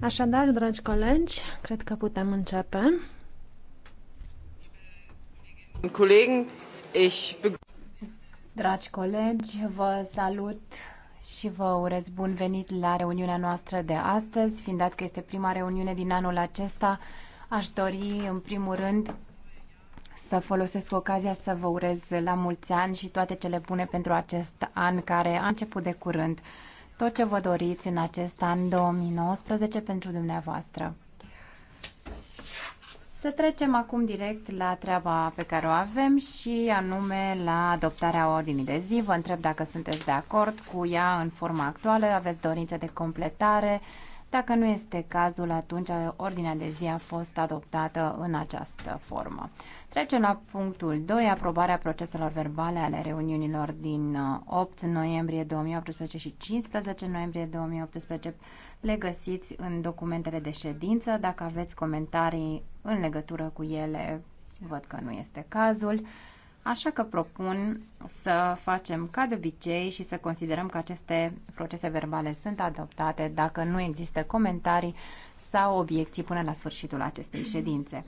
Așadar, dragi colegi, cred că putem începe. Dragi colegi, vă salut și vă urez bun venit la reuniunea noastră de astăzi. Fiind dat că este prima reuniune din anul acesta, aș dori în primul rând să folosesc ocazia să vă urez la mulți ani și toate cele bune pentru acest an care a început de curând tot ce vă doriți în acest an 2019 pentru dumneavoastră. Să trecem acum direct la treaba pe care o avem și anume la adoptarea ordinii de zi. Vă întreb dacă sunteți de acord cu ea în forma actuală, aveți dorințe de completare. Dacă nu este cazul, atunci ordinea de zi a fost adoptată în această formă. Trecem la punctul 2, aprobarea proceselor verbale ale reuniunilor din 8 uh, noiembrie 2018 și 15 noiembrie 2018. Le găsiți în documentele de ședință. Dacă aveți comentarii în legătură cu ele, văd că nu este cazul. Așa că propun să facem ca de obicei și să considerăm că aceste procese verbale sunt adoptate dacă nu există comentarii sau obiecții până la sfârșitul acestei ședințe.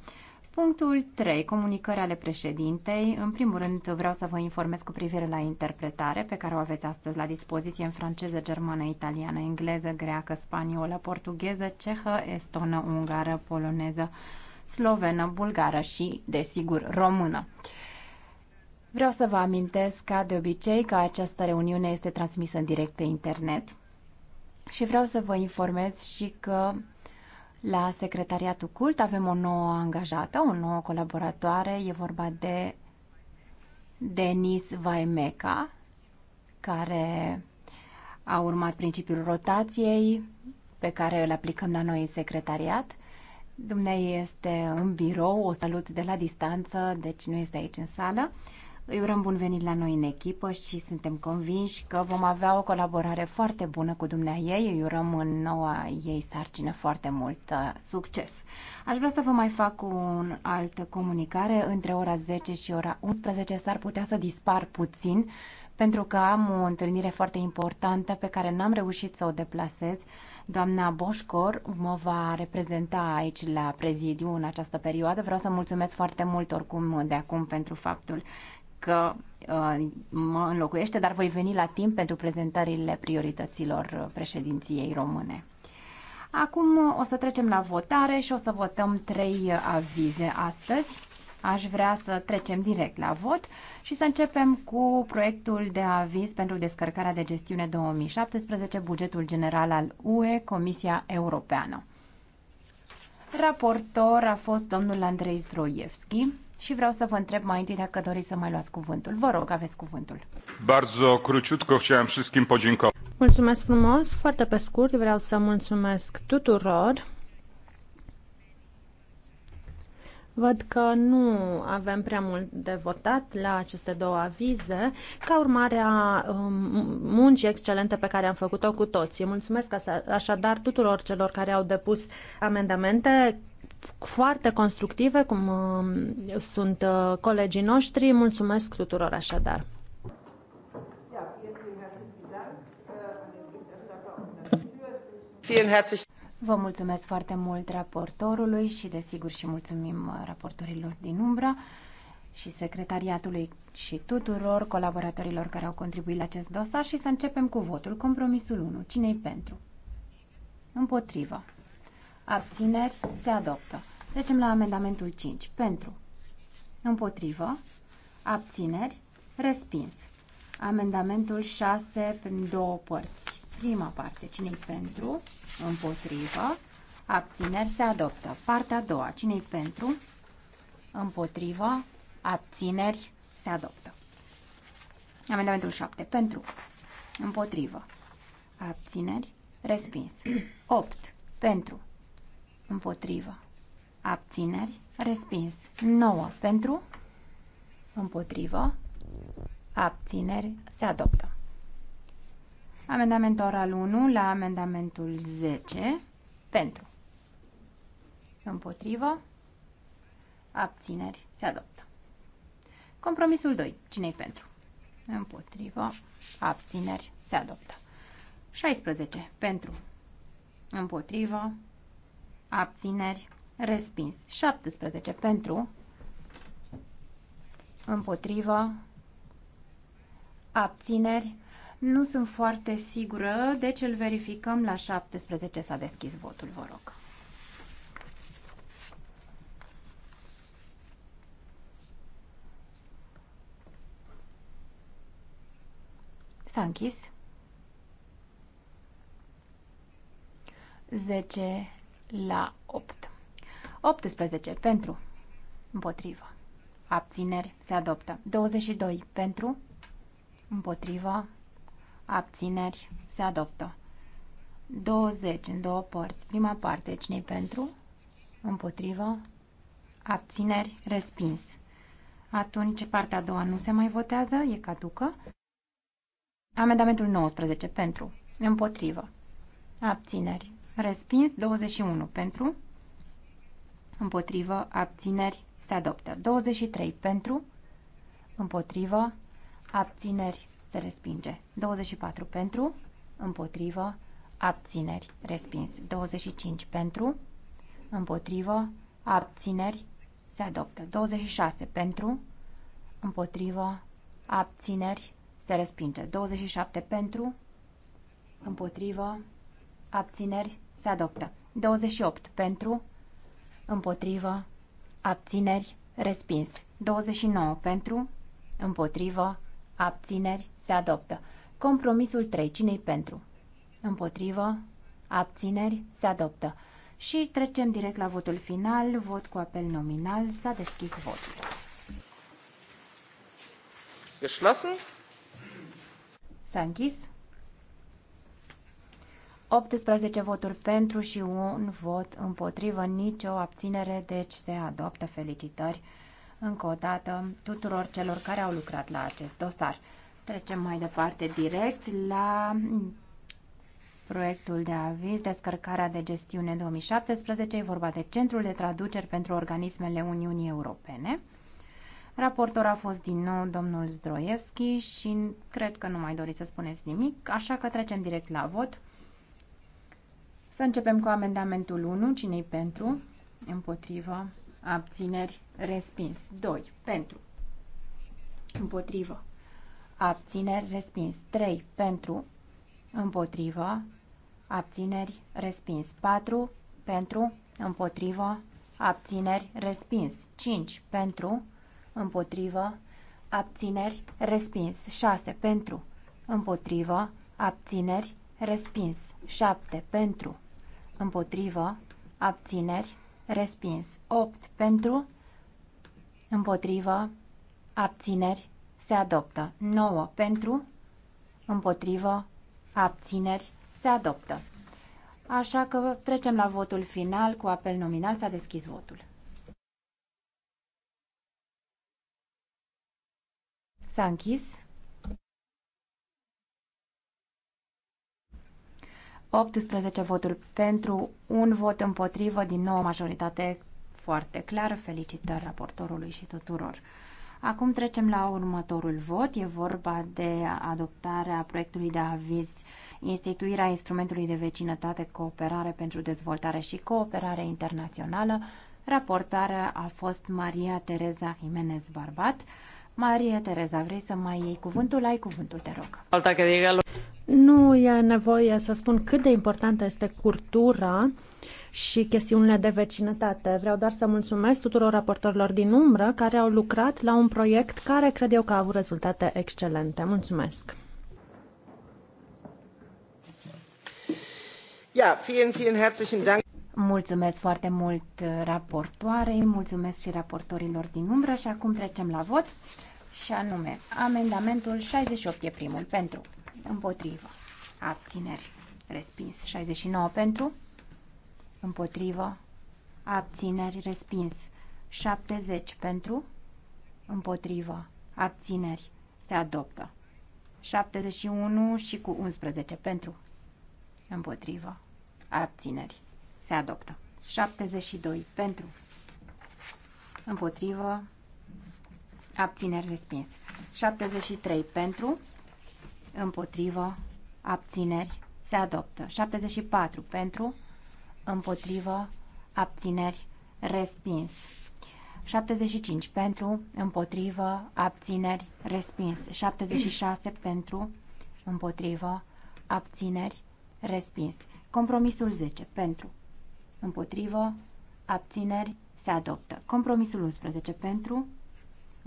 Punctul 3. Comunicări ale președintei. În primul rând vreau să vă informez cu privire la interpretare pe care o aveți astăzi la dispoziție în franceză, germană, italiană, engleză, greacă, spaniolă, portugheză, cehă, estonă, ungară, poloneză, slovenă, bulgară și, desigur, română. Vreau să vă amintesc ca de obicei că această reuniune este transmisă în direct pe internet și vreau să vă informez și că la Secretariatul Cult avem o nouă angajată, o nouă colaboratoare. E vorba de Denis Vaimeca, care a urmat principiul rotației pe care îl aplicăm la noi în secretariat. Dumnezeu este în birou, o salut de la distanță, deci nu este aici în sală. Îi urăm bun venit la noi în echipă și suntem convinși că vom avea o colaborare foarte bună cu ei. Îi urăm în noua ei sarcină foarte mult uh, succes. Aș vrea să vă mai fac un altă comunicare. Între ora 10 și ora 11 s-ar putea să dispar puțin pentru că am o întâlnire foarte importantă pe care n-am reușit să o deplasez. Doamna Boșcor mă va reprezenta aici la prezidiu în această perioadă. Vreau să mulțumesc foarte mult oricum de acum pentru faptul că uh, mă înlocuiește, dar voi veni la timp pentru prezentările priorităților uh, președinției române. Acum uh, o să trecem la votare și o să votăm trei avize astăzi. Aș vrea să trecem direct la vot și să începem cu proiectul de aviz pentru descărcarea de gestiune 2017, bugetul general al UE, Comisia Europeană. Raportor a fost domnul Andrei Zdroievski și vreau să vă întreb mai întâi dacă doriți să mai luați cuvântul. Vă rog, aveți cuvântul. Bardzo króciutko chciałem wszystkim podziękować. Mulțumesc frumos, foarte pe scurt vreau să mulțumesc tuturor. Văd că nu avem prea mult de votat la aceste două avize, ca urmare a um, muncii excelente pe care am făcut-o cu toții. Mulțumesc așadar tuturor celor care au depus amendamente foarte constructive, cum uh, sunt uh, colegii noștri. Mulțumesc tuturor așadar. Vă mulțumesc foarte mult raportorului și desigur și mulțumim uh, raportorilor din umbra și secretariatului și tuturor colaboratorilor care au contribuit la acest dosar și să începem cu votul. Compromisul 1. Cine-i pentru? Împotrivă abțineri, se adoptă. Trecem la amendamentul 5. Pentru, împotrivă, abțineri, respins. Amendamentul 6 prin două părți. Prima parte, cine pentru, împotrivă, abțineri, se adoptă. Partea a doua, cine pentru, împotrivă, abțineri, se adoptă. Amendamentul 7. Pentru. Împotrivă. Abțineri. Respins. 8. Pentru. Împotrivă. Abțineri. Respins. 9 pentru. Împotrivă. Abțineri. Se adoptă. Amendament oral 1 la amendamentul 10. Pentru. Împotrivă. Abțineri. Se adoptă. Compromisul 2. Cine-i pentru? Împotrivă. Abțineri. Se adoptă. 16. Pentru. Împotrivă abțineri, respins. 17 pentru, împotrivă, abțineri, nu sunt foarte sigură, deci îl verificăm la 17 s-a deschis votul, vă rog. S-a închis. 10 la 8. 18 pentru, împotrivă, abțineri, se adoptă. 22 pentru, împotrivă, abțineri, se adoptă. 20 în două părți. Prima parte, cine pentru, împotrivă, abțineri, respins. Atunci partea a doua nu se mai votează, e caducă. Amendamentul 19 pentru, împotrivă, abțineri, Respins 21 pentru. Împotrivă. Abțineri. Se adoptă. 23 pentru. Împotrivă. Abțineri. Se respinge. 24 pentru. Împotrivă. Abțineri. Respins. 25 pentru. Împotrivă. Abțineri. Se adoptă. 26 pentru. Împotrivă. Abțineri. Se respinge. 27 pentru. Împotrivă. Abțineri. Se adoptă. 28 pentru, împotrivă, abțineri, respins. 29 pentru, împotrivă, abțineri, se adoptă. Compromisul 3. cine pentru? Împotrivă, abțineri, se adoptă. Și trecem direct la votul final, vot cu apel nominal, s-a deschis votul. Geschlossen. S-a închis. 18 voturi pentru și un vot împotrivă, nicio abținere, deci se adoptă. Felicitări încă o dată tuturor celor care au lucrat la acest dosar. Trecem mai departe direct la proiectul de aviz Descărcarea de gestiune 2017. E vorba de Centrul de Traduceri pentru Organismele Uniunii Europene. Raportor a fost din nou domnul Zdroievski și cred că nu mai doriți să spuneți nimic, așa că trecem direct la vot. Să începem cu amendamentul 1. Cine-i pentru? Împotrivă. Abțineri. Respins. 2. Pentru. Împotrivă. Abțineri. Respins. 3. Pentru. Împotrivă. Abțineri. Respins. 4. Pentru. Împotrivă. Abțineri. Respins. 5. Pentru. Împotrivă. Abțineri. Respins. 6. Pentru. Împotrivă. Abțineri. Respins. 7. Pentru împotrivă, abțineri, respins. 8 pentru, împotrivă, abțineri, se adoptă. 9 pentru, împotrivă, abțineri, se adoptă. Așa că trecem la votul final. Cu apel nominal s-a deschis votul. S-a închis. 18 voturi pentru, un vot împotrivă, din nou majoritate foarte clară. Felicitări raportorului și tuturor. Acum trecem la următorul vot. E vorba de adoptarea proiectului de aviz instituirea instrumentului de vecinătate, cooperare pentru dezvoltare și cooperare internațională. Raportarea a fost Maria Tereza Jimenez Barbat. Maria Tereza, vrei să mai iei cuvântul? Ai cuvântul, te rog. Nu e nevoie să spun cât de importantă este cultura și chestiunile de vecinătate. Vreau doar să mulțumesc tuturor raportorilor din umbră care au lucrat la un proiect care cred eu că a avut rezultate excelente. Mulțumesc! Ja, vielen, vielen herzlichen Dank. Mulțumesc foarte mult raportoarei, mulțumesc și raportorilor din umbră și acum trecem la vot și anume amendamentul 68 e primul pentru, împotrivă, abțineri, respins, 69 pentru, împotrivă, abțineri, respins, 70 pentru, împotrivă, abțineri, se adoptă, 71 și cu 11 pentru, împotrivă, abțineri, se adoptă, 72 pentru, împotrivă, Abțineri respins. 73 pentru, împotrivă, abțineri, se adoptă. 74 pentru, împotrivă, abțineri, respins. 75 pentru, împotrivă, abțineri, respins. 76 pentru, împotrivă, abțineri, respins. Compromisul 10 pentru, împotrivă, abțineri, se adoptă. Compromisul 11 pentru,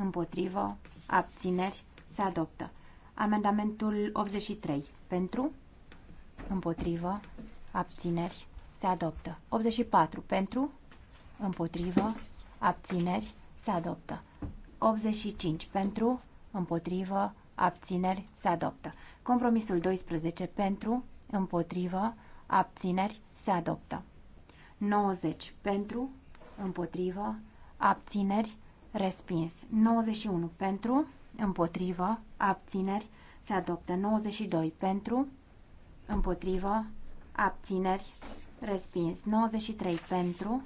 împotrivă, abțineri, se adoptă. Amendamentul 83 pentru, împotrivă, abțineri, se adoptă. 84 pentru, împotrivă, abțineri, se adoptă. 85 pentru, împotrivă, abțineri, se adoptă. Compromisul 12 pentru, împotrivă, abțineri, se adoptă. 90 pentru, împotrivă, abțineri, Respins. 91 pentru, împotrivă, abțineri, se adoptă. 92 pentru, împotrivă, abțineri, respins. 93 pentru,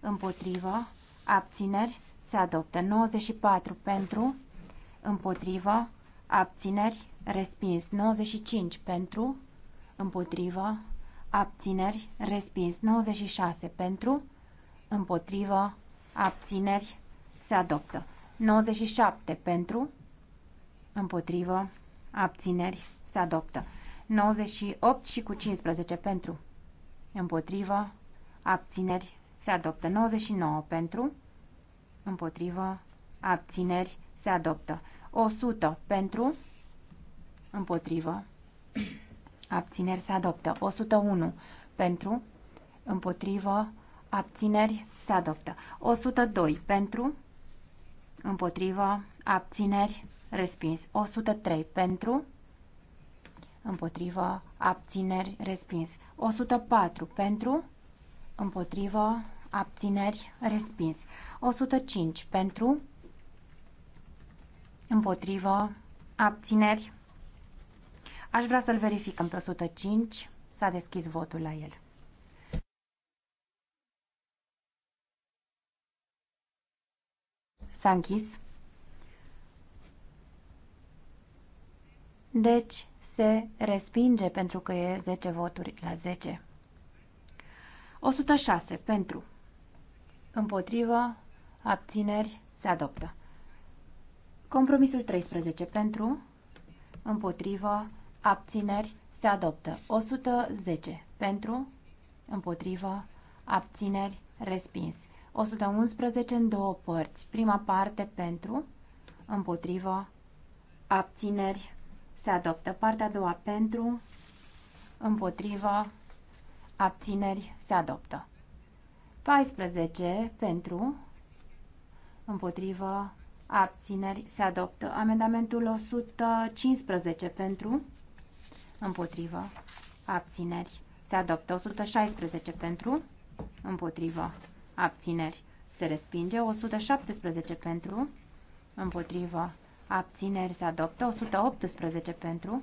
împotrivă, abțineri, se adoptă. 94 pentru, împotrivă, abțineri, respins. 95 pentru, împotrivă, abțineri, respins. 96 pentru, împotrivă, abțineri, se adoptă. 97 pentru, împotrivă, abțineri, se adoptă. 98 și cu 15 pentru, împotrivă, abțineri, se adoptă. 99 pentru, împotrivă, abțineri, se adoptă. 100 pentru, împotrivă, abțineri, se adoptă. 101 pentru, împotrivă, abțineri, se adoptă. 102 pentru, împotriva, abțineri, respins. 103 pentru, împotriva, abțineri, respins. 104 pentru, împotriva, abțineri, respins. 105 pentru, împotriva, abțineri. Aș vrea să-l verificăm pe 105, s-a deschis votul la el. S-a închis. Deci se respinge pentru că e 10 voturi la 10. 106 pentru. Împotrivă, abțineri, se adoptă. Compromisul 13 pentru, împotrivă, abțineri, se adoptă. 110 pentru, împotrivă, abțineri, respins. 111 în două părți. Prima parte pentru, împotrivă, abțineri, se adoptă. Partea a doua pentru, împotrivă, abțineri, se adoptă. 14 pentru, împotrivă, abțineri, se adoptă. Amendamentul 115 pentru, împotrivă, abțineri, se adoptă. 116 pentru, împotrivă, abțineri, se respinge. 117 pentru, împotrivă, abțineri, se adoptă. 118 pentru,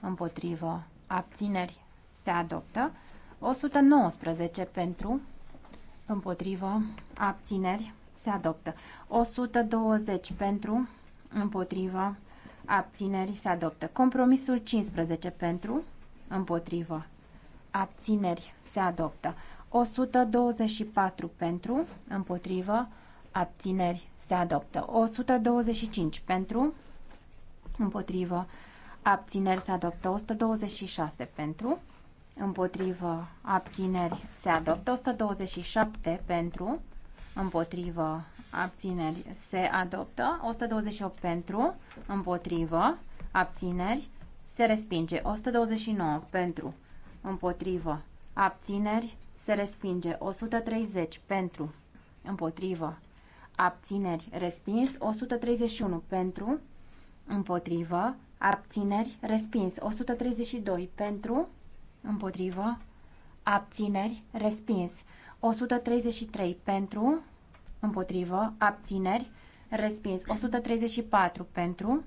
împotrivă, abțineri, se adoptă. 119 pentru, împotrivă, abțineri, se adoptă. 120 pentru, împotrivă, abțineri, se adoptă. Compromisul 15 pentru, împotrivă, abțineri, se adoptă. 124 pentru, împotrivă, abțineri se adoptă. 125 pentru, împotrivă, abțineri se adoptă. 126 pentru, împotrivă, abțineri se adoptă. 127 pentru, împotrivă, abțineri se adoptă. 128 pentru, împotrivă, abțineri se respinge. 129 pentru, împotrivă, abțineri se respinge. 130 pentru, împotrivă, abțineri, respins. 131 pentru, împotrivă, abțineri, respins. 132 pentru, împotrivă, abțineri, respins. 133 pentru, împotrivă, abțineri, respins. 134 pentru,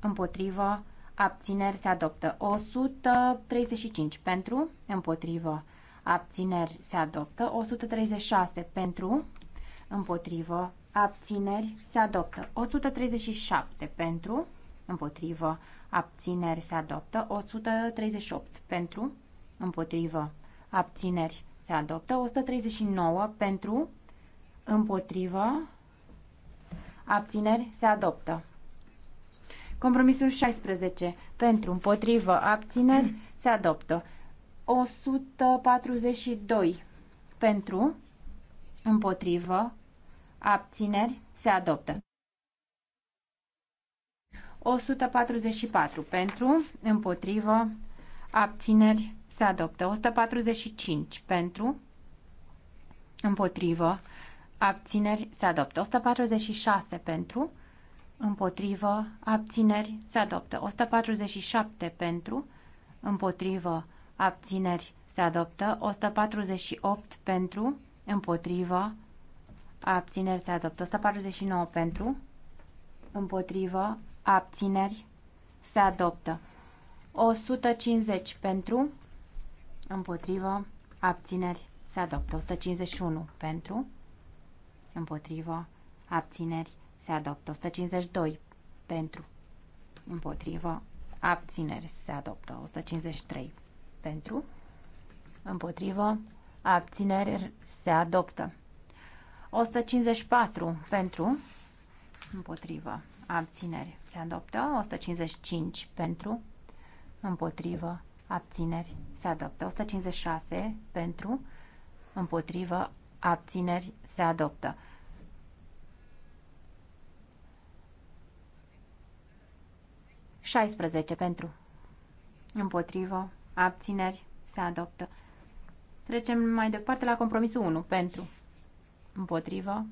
împotrivă, abțineri se adoptă. 135 pentru, împotrivă, abțineri se adoptă, 136 pentru, împotrivă, abțineri se adoptă, 137 pentru, împotrivă, abțineri se adoptă, 138 pentru, împotrivă, abțineri se adoptă, 139 pentru, împotrivă, abțineri se adoptă. Compromisul 16. Pentru, împotrivă, abțineri, se adoptă. 142 pentru, împotrivă, abțineri, se adoptă. 144 pentru, împotrivă, abțineri, se adoptă. 145 pentru, împotrivă, abțineri, se adoptă. 146 pentru, împotrivă, abțineri, se adoptă. 147 pentru, împotrivă, abțineri se adoptă, 148 pentru, împotrivă, abțineri se adoptă, 149 pentru, împotrivă, abțineri se adoptă, 150 pentru, împotrivă, abțineri se adoptă, 151 pentru, împotrivă, abțineri se adoptă, 152 pentru, împotrivă, abțineri se adoptă, 153 pentru, împotrivă, abțineri se adoptă. 154 pentru, împotrivă, abțineri se adoptă. 155 pentru, împotrivă, abțineri se adoptă. 156 pentru, împotrivă, abțineri se adoptă. șaisprezece pentru împotrivă abțineri, se adoptă. Trecem mai departe la compromisul 1. Pentru, împotrivă,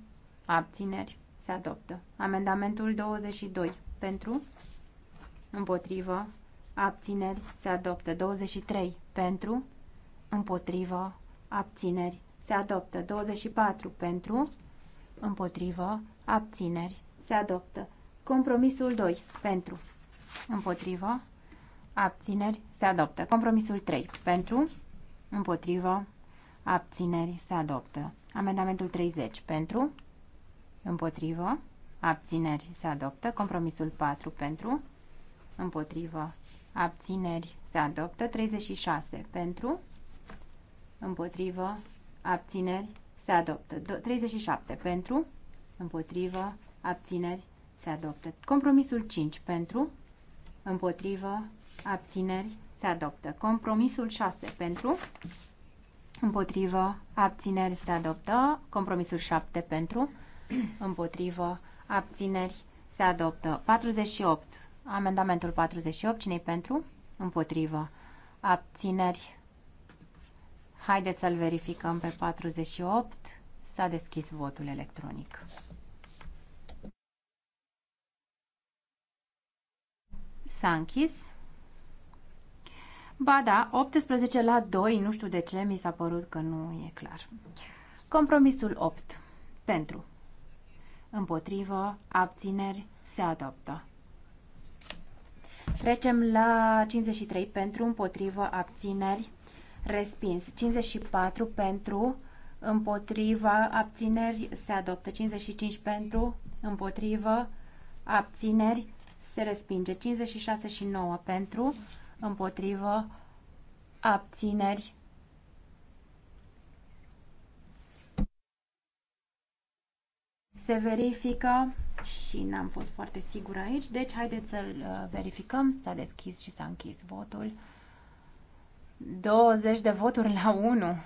abțineri, se adoptă. Amendamentul 22. Pentru, împotrivă, abțineri, se adoptă. 23. Pentru, împotrivă, abțineri, se adoptă. 24. Pentru, împotrivă, abțineri, se adoptă. Compromisul 2. Pentru, împotrivă, abțineri, se adoptă. Compromisul 3, pentru, împotrivă, abțineri, se adoptă. Amendamentul 30, pentru, împotrivă, abțineri, se adoptă. Compromisul 4, pentru, împotrivă, abțineri, se adoptă. 36, pentru, împotrivă, abțineri, se adoptă. 37, pentru, împotrivă, abțineri, se adoptă. Compromisul 5, pentru, împotrivă, abțineri, se adoptă. Compromisul 6 pentru, împotrivă, abțineri, se adoptă. Compromisul 7 pentru, împotrivă, abțineri, se adoptă. 48, amendamentul 48, cine pentru? Împotrivă, abțineri. Haideți să-l verificăm pe 48. S-a deschis votul electronic. S-a închis. Ba da, 18 la 2, nu știu de ce, mi s-a părut că nu e clar. Compromisul 8. Pentru. Împotrivă, abțineri, se adoptă. Trecem la 53 pentru, împotrivă, abțineri, respins. 54 pentru, împotrivă, abțineri, se adoptă. 55 pentru, împotrivă, abțineri, se respinge. 56 și 9 pentru, împotrivă, abțineri. Se verifică și n-am fost foarte sigură aici, deci haideți să-l uh, verificăm. S-a deschis și s-a închis votul. 20 de voturi la 1.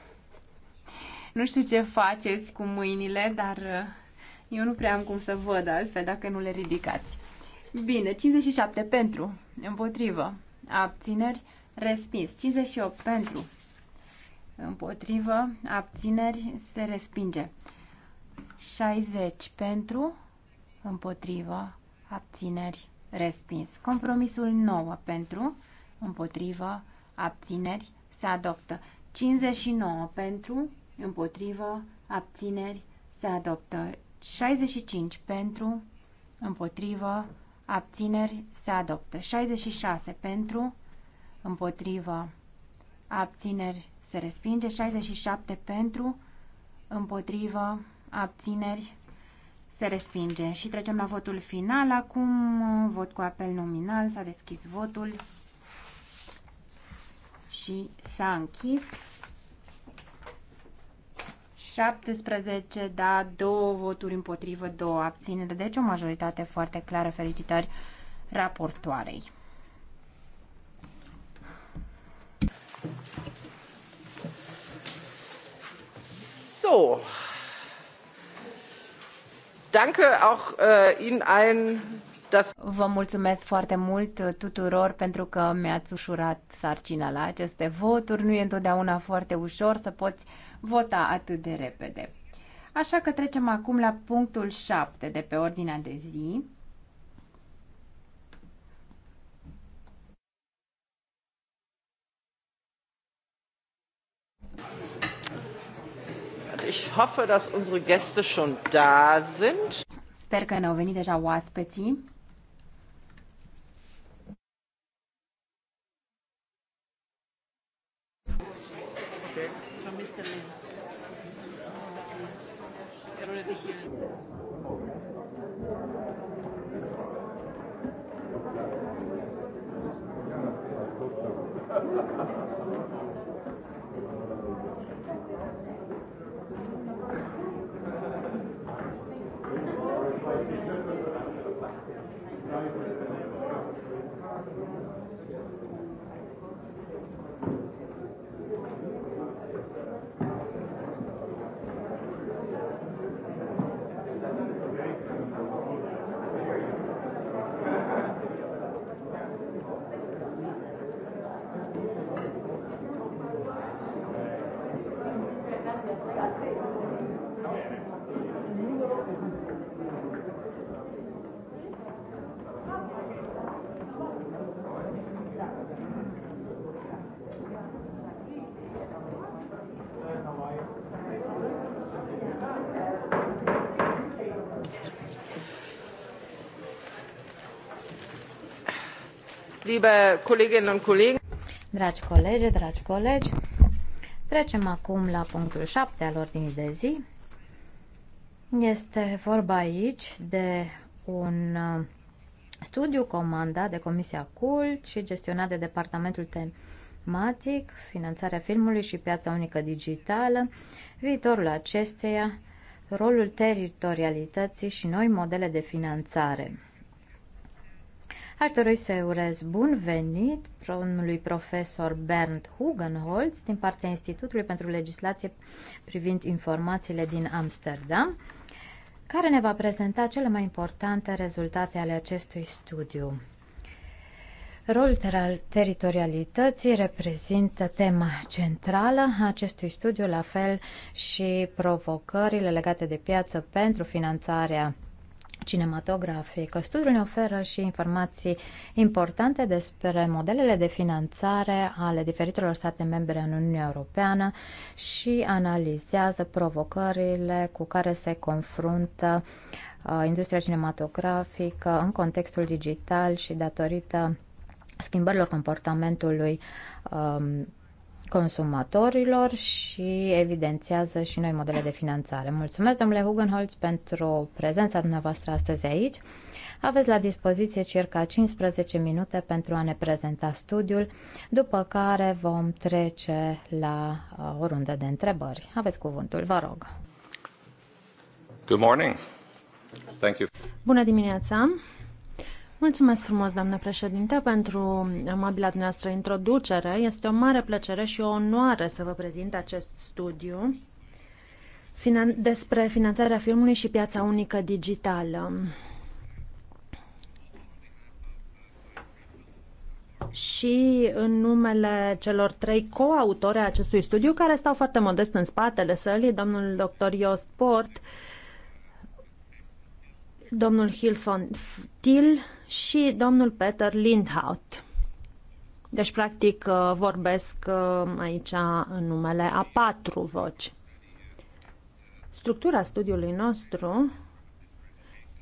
Nu știu ce faceți cu mâinile, dar uh, eu nu prea am cum să văd altfel dacă nu le ridicați. Bine, 57 pentru, împotrivă, abțineri, respins. 58 pentru, împotrivă, abțineri, se respinge. 60 pentru, împotrivă, abțineri, respins. Compromisul 9 pentru, împotrivă, abțineri, se adoptă. 59 pentru, împotrivă, abțineri, se adoptă. 65 pentru, împotrivă, abțineri se adoptă. 66 pentru, împotrivă, abțineri se respinge. 67 pentru, împotrivă, abțineri se respinge. Și trecem la votul final. Acum vot cu apel nominal. S-a deschis votul și s-a închis. 17, da, două voturi împotrivă, două abținere, deci o majoritate foarte clară. Felicitări raportoarei. So. Danke auch uh, Ihnen allen. Das Vă mulțumesc foarte mult uh, tuturor pentru că mi-ați ușurat sarcina la aceste voturi. Nu e întotdeauna foarte ușor să poți vota atât de repede. Așa că trecem acum la punctul 7 de pe ordinea de zi. Ich hoffe, dass unsere Gäste schon da sind. Sper că ne-au venit deja oaspeții. liebe Kolleginnen und Kollegen. Dragi colegi, dragi colegi, trecem acum la punctul 7 al ordinii de zi. Este vorba aici de un uh, studiu comandat de Comisia Cult și gestionat de Departamentul Tematic, Finanțarea Filmului și Piața Unică Digitală, viitorul acesteia, rolul teritorialității și noi modele de finanțare. Aș dori să urez bun venit domnului profesor Bernd Hugenholz din partea Institutului pentru Legislație privind informațiile din Amsterdam, care ne va prezenta cele mai importante rezultate ale acestui studiu. Rolul ter teritorialității reprezintă tema centrală a acestui studiu, la fel și provocările legate de piață pentru finanțarea cinematografică. Studiul ne oferă și informații importante despre modelele de finanțare ale diferitelor state membre în Uniunea Europeană și analizează provocările cu care se confruntă uh, industria cinematografică în contextul digital și datorită schimbărilor comportamentului um, consumatorilor și evidențiază și noi modele de finanțare. Mulțumesc, domnule Hugenholz, pentru prezența dumneavoastră astăzi aici. Aveți la dispoziție circa 15 minute pentru a ne prezenta studiul, după care vom trece la uh, o rundă de întrebări. Aveți cuvântul, vă rog. Good morning. Thank you. Bună dimineața. Mulțumesc frumos, doamnă președinte, pentru amabila noastră introducere. Este o mare plăcere și o onoare să vă prezint acest studiu despre finanțarea filmului și piața unică digitală. și în numele celor trei coautori a acestui studiu, care stau foarte modest în spatele sălii, domnul dr. Iost Port, domnul Hils von Til și domnul Peter Lindhout. Deci, practic, uh, vorbesc uh, aici în numele a patru voci. Structura studiului nostru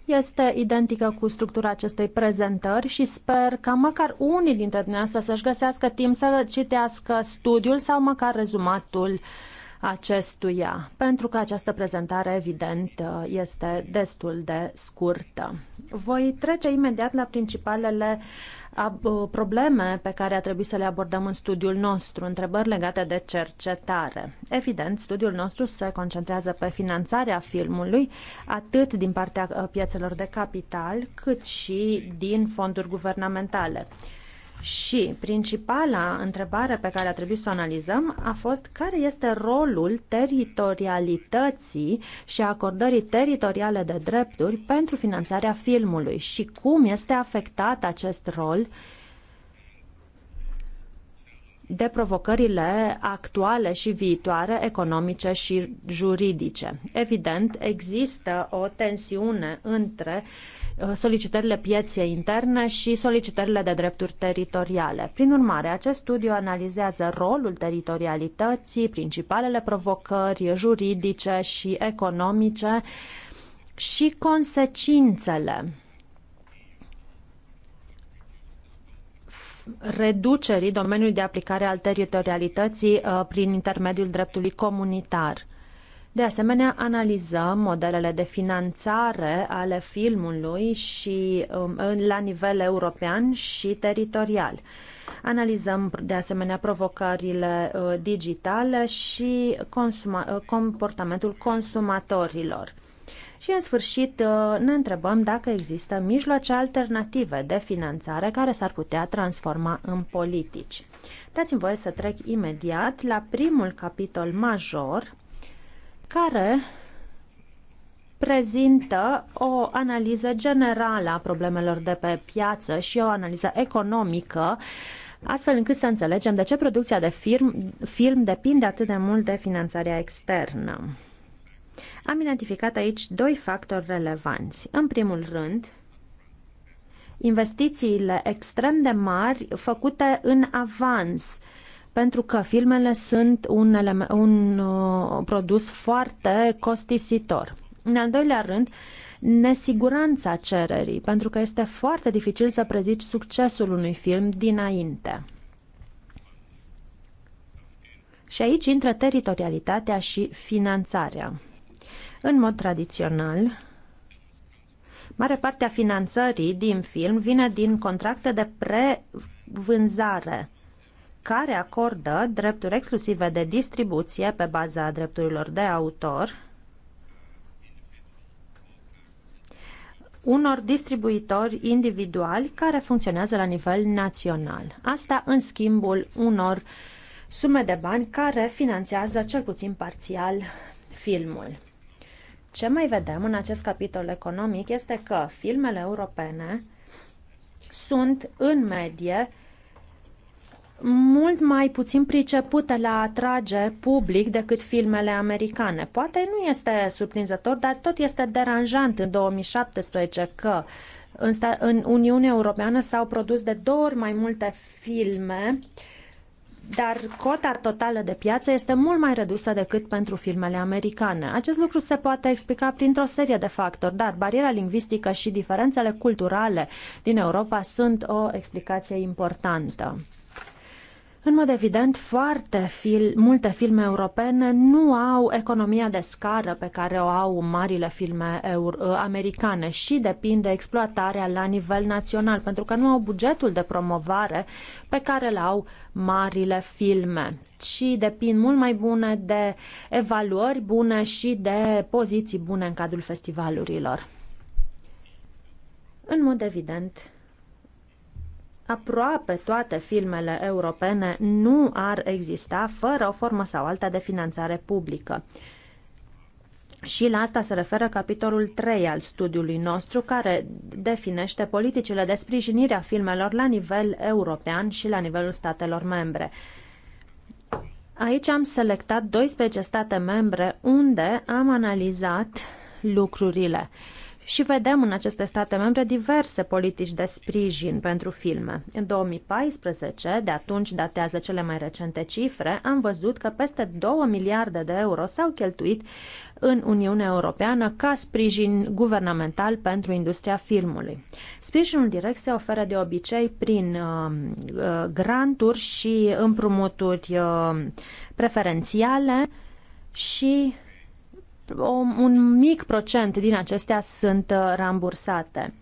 este identică cu structura acestei prezentări și sper ca măcar unii dintre dumneavoastră să-și găsească timp să citească studiul sau măcar rezumatul uh, acestuia, pentru că această prezentare, evident, este destul de scurtă. Voi trece imediat la principalele probleme pe care a trebuit să le abordăm în studiul nostru, întrebări legate de cercetare. Evident, studiul nostru se concentrează pe finanțarea filmului, atât din partea piețelor de capital, cât și din fonduri guvernamentale. Și principala întrebare pe care a trebuit să o analizăm a fost care este rolul teritorialității și acordării teritoriale de drepturi pentru finanțarea filmului și cum este afectat acest rol de provocările actuale și viitoare economice și juridice. Evident, există o tensiune între uh, Uh, solicitările pieței interne și solicitările de drepturi teritoriale. Prin urmare, acest studiu analizează rolul teritorialității, principalele provocări juridice și economice și consecințele reducerii domeniului de aplicare al teritorialității uh, prin intermediul dreptului comunitar. De asemenea, analizăm modelele de finanțare ale filmului și um, la nivel european și teritorial. Analizăm de asemenea provocările uh, digitale și consuma- uh, comportamentul consumatorilor. Și în sfârșit uh, ne întrebăm dacă există mijloace alternative de finanțare care s-ar putea transforma în politici. Dați-mi voie să trec imediat la primul capitol major care prezintă o analiză generală a problemelor de pe piață și o analiză economică astfel încât să înțelegem de ce producția de film, film depinde atât de mult de finanțarea externă. Am identificat aici doi factori relevanți. În primul rând, investițiile extrem de mari făcute în avans uh, pentru că filmele sunt un, element, un uh, produs foarte costisitor. În al doilea rând, nesiguranța cererii, pentru că este foarte dificil să prezici succesul unui film dinainte. Și aici intră teritorialitatea și finanțarea. În mod tradițional, mare parte a finanțării din film vine din contracte de pre-vânzare care acordă drepturi exclusive de distribuție pe baza drepturilor de autor unor distribuitori individuali care funcționează la nivel național. Asta în schimbul unor sume de bani care finanțează cel puțin parțial filmul. Ce mai vedem în acest capitol economic este că filmele europene sunt în medie mult mai puțin pricepută la a atrage public decât filmele americane. Poate nu este surprinzător, dar tot este deranjant în 2017 că în, sta- în Uniunea Europeană s-au produs de două ori mai multe filme, dar cota totală de piață este mult mai redusă decât pentru filmele americane. Acest lucru se poate explica printr-o serie de factori, dar bariera lingvistică și diferențele culturale din Europa sunt o explicație importantă. În mod evident, foarte fil- multe filme europene nu au economia de scară pe care o au marile filme ă, americane și depinde exploatarea la nivel național, pentru că nu au bugetul de promovare pe care îl au marile filme, ci depind mult mai bune de evaluări bune și de poziții bune în cadrul festivalurilor. În mod evident, aproape toate filmele europene nu ar exista fără o formă sau alta de finanțare publică. Și la asta se referă capitolul 3 al studiului nostru, care definește politicile de sprijinire a filmelor la nivel european și la nivelul statelor membre. Aici am selectat 12 state membre unde am analizat lucrurile. Uh, și vedem în aceste state membre diverse politici de sprijin pentru filme. În 2014, de atunci datează cele mai recente cifre, am văzut că peste 2 miliarde de euro s-au cheltuit în Uniunea Europeană ca sprijin guvernamental pentru industria filmului. Sprijinul direct se oferă de obicei prin uh, uh granturi și împrumuturi uh, preferențiale și un mic procent din acestea sunt uh, rambursate.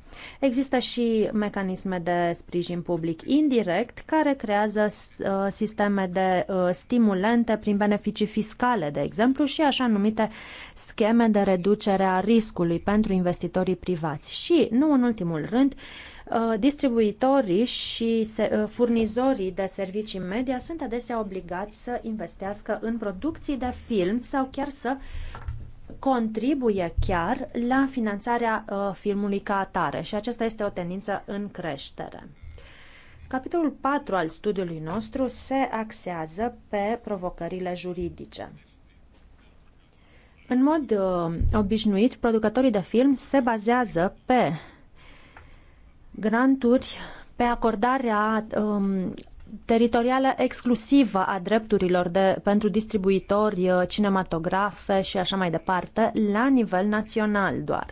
Există și mecanisme de sprijin public indirect care creează uh, sisteme de uh, stimulente prin beneficii fiscale, de exemplu, și așa numite scheme de reducere a riscului pentru investitorii privați. Și, nu în ultimul rând, distribuitorii și furnizorii de servicii media sunt adesea obligați să investească în producții de film sau chiar să contribuie chiar la finanțarea uh, filmului ca atare și aceasta este o tendință în creștere. Capitolul 4 al studiului nostru se axează pe provocările juridice. În mod uh, obișnuit, producătorii de film se bazează pe granturi, pe acordarea um, teritorială exclusivă a drepturilor de, pentru distribuitori, uh, cinematografe și așa mai departe, la nivel național doar.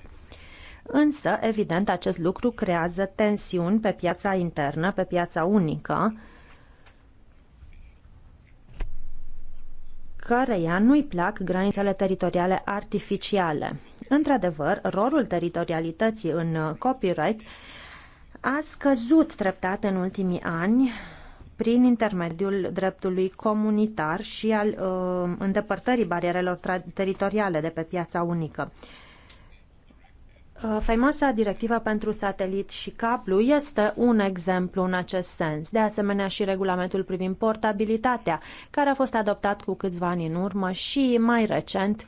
Însă, evident, acest lucru creează tensiuni pe piața internă, pe piața unică, ea nu-i plac granițele teritoriale artificiale. Într-adevăr, rolul teritorialității în uh, copyright a scăzut treptat în ultimii ani prin intermediul dreptului comunitar și al uh, îndepărtării barierelor teritoriale de pe piața unică. Uh, faimoasa directivă pentru satelit și cablu este un exemplu în acest sens. De asemenea și regulamentul privind portabilitatea, care a fost adoptat cu câțiva ani în urmă și mai recent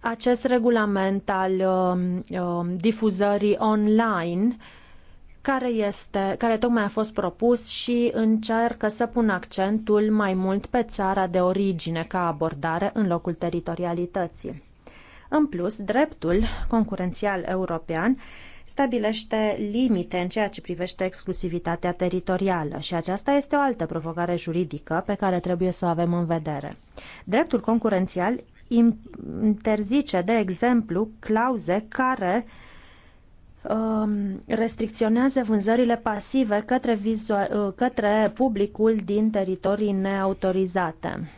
acest regulament al uh, uh, difuzării online uh, care, este, care tocmai a fost propus și încearcă să pună accentul mai mult pe țara de origine ca abordare în locul teritorialității. În plus, dreptul concurențial european stabilește limite în ceea ce privește exclusivitatea teritorială și aceasta este o altă provocare juridică pe care trebuie să o avem în vedere. Dreptul concurențial interzice, de exemplu, clauze care uh, Um, restricționează vânzările pasive către, uh, către publicul din teritorii neautorizate.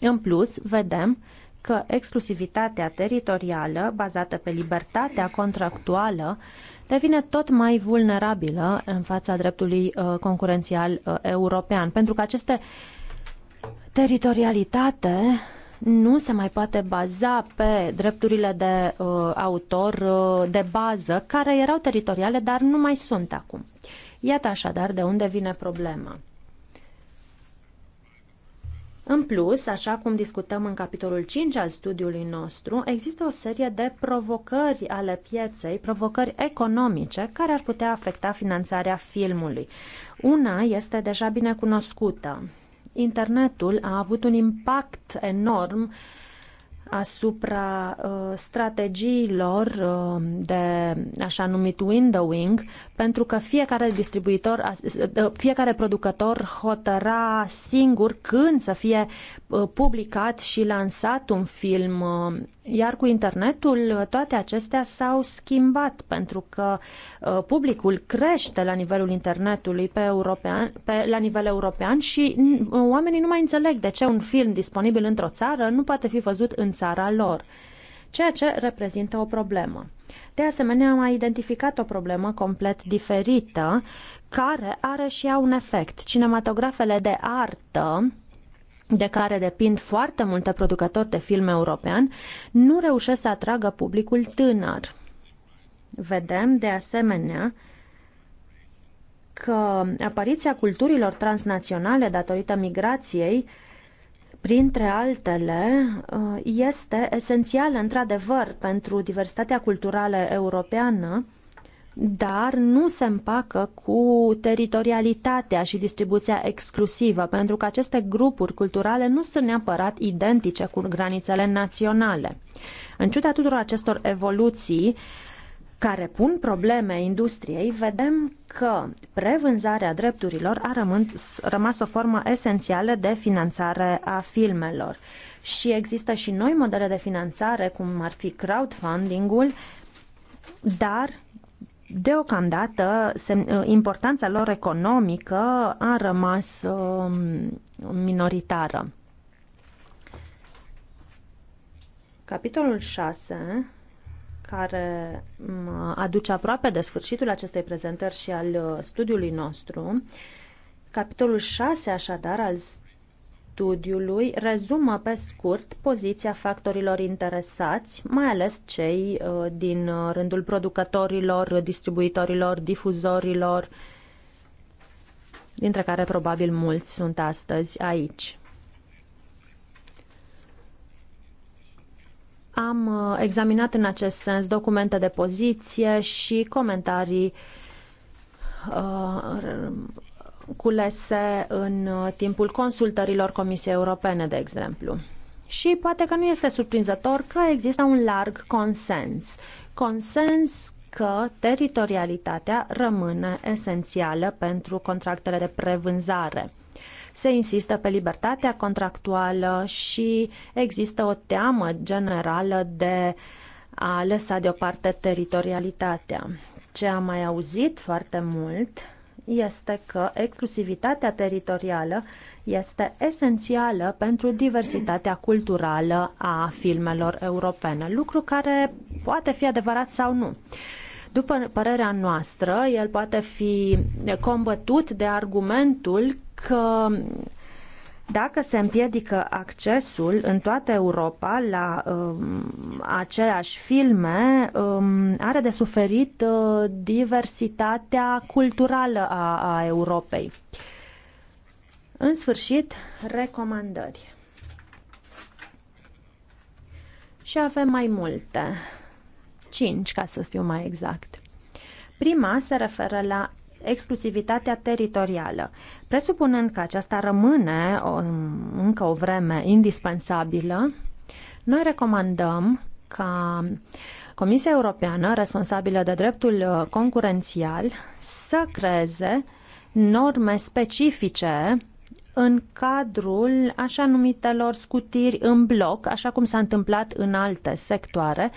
În plus, vedem că exclusivitatea teritorială, bazată pe libertatea contractuală, devine tot mai vulnerabilă în fața dreptului uh, concurențial uh, european, pentru că aceste teritorialitate nu se mai poate baza pe drepturile de uh, autor uh, de bază, care erau teritoriale, dar nu mai sunt acum. Iată așadar de unde vine problema. În plus, așa cum discutăm în capitolul 5 al studiului nostru, există o serie de provocări ale pieței, provocări economice, care ar putea afecta finanțarea filmului. Una este deja bine cunoscută, internetul a avut un impact enorm asupra uh, strategiilor uh, de așa numit windowing pentru că fiecare distribuitor, fiecare producător hotăra singur când să fie uh, publicat și lansat un film, uh, iar cu internetul uh, toate acestea s-au schimbat pentru că publicul crește la nivelul internetului pe european, pe, la nivel european și mm, oamenii nu mai înțeleg de ce un film disponibil într-o țară nu poate fi văzut în țara lor ceea ce reprezintă o problemă. De asemenea, am identificat o problemă complet diferită, care are și ea un efect. Cinematografele de artă de care depind foarte multe producători de film european, nu reușesc să atragă publicul tânăr. Vedem, de asemenea, că apariția culturilor transnaționale datorită migrației uh, printre altele, uh, este esențială, într-adevăr, pentru diversitatea culturală europeană, dar nu se împacă cu teritorialitatea și distribuția exclusivă, pentru că aceste grupuri culturale nu sunt neapărat identice cu granițele naționale. În ciuda tuturor acestor evoluții, uh, care pun probleme industriei, vedem că prevânzarea drepturilor a rămâns, rămas o formă esențială de finanțare a filmelor. Și există și noi modele de finanțare, cum ar fi crowdfunding-ul, dar deocamdată importanța lor economică a rămas um, minoritară. Capitolul 6 care mă aduce aproape de sfârșitul acestei prezentări și al uh, studiului nostru. Capitolul 6, așadar, al studiului rezumă pe scurt poziția factorilor interesați, mai ales cei uh, din uh, rândul producătorilor, distribuitorilor, difuzorilor, dintre care probabil mulți sunt astăzi aici. Am uh, examinat în acest sens documente de poziție și comentarii uh, culese în uh, timpul consultărilor Comisiei Europene, de exemplu. Și poate că nu este surprinzător că există un larg consens. Consens că teritorialitatea rămâne esențială pentru contractele de prevânzare se insistă pe libertatea contractuală și există o teamă generală de a lăsa deoparte teritorialitatea. Ce am mai auzit foarte mult este că exclusivitatea teritorială este esențială pentru diversitatea culturală a filmelor europene, lucru care poate fi adevărat sau nu. După părerea noastră, el poate fi combătut de argumentul că dacă se împiedică accesul în toată Europa la uh, um, aceleași filme, uh, are de suferit uh, diversitatea culturală a, a Europei. În sfârșit, recomandări. Și avem mai multe. Cinci, ca să fiu mai exact. Prima se referă la exclusivitatea teritorială. Presupunând că aceasta rămâne o, încă o vreme indispensabilă, noi recomandăm ca Comisia Europeană, responsabilă de dreptul uh, concurențial, să creeze norme specifice în cadrul așa numitelor scutiri în bloc, așa cum s-a întâmplat în alte sectoare,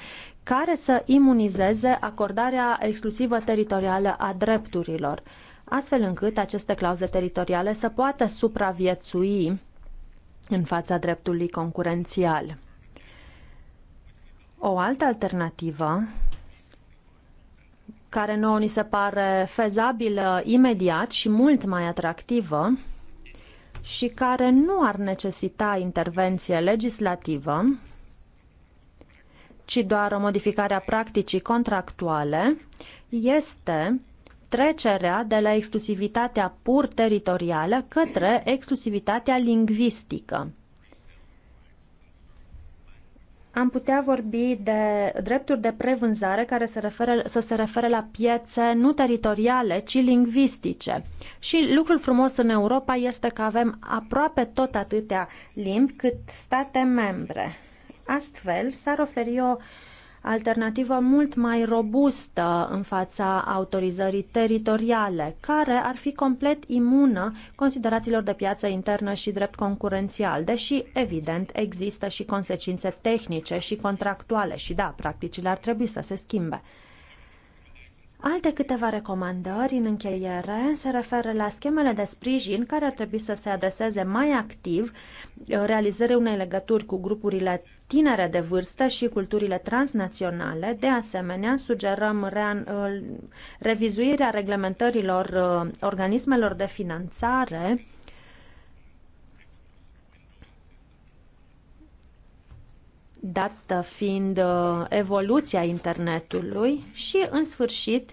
care să imunizeze acordarea exclusivă teritorială a drepturilor, astfel încât aceste clauze teritoriale să poată supraviețui în fața dreptului concurențial. O altă alternativă care nouă ni se pare fezabilă uh, imediat și mult mai atractivă și care nu ar necesita intervenție legislativă ci doar o modificare a practicii contractuale, este trecerea de la exclusivitatea pur teritorială către exclusivitatea lingvistică. Am putea vorbi de drepturi de prevânzare care se referă, să se refere la piețe nu teritoriale, ci lingvistice. Și lucrul frumos în Europa este că avem aproape tot atâtea limbi cât state membre. Astfel, s-ar oferi o alternativă mult mai robustă în fața autorizării teritoriale, care ar fi complet imună considerațiilor de piață internă și drept concurențial, deși, evident, există și consecințe tehnice și contractuale și, da, practicile ar trebui să se schimbe. Alte câteva recomandări în încheiere se referă la schemele de sprijin care ar trebui să se adreseze mai activ uh, realizării unei legături cu grupurile tinere de vârstă și culturile transnaționale. De asemenea, sugerăm re- uh, revizuirea reglementărilor uh, organismelor de finanțare dată fiind uh, evoluția internetului și, în sfârșit,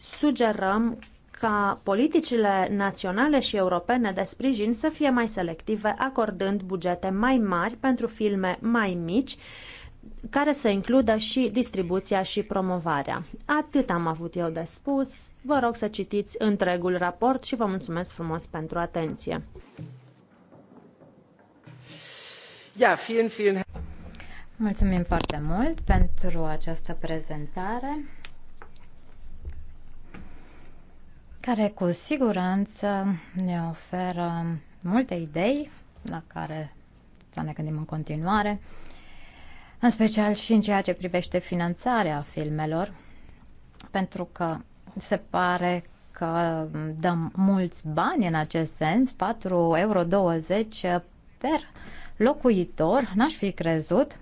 sugerăm ca politicile naționale și europene de sprijin să fie mai selective, acordând bugete mai mari pentru filme mai mici, care să includă și distribuția și promovarea. Atât am avut eu de spus. Vă rog să citiți întregul raport și vă mulțumesc frumos pentru atenție. Ja, vielen, vielen Mulțumim foarte mult pentru această prezentare care cu siguranță ne oferă multe idei la care să ne gândim în continuare, în special și în ceea ce privește finanțarea filmelor, pentru că se pare că dăm mulți bani în acest sens, 4,20 euro per locuitor, n-aș fi crezut,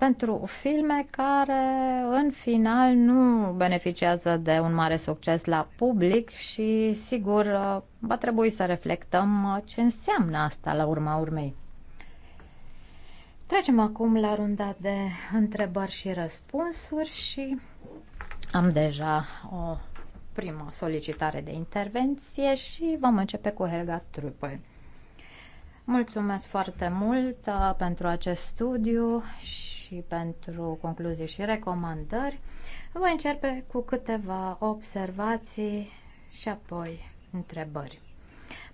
pentru filme care în final nu beneficiază de un mare succes la public și sigur va trebui să reflectăm ce înseamnă asta la urma urmei. Trecem acum la runda de întrebări și răspunsuri și am deja o primă solicitare de intervenție și vom începe cu Helga Trupel. Mulțumesc foarte mult uh, pentru acest studiu și și pentru concluzii și recomandări. Voi începe cu câteva observații și apoi întrebări.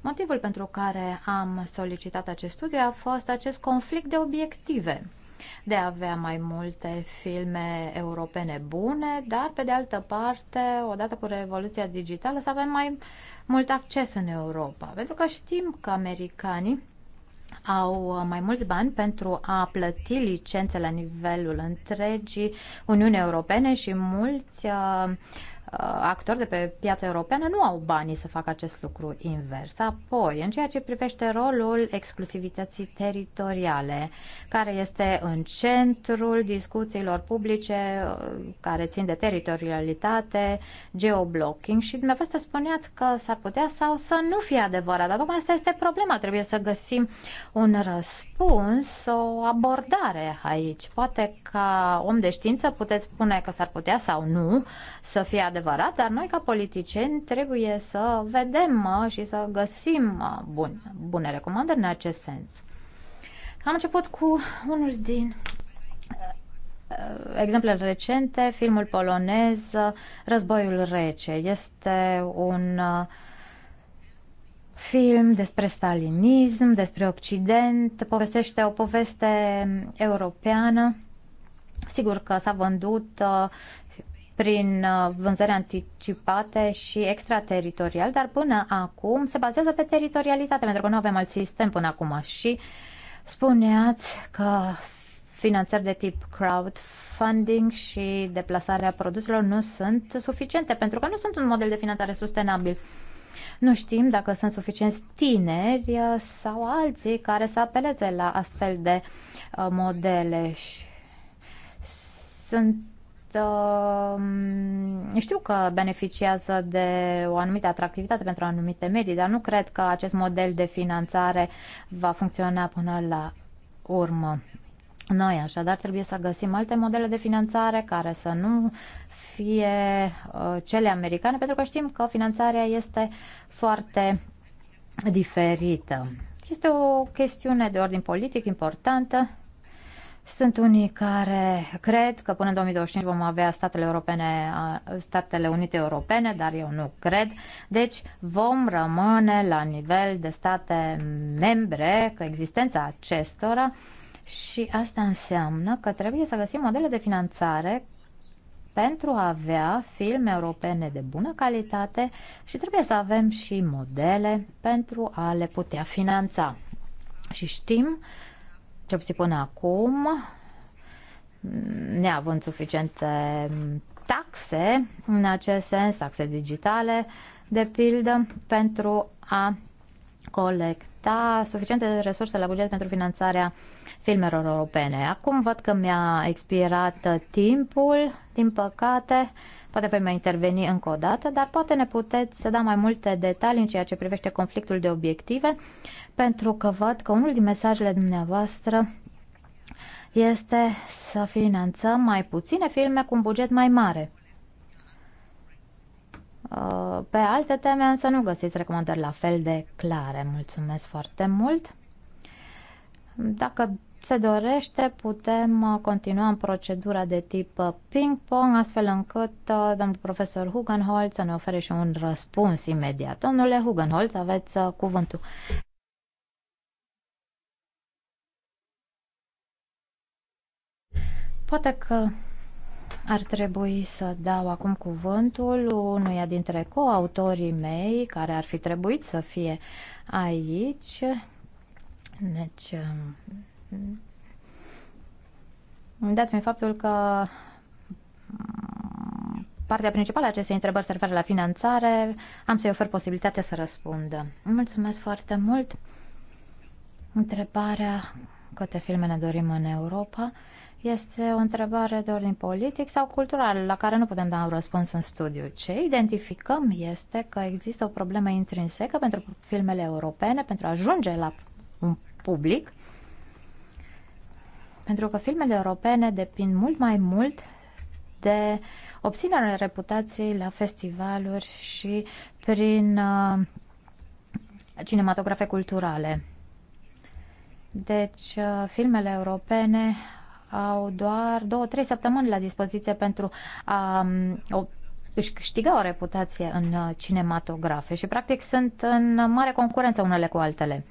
Motivul pentru care am solicitat acest studiu a fost acest conflict de obiective de a avea mai multe filme europene bune, dar pe de altă parte, odată cu revoluția digitală, să avem mai mult acces în Europa. Pentru că știm că americanii au uh, mai mulți bani pentru a plăti licențe la nivelul întregii Uniunii Europene și mulți uh, Uh, actori de pe piața europeană nu au banii să facă acest lucru invers. Apoi, în ceea ce privește rolul exclusivității teritoriale, care este în centrul discuțiilor publice uh, care țin de teritorialitate, geoblocking și dumneavoastră spuneați că s-ar putea sau să nu fie adevărat, dar tocmai asta este problema. Trebuie să găsim un răspuns, o abordare aici. Poate ca om de știință puteți spune că s-ar putea sau nu să fie adevărat adevărat, dar noi ca politicieni trebuie să vedem uh, și să găsim uh, bun, bune recomandări în acest sens. Am început cu unul din uh, exemplele recente, filmul polonez Războiul rece. Este un film despre stalinism, despre Occident, povestește o poveste europeană Sigur că s-a vândut prin uh, vânzări anticipate și extrateritorial, dar până acum se bazează pe teritorialitate, pentru că nu avem alt sistem până acum. Și spuneați că finanțări de tip crowdfunding și deplasarea produselor nu sunt suficiente, pentru că nu sunt un model de finanțare sustenabil. Nu știm dacă sunt suficienți tineri uh, sau alții care să apeleze la astfel de uh, modele. Sunt Mm, știu că beneficiază de o anumită atractivitate pentru anumite medii, dar nu cred că acest model de finanțare va funcționa până la urmă. Noi așadar trebuie să găsim alte modele de finanțare care să nu fie uh, cele americane, pentru că știm că finanțarea este foarte diferită. Este o chestiune de ordin politic importantă sunt unii care cred că până în 2025 vom avea statele, europene, statele Unite Europene, dar eu nu cred. Deci vom rămâne la nivel de state membre, că existența acestora și asta înseamnă că trebuie să găsim modele de finanțare pentru a avea filme europene de bună calitate și trebuie să avem și modele pentru a le putea finanța. Și știm ce puțin până acum, neavând suficiente taxe, în acest sens, taxe digitale, de pildă, pentru a colecta suficiente resurse la buget pentru finanțarea filmelor europene. Acum văd că mi-a expirat uh, timpul, din păcate, poate voi mai interveni încă o dată, dar poate ne puteți să da mai multe detalii în ceea ce privește conflictul de obiective, pentru că văd că unul din mesajele dumneavoastră este să finanțăm mai puține filme cu un buget mai mare. Uh, pe alte teme însă nu găsiți recomandări la fel de clare. Mulțumesc foarte mult! Dacă se dorește, putem uh, continua în procedura de tip uh, ping-pong, astfel încât uh, domnul profesor Hugenholz să ne ofere și un răspuns imediat. Domnule Hugenholz, aveți cuvântul. Poate că ar trebui să dau acum cuvântul unuia dintre coautorii mei care ar fi trebuit să fie aici. Deci, um, Mm. dat fiind faptul că mm, partea principală a acestei întrebări se referă la finanțare, am să-i ofer posibilitatea să răspundă. Mulțumesc foarte mult. Întrebarea câte filme ne dorim în Europa este o întrebare de ordin politic sau cultural, la care nu putem da un răspuns în studiu. Ce identificăm este că există o problemă intrinsecă pentru filmele europene, pentru a ajunge la un public pentru că filmele europene depind mult mai mult de obținerea reputației la festivaluri și prin uh, cinematografe culturale. Deci, uh, filmele europene au doar două, trei săptămâni la dispoziție pentru a um, își câștiga o reputație în uh, cinematografe și practic sunt în mare concurență unele cu altele.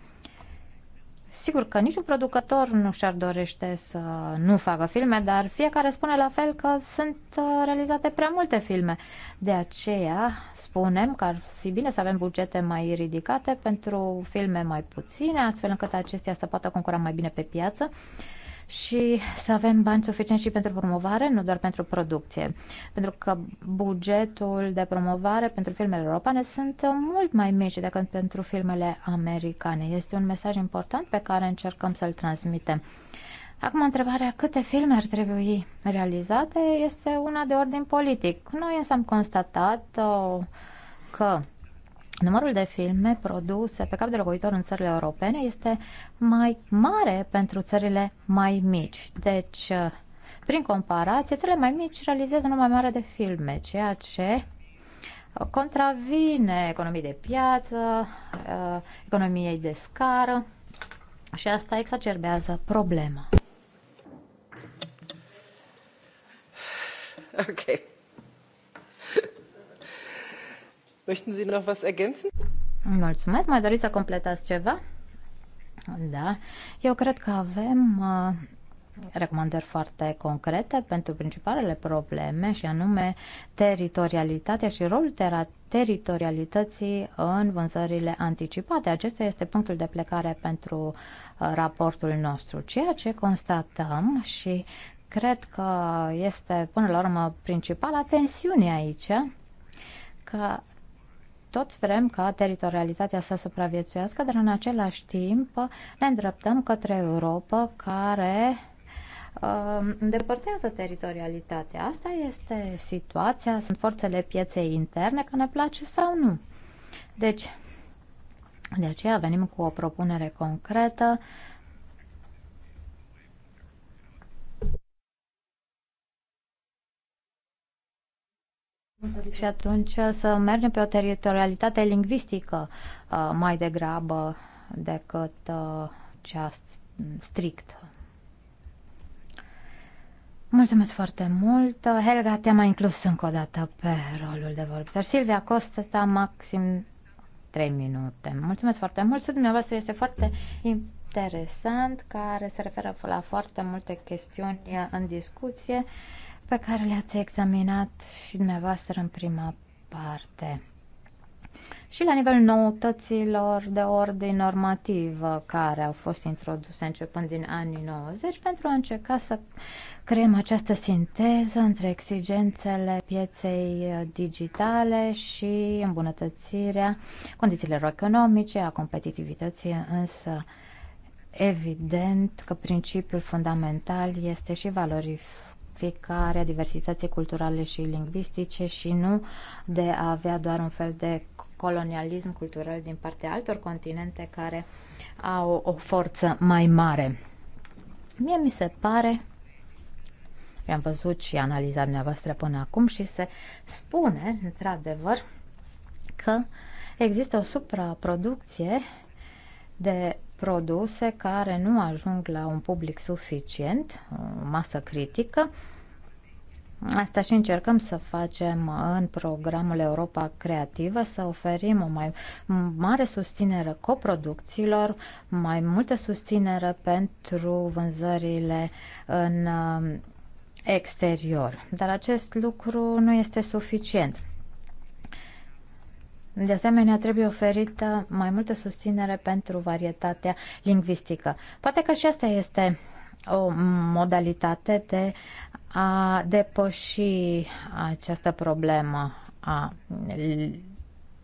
Sigur că niciun producător nu și-ar dorește să nu facă filme, dar fiecare spune la fel că sunt uh, realizate prea multe filme. De aceea spunem că ar fi bine să avem bugete mai ridicate pentru filme mai puține, astfel încât acestea să poată concura mai bine pe piață și să avem bani suficient și pentru promovare, nu doar pentru producție. Pentru că bugetul de promovare pentru filmele europene sunt mult mai mici decât pentru filmele americane. Este un mesaj important pe care încercăm să-l transmitem. Acum, întrebarea câte filme ar trebui realizate este una de ordin politic. Noi însă am constatat uh, că Numărul de filme produse pe cap de locuitor în țările europene este mai mare pentru țările mai mici. Deci, prin comparație, țările mai mici realizează numai mai mare de filme, ceea ce contravine economiei de piață, uh, economiei de scară și asta exacerbează problema. Okay. Möchten Sie noch was ergänzen? Mulțumesc. Mai doriți să completați ceva? Da. Eu cred că avem uh, recomandări foarte concrete pentru principalele probleme și anume teritorialitatea și rolul teritorialității în vânzările anticipate. Acesta este punctul de plecare pentru uh, raportul nostru. Ceea ce constatăm și cred că este până la urmă principala tensiune aici, că toți vrem ca teritorialitatea să supraviețuiască, dar în același timp ne îndreptăm către Europa care uh, îndepărtează teritorialitatea. Asta este situația, sunt forțele pieței interne, că ne place sau nu. Deci, de aceea venim cu o propunere concretă Și atunci să mergem pe o teritorialitate lingvistică uh, mai degrabă decât uh, cea strictă. Mulțumesc foarte mult. Helga, te-am mai inclus încă o dată pe rolul de vorbitor. Silvia Costa, maxim 3 minute. Mulțumesc foarte mult. Sunt dumneavoastră este foarte interesant, care se referă la foarte multe chestiuni în discuție. Uh, pe care le-ați examinat și dumneavoastră în prima parte. Și la nivelul noutăților de ordin normativă uh, care au fost introduse începând din anii 90 pentru a încerca să creăm această sinteză între exigențele pieței uh, digitale și îmbunătățirea condițiilor economice, a competitivității, însă evident că principiul fundamental este și valorific valorificarea diversității culturale și lingvistice și nu de a avea doar un fel de colonialism cultural din partea altor continente care au o forță mai mare. Mie mi se pare am văzut și analizat dumneavoastră până acum și se spune, într-adevăr, că există o supraproducție de produse care nu ajung la un public suficient, o masă critică. Asta și încercăm să facem în programul Europa Creativă, să oferim o mai mare susținere coproducțiilor, mai multă susținere pentru vânzările în um, exterior. Dar acest lucru nu este suficient. De asemenea, trebuie oferită mai multă susținere pentru varietatea lingvistică. Poate că și asta este o modalitate de a depăși această problemă a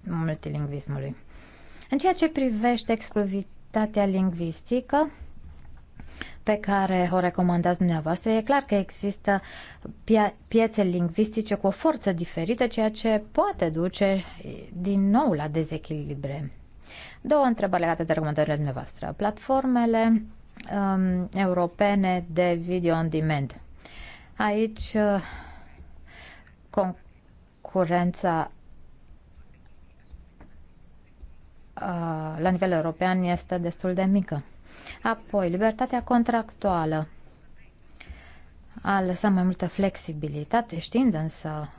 multilingvismului. În ceea ce privește exclusivitatea lingvistică, pe care o recomandați dumneavoastră. E clar că există piețe lingvistice cu o forță diferită, ceea ce poate duce din nou la dezechilibre. Două întrebări legate de recomandările dumneavoastră. Platformele um, europene de video on demand. Aici uh, concurența uh, la nivel european este destul de mică. Apoi, libertatea contractuală a lăsat mai multă flexibilitate, știind însă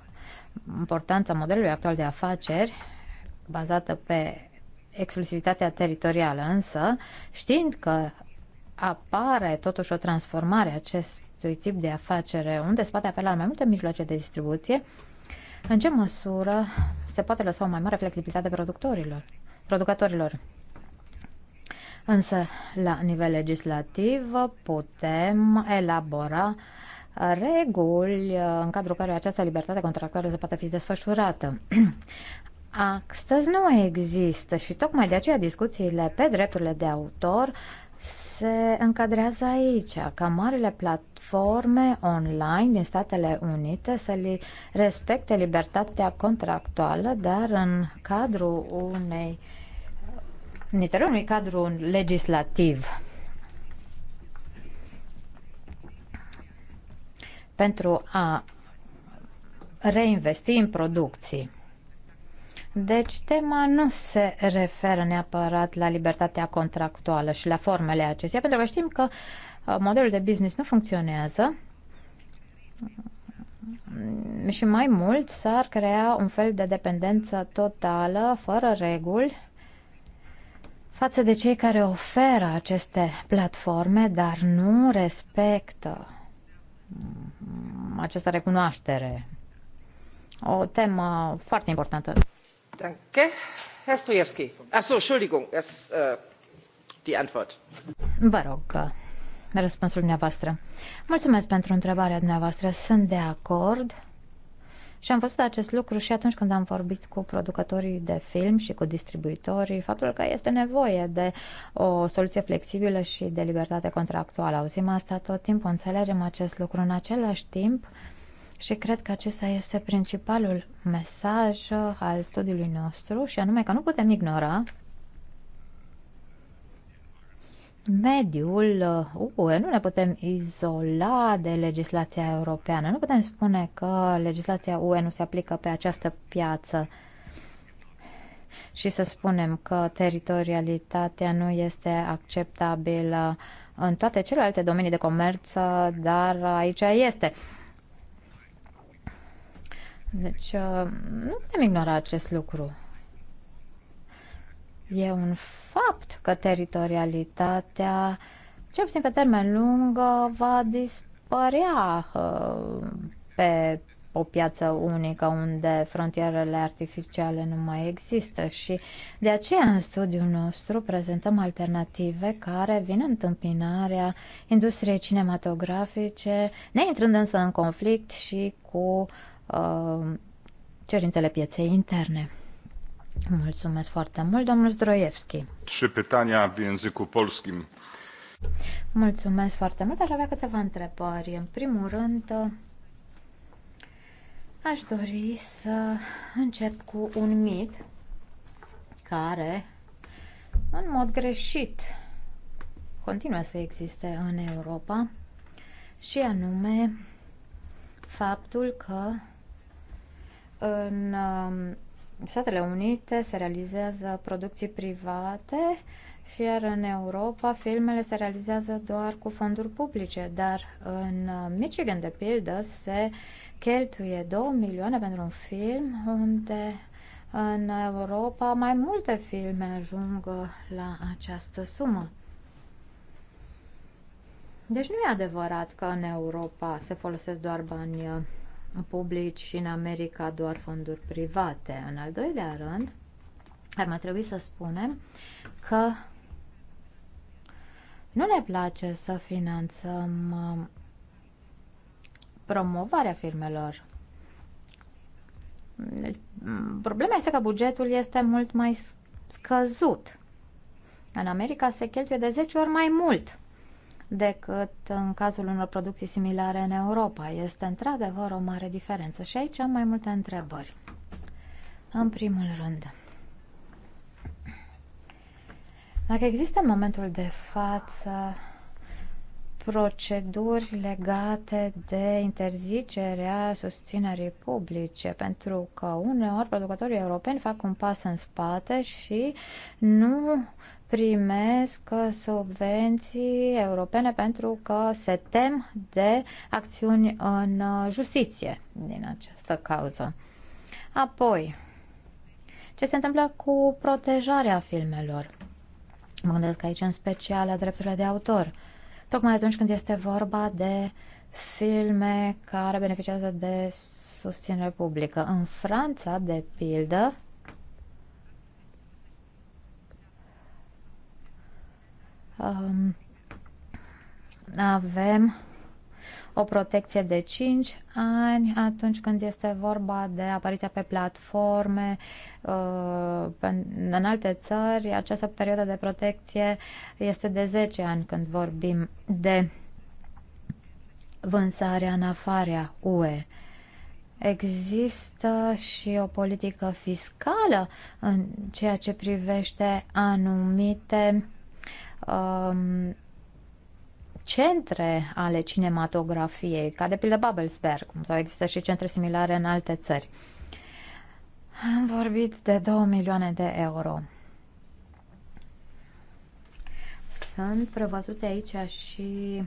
importanța modelului actual de afaceri bazată pe exclusivitatea teritorială, însă știind că apare totuși o transformare acestui tip de afacere unde se poate apela la mai multe mijloace de distribuție, în ce măsură se poate lăsa o mai mare flexibilitate productorilor, producătorilor? Însă, la nivel legislativ, putem elabora uh, reguli uh, în cadrul care această libertate contractuală se poate fi desfășurată. Astăzi nu există și tocmai de aceea discuțiile pe drepturile de autor se încadrează aici, ca marile platforme online din Statele Unite să li respecte libertatea contractuală, dar în cadrul unei uh, inițierea unui cadru legislativ pentru a reinvesti în producții. Deci tema nu se referă neapărat la libertatea contractuală și la formele acesteia, pentru că știm că uh, modelul de business nu funcționează mm, și mai mult s-ar crea un fel de dependență totală, fără reguli, față de cei care oferă aceste platforme, dar nu respectă această recunoaștere. O temă foarte importantă. Danke. Herr Stujewski. Achso, Entschuldigung, uh, die Antwort. Vă rog, răspunsul dumneavoastră. Mulțumesc pentru întrebarea dumneavoastră. Sunt de acord și am văzut acest lucru și atunci când am vorbit cu producătorii de film și cu distribuitorii, faptul că este nevoie de o soluție flexibilă și de libertate contractuală. Auzim asta tot timpul, înțelegem acest lucru în același timp și cred că acesta este principalul mesaj al studiului nostru și anume că nu putem ignora mediul UE, uh, nu ne putem izola de legislația europeană. Nu putem spune că legislația UE nu se aplică pe această piață și să spunem că teritorialitatea nu este acceptabilă în toate celelalte domenii de comerț, dar aici este. Deci, uh, nu putem ignora acest lucru. E un fapt că teritorialitatea, cel puțin pe termen lung, va dispărea uh, pe o piață unică unde frontierele artificiale nu mai există și de aceea în studiul nostru prezentăm alternative care vin în întâmpinarea industriei cinematografice, ne intrând însă în conflict și cu uh, cerințele pieței interne. Mulțumesc foarte mult, domnul Zdroievski. Trzy pytania w języku polskim. Mulțumesc foarte mult. Aș avea câteva întrebări. În primul rând, aș dori să încep cu un mit care, în mod greșit, continuă să existe în Europa și anume faptul că în um, Statele Unite se realizează producții private, iar în Europa filmele se realizează doar cu fonduri publice, dar în Michigan, de pildă, se cheltuie 2 milioane pentru un film, unde în Europa mai multe filme ajung la această sumă. Deci nu e adevărat că în Europa se folosesc doar bani publici și în America doar fonduri private. În al doilea rând, ar mai trebui să spunem că nu ne place să finanțăm uh, promovarea firmelor. Deci, mm, problema este că bugetul este mult mai scăzut. În America se cheltuie de 10 ori mai mult decât în cazul unor producții similare în Europa. Este într-adevăr o mare diferență și aici am mai multe întrebări. În primul rând, dacă există în momentul de față proceduri legate de interzicerea susținerii publice, pentru că uneori producătorii europeni fac un pas în spate și nu primesc subvenții europene pentru că se tem de acțiuni în justiție din această cauză. Apoi, ce se întâmplă cu protejarea filmelor? Mă gândesc aici în special la drepturile de autor. Tocmai atunci când este vorba de filme care beneficiază de susținere publică. În Franța, de pildă, Um, avem o protecție de 5 ani atunci când este vorba de apariția pe platforme uh, în alte țări. Această perioadă de protecție este de 10 ani când vorbim de vânzarea în afara UE. Există și o politică fiscală în ceea ce privește anumite uh, um, centre ale cinematografiei, ca de pildă Babelsberg, sau există și centre similare în alte țări. Am vorbit de 2 milioane de euro. Sunt prevăzute aici și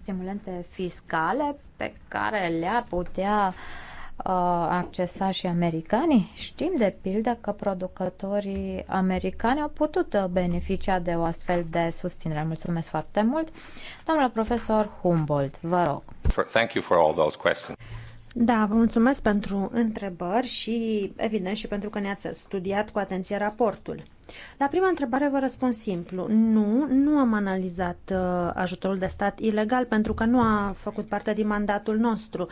stimulente fiscale pe care le-ar putea uh, Uh, accesa și americanii? Știm de pildă că producătorii americani au putut beneficia de o astfel de susținere. Mulțumesc foarte mult. Domnule profesor Humboldt, vă rog. For, thank you for all those questions. Da, vă mulțumesc pentru întrebări și, evident, și pentru că ne-ați studiat cu atenție raportul. La prima întrebare vă răspund simplu. Nu, nu am analizat uh, ajutorul de stat ilegal pentru că nu a făcut parte din mandatul nostru. Uh,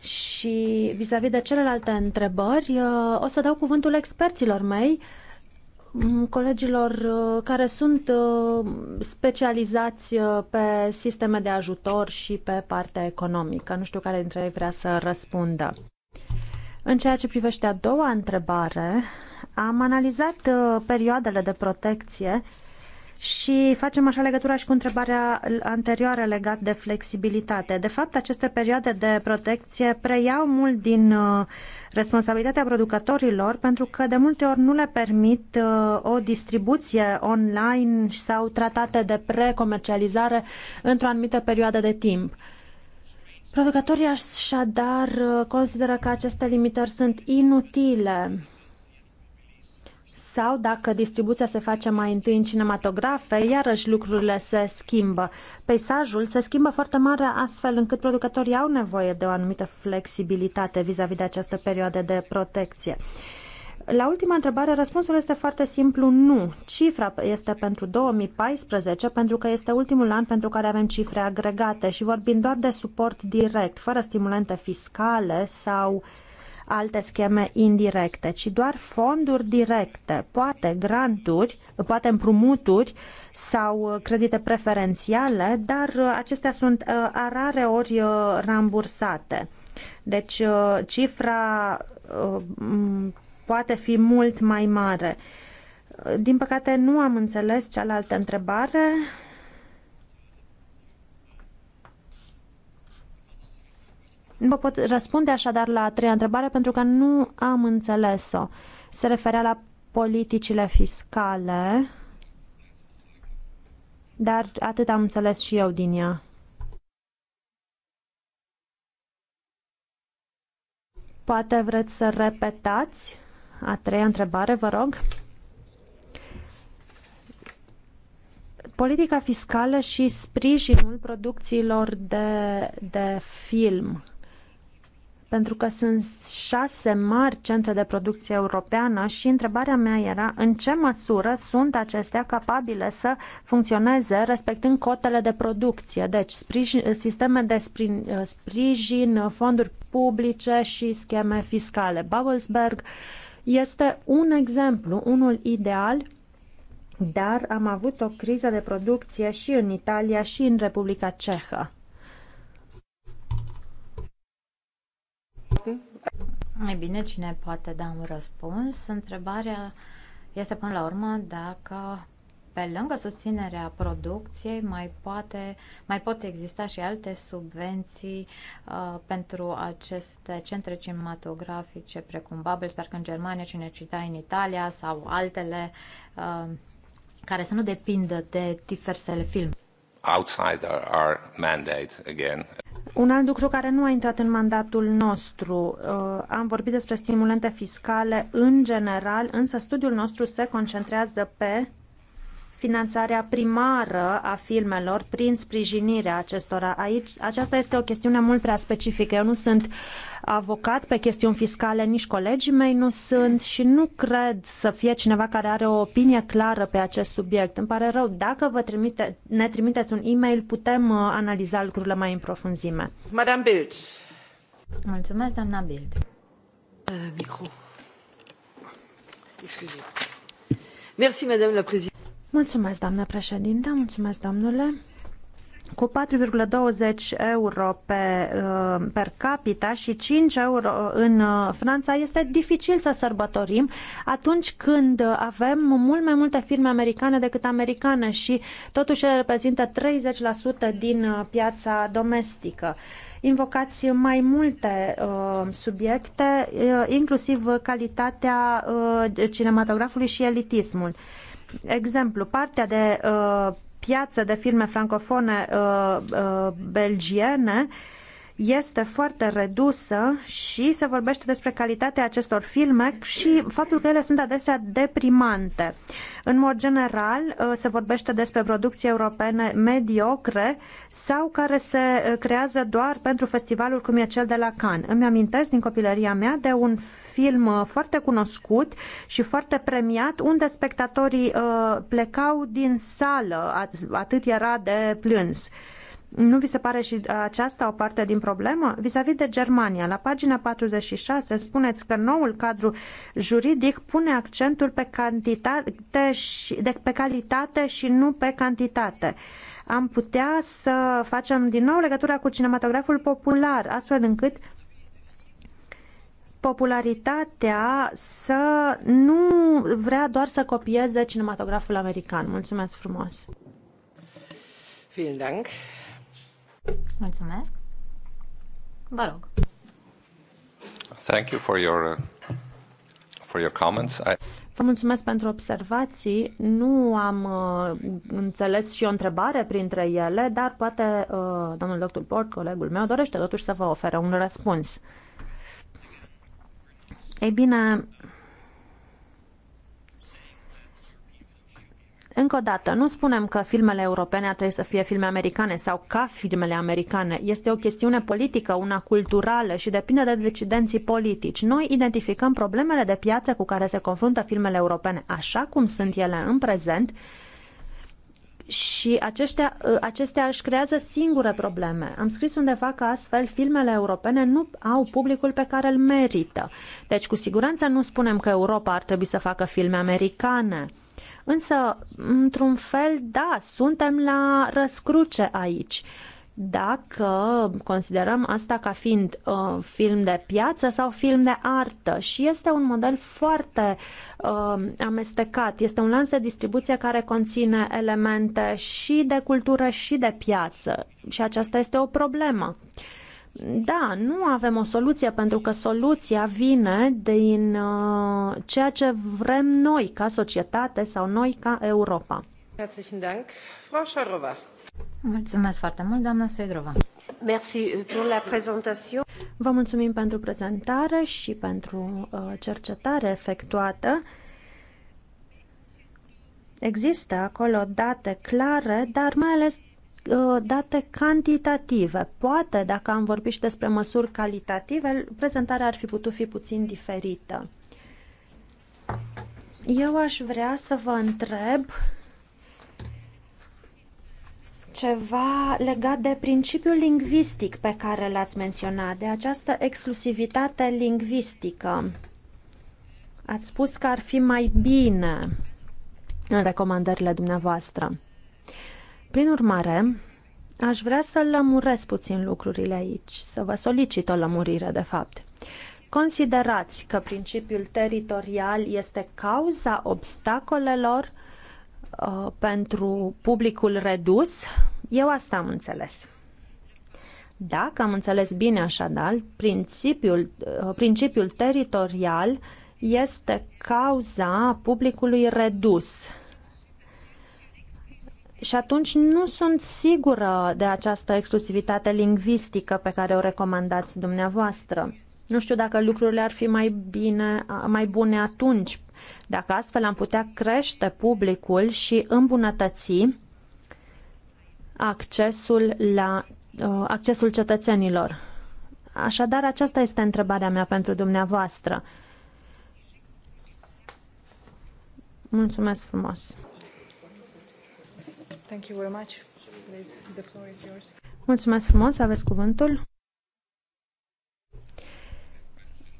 și vis-a-vis -vis de celelalte întrebări, uh, o să dau cuvântul experților mei, mm, colegilor uh, care sunt uh, specializați pe sisteme de ajutor și pe partea economică. Nu știu care dintre ei vrea să răspundă. În ceea ce privește a doua întrebare, am analizat perioadele de protecție uh, și facem așa legătura și cu întrebarea anterioară legat de flexibilitate. De fapt, aceste perioade de protecție preiau mult din uh, responsabilitatea producătorilor pentru că de multe ori nu le permit uh, o distribuție online sau tratate de precomercializare într-o anumită perioadă de timp. Producătorii așadar uh, consideră că aceste limitări sunt inutile sau dacă distribuția se face mai întâi în cinematografe, iarăși lucrurile se schimbă. Peisajul se schimbă foarte mare astfel încât producătorii au nevoie de o anumită flexibilitate vis-a-vis -vis de această perioadă de protecție. La ultima întrebare, răspunsul este foarte simplu, nu. Cifra este pentru 2014, pentru că este ultimul an pentru care avem cifre agregate și vorbim doar de suport direct, fără stimulente fiscale sau uh, alte scheme indirecte, ci doar fonduri directe, poate granturi, poate împrumuturi sau credite preferențiale, dar acestea sunt uh, rare ori uh, rambursate. Deci uh, cifra poate fi mult mai mare. Din păcate nu am înțeles cealaltă întrebare. Nu vă pot răspunde așadar la a treia întrebare pentru că nu am înțeles-o. Se referea la politicile fiscale, dar atât am înțeles și eu din ea. Poate vreți să repetați a treia întrebare, vă rog. Politica fiscală și sprijinul producțiilor de, de film pentru că sunt șase mari centre de producție europeană și întrebarea mea era în ce măsură sunt acestea capabile să funcționeze respectând cotele de producție, deci sprijin, sisteme de sprijin, uh, sprijin, fonduri publice și scheme fiscale. Babelsberg este un exemplu, unul ideal dar am avut o criză de producție și în Italia și în Republica Cehă. E bine, cine poate da un răspuns? Întrebarea este până la urmă dacă pe lângă susținerea producției mai, poate, mai pot exista și alte subvenții uh, pentru aceste centre cinematografice precum Babel, că în Germania, cine cita în Italia sau altele uh, care să nu depindă de diversele filme. Outside our mandate again. Un alt lucru care nu a intrat în mandatul nostru, uh, am vorbit despre stimulente fiscale în general, însă studiul nostru se concentrează pe finanțarea primară a filmelor prin sprijinirea acestora. Aici, aceasta este o chestiune mult prea specifică. Eu nu sunt avocat pe chestiuni fiscale, nici colegii mei nu sunt și nu cred să fie cineva care are o opinie clară pe acest subiect. Îmi pare rău, dacă vă trimite, ne trimiteți un e-mail, putem uh, analiza lucrurile mai în profunzime. Madame Bild. Mulțumesc, doamna Bild. Uh, micro. Excusez. Merci, Madame la Présidente. Mulțumesc, doamnă președinte, mulțumesc, domnule. Cu 4,20 euro pe, uh, per capita și 5 euro în uh, Franța este dificil să sărbătorim atunci când avem mult mai multe firme americane decât americane și totuși ele reprezintă 30% din uh, piața domestică invocați mai multe uh, subiecte, uh, inclusiv calitatea uh, cinematografului și elitismul. Exemplu, partea de uh, piață de firme francofone uh, uh, belgiene uh, este foarte redusă și se vorbește despre calitatea acestor filme și faptul că ele sunt adesea deprimante. În mod general, uh, se vorbește despre producții europene mediocre sau care se uh, creează doar pentru festivalul cum e cel de la Cannes. Îmi amintesc din copilăria mea de un film uh, foarte cunoscut și foarte premiat, unde spectatorii plecau din sală, atât era de plâns. Nu vi se pare și aceasta o parte din problemă? Vis-a-vis -vis de Germania, la pagina 46 spuneți că noul cadru juridic pune accentul pe, cantitate și, de, pe calitate și nu pe cantitate. Am putea să facem din nou legătura cu cinematograful popular, astfel încât popularitatea să nu vrea doar să copieze cinematograful american. Mulțumesc frumos! Vielen Dank. Mulțumesc. Vă rog. Thank you for your uh, for your comments. I... Vă mulțumesc pentru observații. Nu am uh, înțeles și o întrebare printre ele, dar poate uh, domnul doctor Port, colegul meu, dorește totuși să vă ofere un răspuns. Ei bine, Încă o dată, nu spunem că filmele europene ar trebui să fie filme americane sau ca filmele americane. Este o chestiune politică, una culturală și depinde de decidenții politici. Noi identificăm problemele de piață cu care se confruntă filmele europene așa cum sunt ele în prezent și aceștia, acestea își creează singure probleme. Am scris undeva că astfel filmele europene nu au publicul pe care îl merită. Deci cu siguranță nu spunem că Europa ar trebui să facă filme americane Însă, într-un fel, da, suntem la răscruce aici dacă considerăm asta ca fiind uh, film de piață sau film de artă. Și este un model foarte uh, amestecat. Este un lanț de distribuție care conține elemente și de cultură și de piață. Și aceasta este o problemă. Uh, da, nu avem o soluție pentru că soluția vine din uh, ceea ce vrem noi ca societate sau noi ca Europa. Mulțumesc foarte mult, doamna Soidrova. Vă mulțumim pentru prezentare și pentru uh, cercetare efectuată. Există acolo date clare, dar mai ales Uh, date cantitative. Poate, dacă am vorbit și despre măsuri calitative, prezentarea ar fi putut fi puțin diferită. Eu aș vrea să vă întreb ceva legat de principiul lingvistic pe care l-ați menționat, de această exclusivitate lingvistică. Ați spus că ar fi mai bine în recomandările dumneavoastră. Prin urmare, aș vrea să lămuresc puțin lucrurile aici, să vă solicit o lămurire, de fapt. Considerați că principiul teritorial este cauza obstacolelor uh, pentru publicul redus? Eu asta am înțeles. Dacă am înțeles bine așadar, principiul, uh, principiul teritorial este cauza publicului redus și atunci nu sunt sigură de această exclusivitate lingvistică pe care o recomandați dumneavoastră. Nu știu dacă lucrurile ar fi mai, bine, mai bune atunci, dacă astfel am putea crește publicul și îmbunătăți accesul, la, uh, accesul cetățenilor. Așadar, aceasta este întrebarea mea pentru dumneavoastră. Mulțumesc frumos! Thank you very much. The floor is yours. Mulțumesc frumos, aveți cuvântul.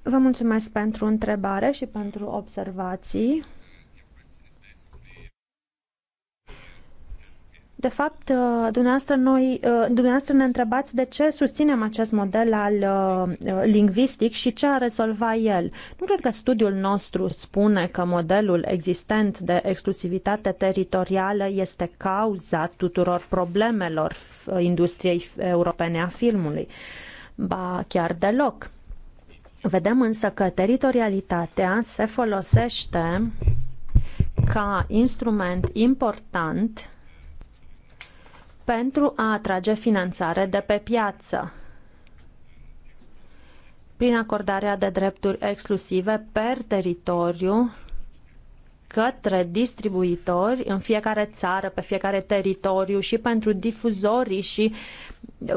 Vă mulțumesc pentru întrebare și pentru observații. De fapt, uh, dumneavoastră, noi, uh, dumneavoastră ne întrebați de ce susținem acest model al uh, lingvistic și ce a rezolva el. Nu cred că studiul nostru spune că modelul existent de exclusivitate teritorială este cauza tuturor problemelor industriei europene a filmului. Ba chiar deloc. Vedem însă că teritorialitatea se folosește ca instrument important pentru a atrage finanțare de pe piață prin acordarea de drepturi exclusive per teritoriu către distribuitori în fiecare țară, pe fiecare teritoriu și pentru difuzorii și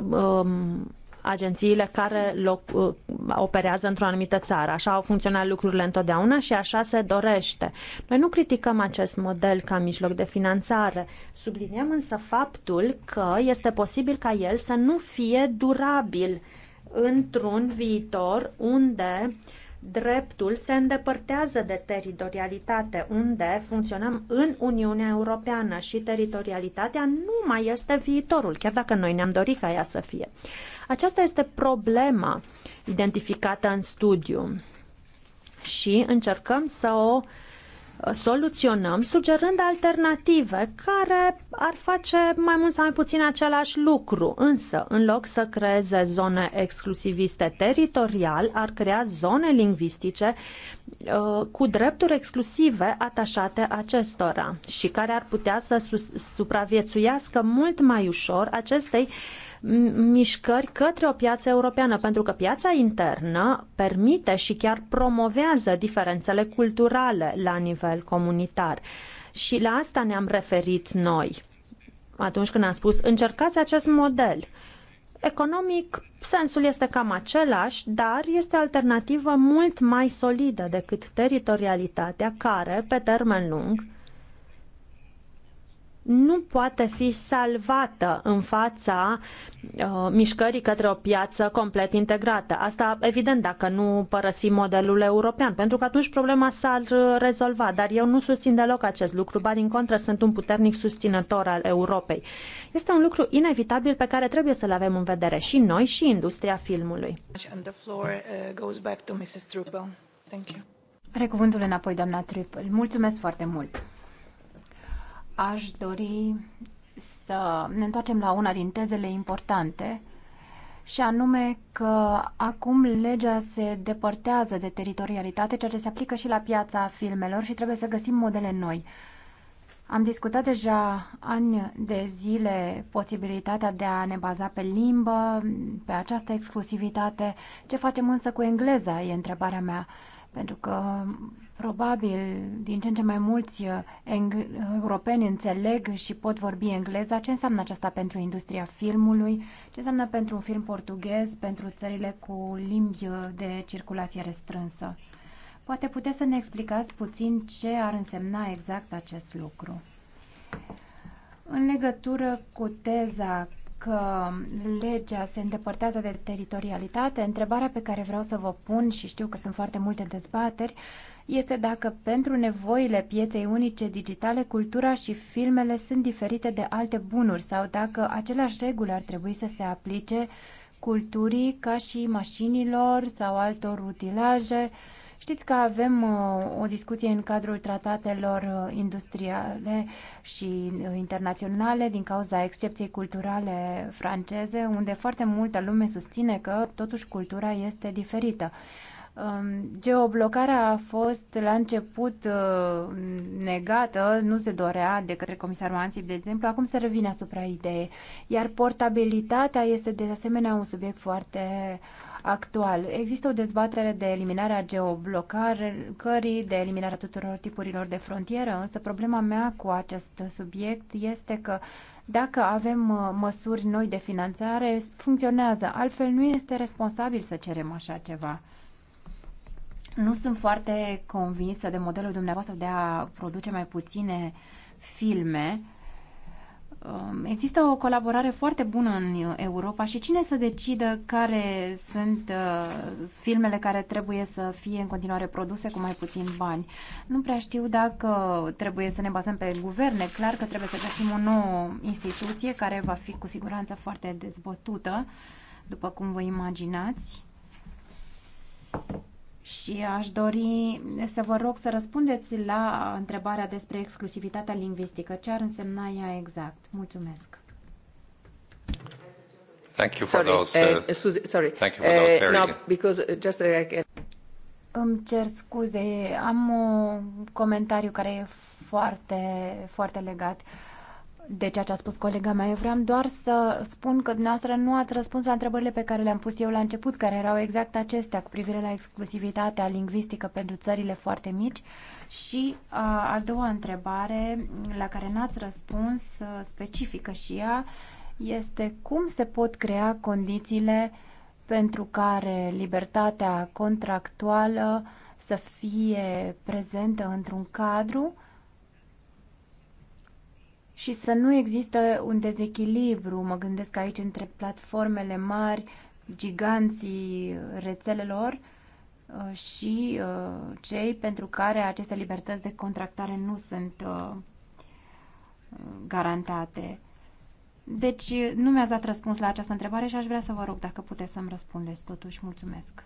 um, agențiile care loc, uh, operează într-o anumită țară. Așa au funcționat lucrurile întotdeauna și așa se dorește. Noi nu criticăm acest model ca mijloc de finanțare. Subliniem însă faptul că este posibil ca el să nu fie durabil într-un viitor unde uh, dreptul se îndepărtează de teritorialitate, unde funcționăm în Uniunea Europeană și teritorialitatea nu mai este viitorul, chiar dacă noi ne-am dorit ca ea să fie. Aceasta este problema identificată în studiu și încercăm să o uh, Uh, soluționăm, sugerând alternative care ar face mai mult sau mai puțin același lucru. Însă, în loc să creeze zone exclusiviste teritorial, ar crea zone lingvistice uh, cu drepturi exclusive atașate acestora și care ar putea să supraviețuiască mult mai ușor acestei uh, mișcări către o piață europeană, pentru că piața internă permite și chiar promovează diferențele culturale la nivel comunitar. Și la asta ne-am referit noi atunci când am spus încercați acest model. Economic, sensul este cam același, dar este o alternativă mult mai solidă decât teritorialitatea care, pe termen lung, nu poate fi salvată în fața uh, mișcării către o piață complet integrată. Asta, evident, dacă nu părăsim modelul european, pentru că atunci problema s-ar uh, rezolva. Dar eu nu susțin deloc acest lucru, ba din contră, sunt un puternic susținător al Europei. Este un lucru inevitabil pe care trebuie să-l avem în vedere și noi și industria filmului. Uh, Are cuvântul înapoi, doamna Triple. Mulțumesc foarte mult! aș dori să ne întoarcem la una din tezele importante și anume că acum legea se depărtează de teritorialitate, ceea ce se aplică și la piața filmelor și trebuie să găsim modele noi. Am discutat deja ani de zile posibilitatea de a ne baza pe limbă, pe această exclusivitate. Ce facem însă cu engleza, e întrebarea mea, pentru că Probabil din ce în ce mai mulți uh, europeni înțeleg și pot vorbi engleza. Ce înseamnă aceasta pentru industria filmului? Ce înseamnă pentru un film portughez, pentru țările cu limbi uh, de circulație restrânsă? Poate puteți să ne explicați puțin ce ar însemna exact acest lucru. În legătură cu teza că legea se îndepărtează de teritorialitate, întrebarea pe care vreau să vă pun și știu că sunt foarte multe dezbateri, este dacă pentru nevoile pieței unice digitale cultura și filmele sunt diferite de alte bunuri sau dacă aceleași reguli ar trebui să se aplice culturii ca și mașinilor sau altor utilaje uh, Știți că avem uh, o discuție în cadrul tratatelor uh, industriale și uh, internaționale din cauza excepției culturale franceze, unde foarte multă lume susține că totuși cultura este diferită. Um, geoblocarea a fost la început negată, nu se dorea de către comisarul Ansip, de exemplu, acum se revine asupra ideii. Iar portabilitatea este de asemenea un subiect foarte uh, actual. Există o dezbatere de eliminarea geoblocării, de eliminarea tuturor tipurilor de frontieră, însă problema mea cu acest subiect este că dacă avem uh, măsuri noi de finanțare, funcționează. Altfel nu este responsabil să cerem așa ceva. Nu sunt foarte convinsă de modelul dumneavoastră de a produce mai puține filme Um, există o colaborare foarte bună în Europa și cine să decidă care sunt uh, filmele care trebuie să fie în continuare produse cu mai puțin bani. Nu prea știu dacă trebuie să ne bazăm pe guverne. Clar că trebuie să găsim o nouă instituție care va fi cu siguranță foarte dezbătută, după cum vă imaginați și aș dori să vă rog să răspundeți la întrebarea despre exclusivitatea lingvistică. Ce ar însemna ea exact? Mulțumesc. Thank you for sorry, those, uh, uh sorry. Thank you for uh, those no, because uh, just uh, Îmi cer scuze, am un comentariu care e foarte, foarte legat. Uh, de ceea ce a spus colega mea. Eu vreau doar să spun că dumneavoastră nu ați răspuns la întrebările pe care le-am pus eu la început, care erau exact acestea, cu privire la exclusivitatea lingvistică pentru țările foarte mici. Și a, a doua întrebare, la care n-ați răspuns, specifică și ea, este cum se pot crea condițiile pentru care libertatea contractuală să fie prezentă într-un cadru și să nu există un dezechilibru, mă gândesc aici, între platformele mari, giganții rețelelor uh, și uh, cei pentru care aceste libertăți de contractare nu sunt uh, garantate. Deci nu mi-ați dat răspuns la această întrebare și aș vrea să vă rog dacă puteți să-mi răspundeți totuși. Mulțumesc!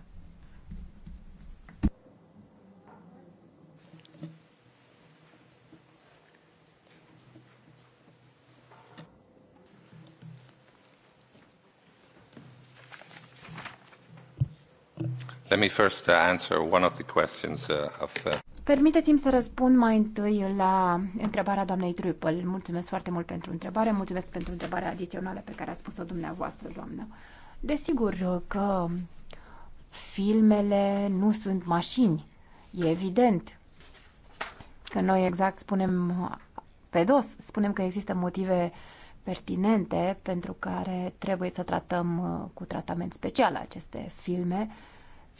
Let me first uh, answer one of the questions uh, of... Uh, Permiteți-mi să răspund mai întâi la întrebarea doamnei Trupel. Mulțumesc foarte mult pentru întrebare, mulțumesc pentru întrebarea adițională pe care a spus-o dumneavoastră, doamnă. Desigur că filmele nu sunt mașini, e evident că noi exact spunem pe dos, spunem că există motive pertinente pentru care trebuie să tratăm cu tratament special aceste filme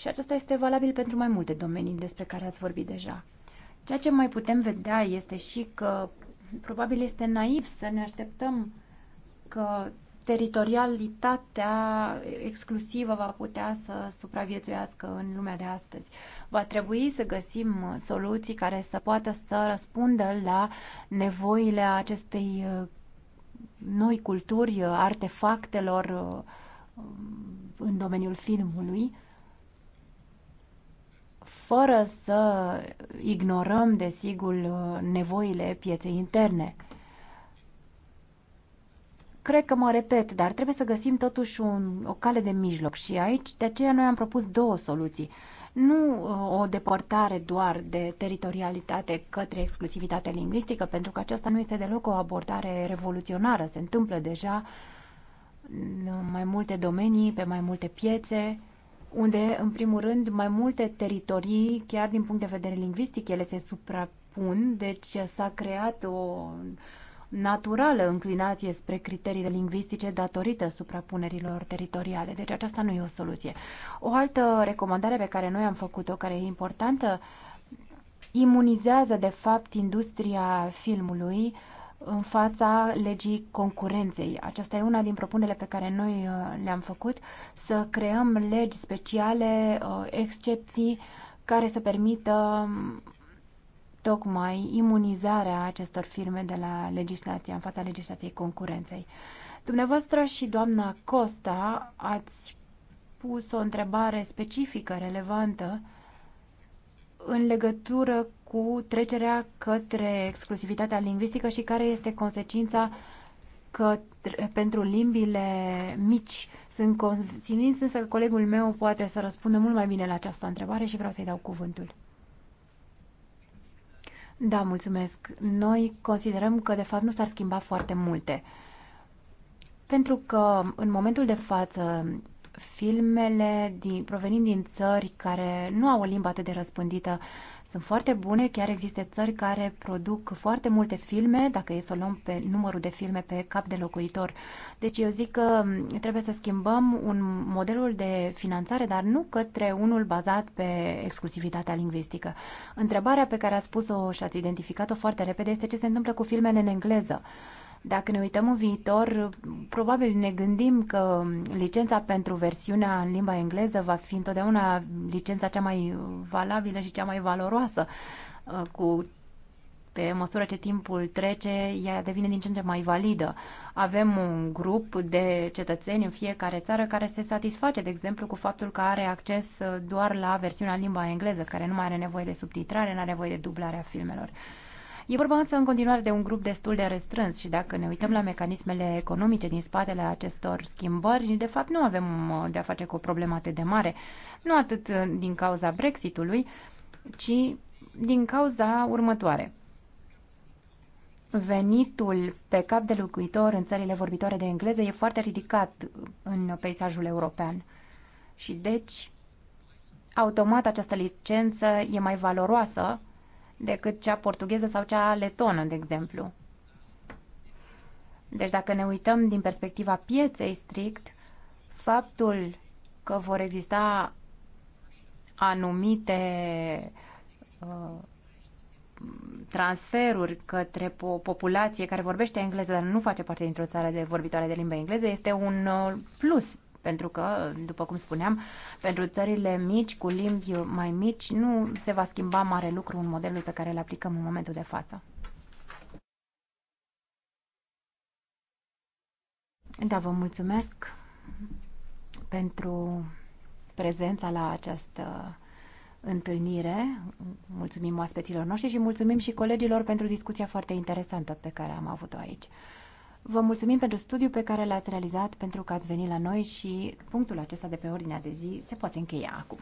și acesta este valabil pentru mai multe domenii despre care ați vorbit deja. Ceea ce mai putem vedea este și că probabil este naiv să ne așteptăm că teritorialitatea exclusivă va putea să supraviețuiască în lumea de astăzi. Va trebui să găsim soluții care să poată să răspundă la nevoile acestei uh, noi culturi, uh, artefactelor uh, în domeniul filmului fără să ignorăm, desigur, nevoile pieței interne. Cred că mă repet, dar trebuie să găsim totuși un, o cale de mijloc și aici de aceea noi am propus două soluții. Nu uh, o deportare doar de teritorialitate către exclusivitate lingvistică, pentru că aceasta nu este deloc o abordare revoluționară. Se întâmplă deja în mai multe domenii, pe mai multe piețe, unde, în primul rând, mai multe teritorii, chiar din punct de vedere lingvistic, ele se suprapun, deci s-a creat o naturală înclinație spre criteriile lingvistice datorită suprapunerilor teritoriale. Deci aceasta nu e o soluție. O altă recomandare pe care noi am făcut-o, care e importantă, imunizează, de fapt, industria filmului uh, în fața legii concurenței. Aceasta e una din propunerile pe care noi uh, le-am făcut, să creăm legi speciale, uh, excepții, care să permită um, tocmai imunizarea acestor firme de la legislație, în fața legislației concurenței. Dumneavoastră și doamna Costa ați pus o întrebare specifică, relevantă, în legătură cu trecerea către exclusivitatea lingvistică și care este consecința că pentru limbile mici sunt conținut, însă colegul meu poate să răspundă mult mai bine la această întrebare și vreau să-i dau cuvântul. Da, mulțumesc. Noi considerăm că, de fapt, nu s-ar schimba foarte multe. Pentru că, în momentul de față, filmele din, provenind din țări care nu au o limbă atât de răspândită sunt foarte bune, chiar există țări care produc foarte multe filme, dacă e să o luăm pe numărul de filme pe cap de locuitor. Deci eu zic că trebuie să schimbăm un modelul de finanțare, dar nu către unul bazat pe exclusivitatea lingvistică. Întrebarea pe care a spus-o și ați identificat-o foarte repede este ce se întâmplă cu filmele în engleză. Dacă ne uităm în viitor, probabil ne gândim că licența pentru versiunea în limba engleză va fi întotdeauna licența cea mai valabilă și cea mai valoroasă. Uh, cu, pe măsură ce timpul trece, ea devine din ce în ce mai validă. Avem un grup de cetățeni în fiecare țară care se satisface, de exemplu, cu faptul că are acces uh, doar la versiunea în limba engleză, care nu mai are nevoie de subtitrare, nu are nevoie de dublarea filmelor. Uh, E vorba însă în continuare de un grup destul de restrâns și dacă ne uităm la mecanismele economice din spatele acestor schimbări, de fapt nu avem uh, de-a face cu o problemă atât de mare, nu atât uh, din cauza Brexitului, ci din cauza următoare. Venitul pe cap de locuitor în țările vorbitoare de engleză e foarte ridicat în peisajul european. Și deci, automat această licență e mai valoroasă decât cea portugheză sau cea letonă, de exemplu. Deci dacă ne uităm din perspectiva pieței strict, faptul că vor exista anumite uh, transferuri către o populație care vorbește engleză, dar nu face parte dintr-o țară de vorbitoare de limba engleză, este un uh, plus pentru că, după cum spuneam, pentru țările mici, cu limbi mai mici, nu se va schimba mare lucru în modelul pe care îl aplicăm în momentul de față. Da, vă mulțumesc pentru prezența la această întâlnire. Mulțumim oaspeților noștri și mulțumim și colegilor pentru discuția foarte interesantă pe care am avut-o aici. Vă mulțumim pentru studiul pe care l-ați realizat, pentru că ați venit la noi și punctul acesta de pe ordinea de zi se poate încheia acum.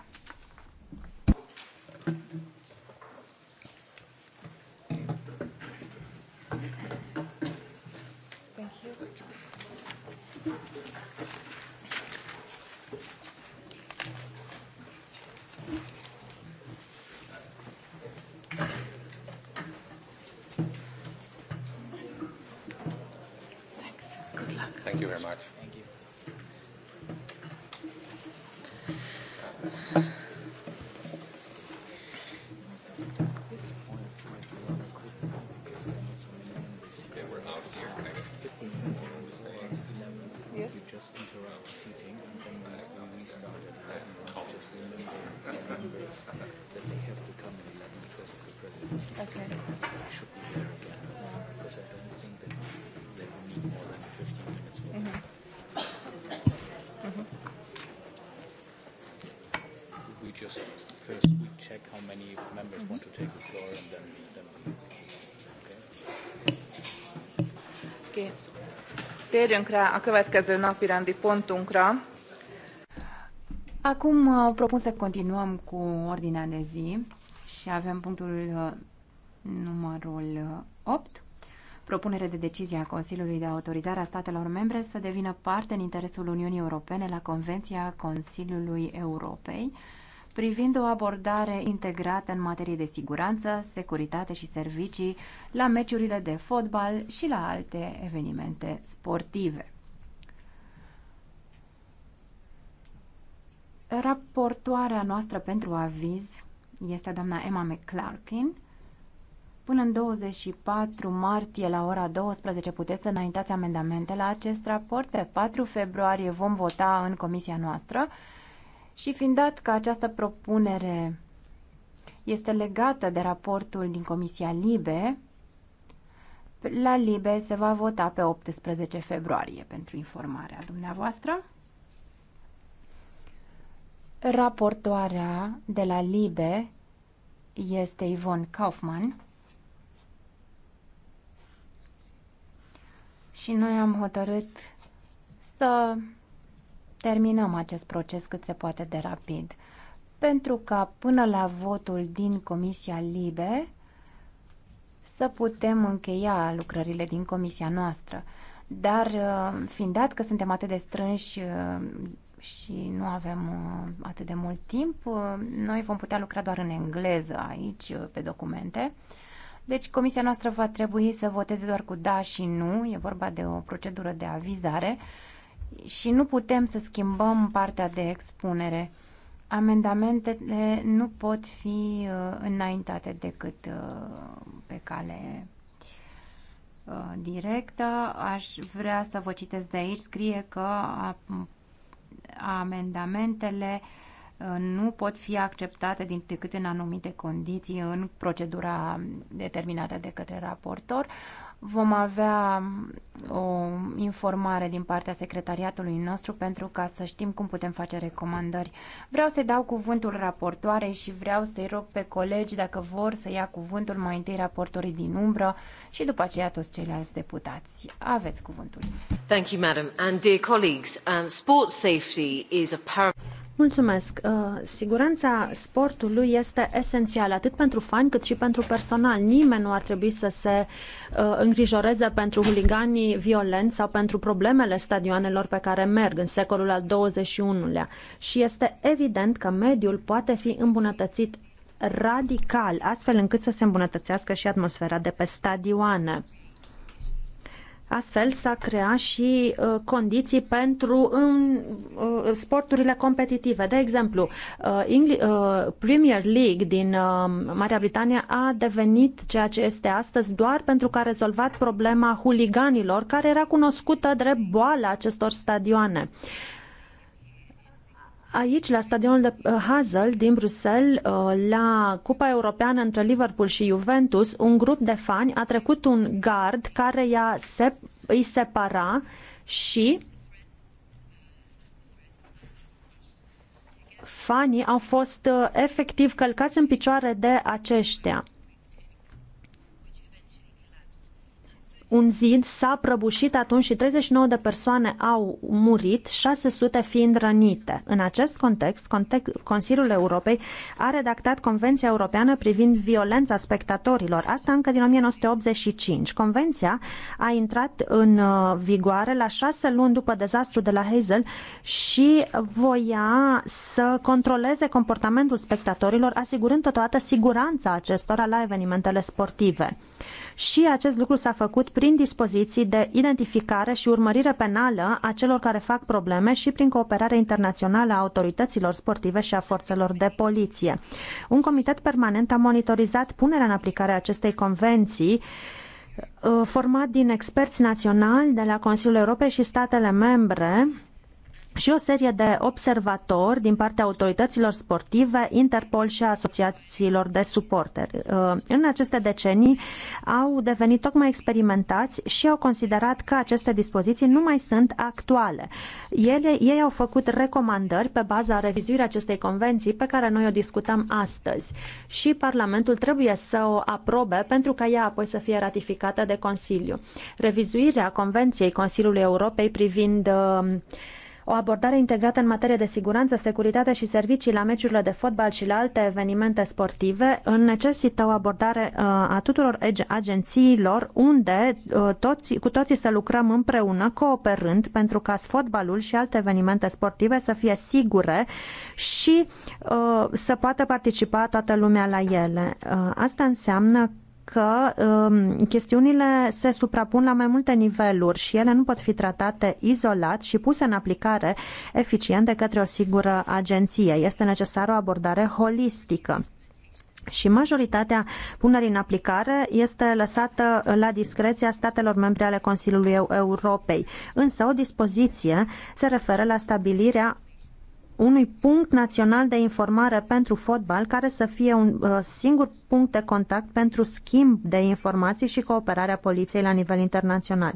Térjünk rá a következő napirendi pontunkra. Acum uh, propun să continuăm cu ordinea de zi și avem punctul uh, numărul 8. Uh, Propunere de decizie a Consiliului de autorizare a statelor membre să devină parte în interesul Uniunii Europene la Convenția Consiliului Europei privind o abordare integrată în materie de siguranță, securitate și servicii la meciurile de fotbal și la alte evenimente sportive. Raportoarea noastră pentru aviz este doamna Emma McClarkin. Până în 24 martie la ora 12 puteți să înaintați amendamente la acest raport. Pe 4 februarie vom vota în comisia noastră și fiind dat că această propunere este legată de raportul din Comisia Libe, la Libe se va vota pe 18 februarie pentru informarea dumneavoastră. Raportoarea de la Libe este Ivon Kaufman și noi am hotărât să terminăm acest proces cât se poate de rapid. Pentru ca până la votul din Comisia Libe să putem încheia lucrările din Comisia noastră. Dar uh, fiind dat că suntem atât de strânși uh, și nu avem uh, atât de mult timp, noi vom putea lucra doar în engleză aici pe documente. Deci comisia noastră va trebui să voteze doar cu da și nu, e vorba de o procedură de avizare și nu putem să schimbăm partea de expunere. Amendamentele nu pot fi uh, înaintate decât uh, pe cale uh, directă. Aș vrea să vă citesc de aici. Scrie că amendamentele nu pot fi acceptate decât în anumite condiții în procedura determinată de către raportor vom avea um, o informare din partea secretariatului nostru pentru ca să știm cum putem face recomandări. Vreau să dau cuvântul raportoarei și vreau să-i rog pe colegi dacă vor să ia cuvântul mai întâi raportorii din umbră și după aceea toți ceilalți deputați. Aveți cuvântul. Thank you, madam. And dear colleagues, um, sport safety is a paramount Mulțumesc. Uh, siguranța sportului este esențială atât pentru fani cât și pentru personal. Nimeni nu ar trebui să se uh, îngrijoreze pentru huliganii violenți sau pentru problemele stadioanelor pe care merg în secolul al XXI-lea. Și este evident că mediul poate fi îmbunătățit radical, astfel încât să se îmbunătățească și atmosfera de pe stadioane. Astfel s-a creat și uh, condiții pentru în, uh, sporturile competitive. De exemplu, uh, Engli- uh, Premier League din uh, Marea Britanie a devenit ceea ce este astăzi doar pentru că a rezolvat problema huliganilor, care era cunoscută drept boala acestor stadioane. Uh, Aici, la stadionul de uh, Hazel din Bruxelles, uh, la Cupa Europeană între Liverpool și Juventus, un grup de fani a trecut un gard care i-a se, îi separa și fanii au fost uh, efectiv călcați în picioare de aceștia. un zid s-a prăbușit atunci și 39 de persoane au murit, 600 fiind rănite. În acest context, context Consiliul Europei a redactat Convenția Europeană privind violența spectatorilor, asta încă din 1985. Convenția a intrat în uh, vigoare la șase luni după dezastru de la Hazel și voia să controleze comportamentul spectatorilor, asigurând totodată siguranța acestora la evenimentele sportive și acest lucru s-a făcut prin dispoziții de identificare și urmărire penală a celor care fac probleme și prin cooperare internațională a autorităților sportive și a forțelor de poliție. Un comitet permanent a monitorizat punerea în aplicare a acestei convenții uh, format din experți naționali de la Consiliul Europei și statele membre și o serie de observatori din partea autorităților sportive, Interpol și asociațiilor de suporteri. Uh, în aceste decenii au devenit tocmai experimentați și au considerat că aceste dispoziții nu mai sunt actuale. Ele, ei au făcut recomandări pe baza revizuirii acestei convenții pe care noi o discutăm astăzi și Parlamentul trebuie să o aprobe pentru ca ea apoi să fie ratificată de Consiliu. Revizuirea Convenției Consiliului Europei privind uh, o abordare integrată în materie de siguranță, securitate și servicii la meciurile de fotbal și la alte evenimente sportive necesită o abordare uh, a tuturor agențiilor unde uh, toți, cu toții să lucrăm împreună, cooperând, pentru ca fotbalul și alte evenimente sportive să fie sigure și uh, să poată participa toată lumea la ele. Asta înseamnă că um, chestiunile se suprapun la mai multe niveluri și ele nu pot fi tratate izolat și puse în aplicare eficient de către o singură agenție. Este necesară o abordare holistică. Și majoritatea punerii în aplicare este lăsată la discreția statelor membre ale Consiliului Europei. Însă o dispoziție se referă la stabilirea unui punct național de informare pentru fotbal care să fie un uh, singur punct de contact pentru schimb de informații și cooperarea poliției la nivel internațional.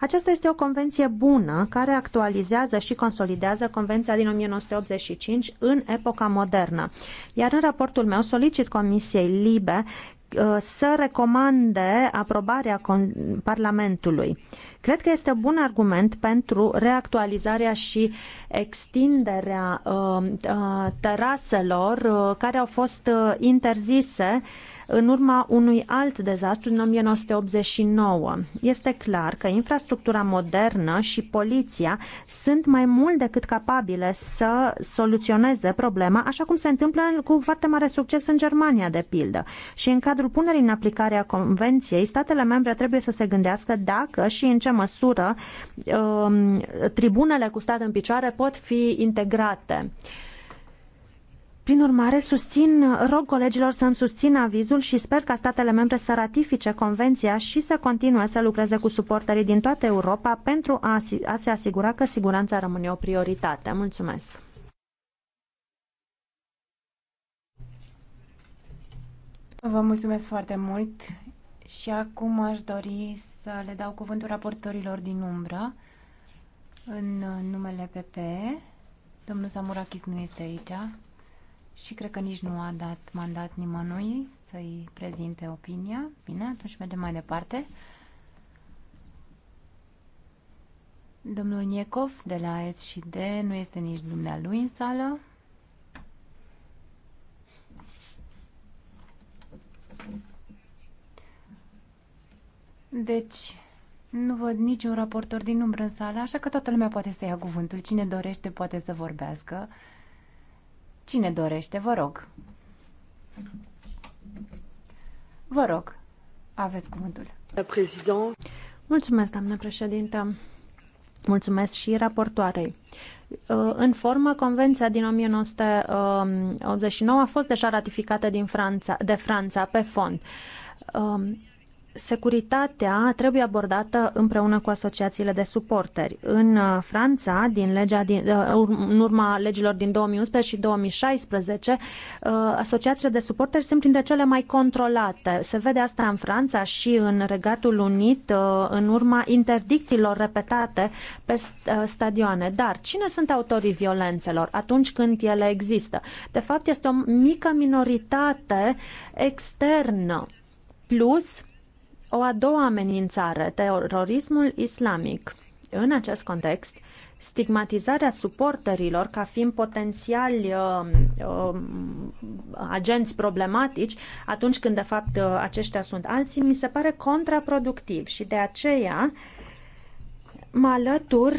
Aceasta este o convenție bună care actualizează și consolidează Convenția din 1985 în epoca modernă. Iar în raportul meu solicit Comisiei Libe Uh, să recomande aprobarea Parlamentului. Cred că este bun argument pentru reactualizarea și extinderea uh, uh, teraselor care au fost interzise uh, în urma unui alt dezastru din 1989. Este clar că infrastructura modernă și poliția sunt mai mult decât capabile să soluționeze problema, așa cum se întâmplă cu foarte mare succes în Germania, de pildă. Și în cadrul punerii în aplicare a convenției, statele membre trebuie să se gândească dacă și în ce măsură um, tribunele cu stat în picioare pot fi integrate. Prin urmare, susțin, rog colegilor să îmi susțină avizul și sper ca statele membre să ratifice convenția și să continue să lucreze cu suporterii din toată Europa pentru a, a se asigura că siguranța rămâne o prioritate. Mulțumesc! Vă mulțumesc foarte mult și acum aș dori să le dau cuvântul raportorilor din umbră în numele PP. Domnul Samurakis nu este aici și cred că nici nu a dat mandat nimănui să-i prezinte opinia. Bine, atunci mergem mai departe. Domnul Niecov de la S și D nu este nici dumnealui în sală. Deci, nu văd niciun raportor din umbră în sală, așa că toată lumea poate să ia cuvântul. Cine dorește poate să vorbească. Cine dorește, vă rog. Vă rog, aveți cuvântul. Mulțumesc, doamnă președintă. Mulțumesc și raportoarei. Uh, în formă, Convenția din 1989 uh, a fost deja ratificată din Franța, de Franța pe fond uh, securitatea trebuie abordată împreună cu asociațiile de suporteri. În uh, Franța, din legea din, uh, în urma legilor din 2011 și 2016, uh, asociațiile de suporteri sunt printre cele mai controlate. Se vede asta în Franța și în Regatul Unit în urma interdicțiilor repetate pe stadioane. Dar cine sunt autorii violențelor atunci când ele există? De fapt, este o mică minoritate externă. Plus, o a doua amenințare, terorismul islamic. În acest context, stigmatizarea suporterilor ca fiind potențiali uh, uh, agenți problematici atunci când de fapt uh, aceștia sunt alții, mi se pare contraproductiv și de aceea uh, mă alătur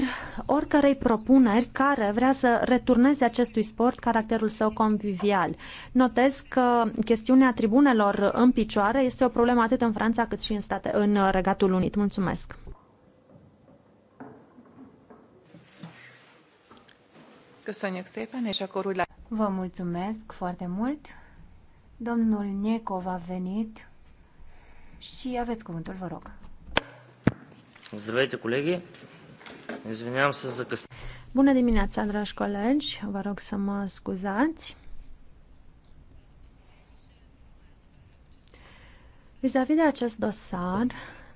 oricărei propuneri care vrea să returneze acestui sport caracterul său convivial. Notez că chestiunea tribunelor în picioare este o problemă atât în Franța cât și în, state, în Regatul Unit. Mulțumesc! Vă mulțumesc foarte mult! Domnul Necov a venit și aveți cuvântul, vă rog. Здравейте, колеги! Извинявам се за къс... Bună dimineața, dragi colegi! Vă rog să mă scuzați. Vis-a-vis de acest dosar,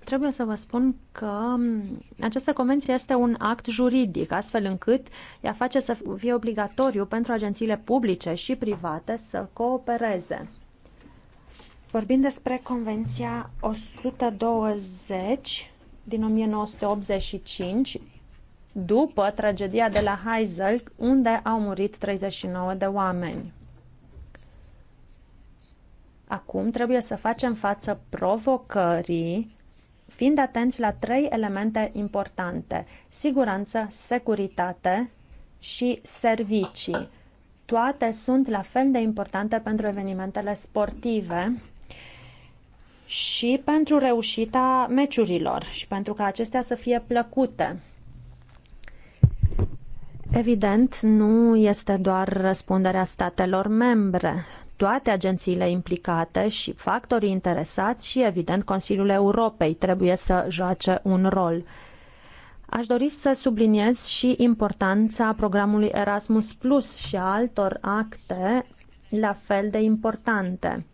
trebuie să vă spun că această convenție este un act juridic, astfel încât ea face să fie obligatoriu pentru agențiile publice și private să coopereze. Vorbim despre Convenția 120 din 1985 după tragedia de la Heisel, unde au murit 39 de oameni. Acum trebuie să facem față provocării, fiind atenți la trei elemente importante: siguranță, securitate și servicii. Toate sunt la fel de importante pentru evenimentele sportive și pentru reușita meciurilor și pentru ca acestea să fie plăcute. Evident, nu este doar răspunderea statelor membre. Toate agențiile implicate și factorii interesați și, evident, Consiliul Europei trebuie să joace un rol. Aș dori să subliniez și importanța programului Erasmus Plus și a altor acte la fel de importante.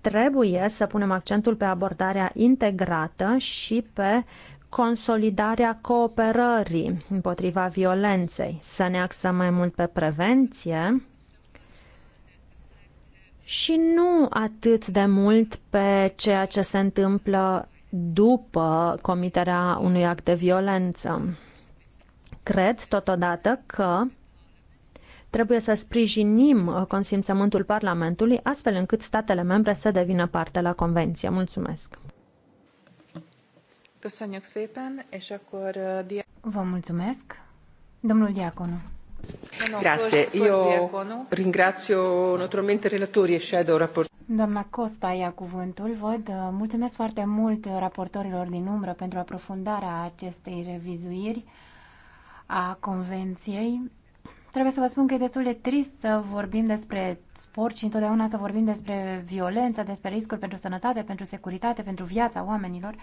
Trebuie să punem accentul pe abordarea integrată și pe consolidarea cooperării împotriva violenței, să ne axăm mai mult pe prevenție și nu atât de mult pe ceea ce se întâmplă după comiterea unui act de violență. Cred totodată că trebuie să sprijinim consimțământul Parlamentului astfel încât statele membre să devină parte la convenție. Mulțumesc! Köszönjük szépen, és akkor... Vă mulțumesc. Domnul Diaconu. Grazie, io ringrazio naturalmente relatori e shadow Doamna Costa ia cuvântul. Văd, uh, mulțumesc foarte mult uh, raportorilor din umbră pentru aprofundarea acestei revizuiri a convenției. Trebuie să vă spun că e destul de trist să vorbim despre sport și întotdeauna să vorbim despre violență, despre riscuri pentru sănătate, pentru securitate, pentru viața oamenilor.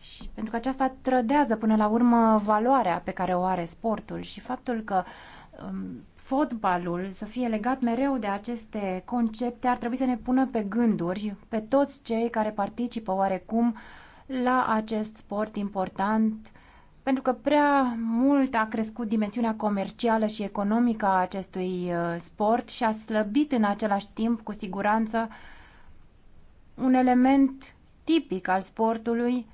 Și pentru că aceasta trădează până la urmă valoarea pe care o are sportul și faptul că um, fotbalul să fie legat mereu de aceste concepte ar trebui să ne pună pe gânduri pe toți cei care participă oarecum la acest sport important pentru că prea mult a crescut dimensiunea comercială și economică a acestui uh, sport și a slăbit în același timp, cu siguranță, un element tipic al sportului,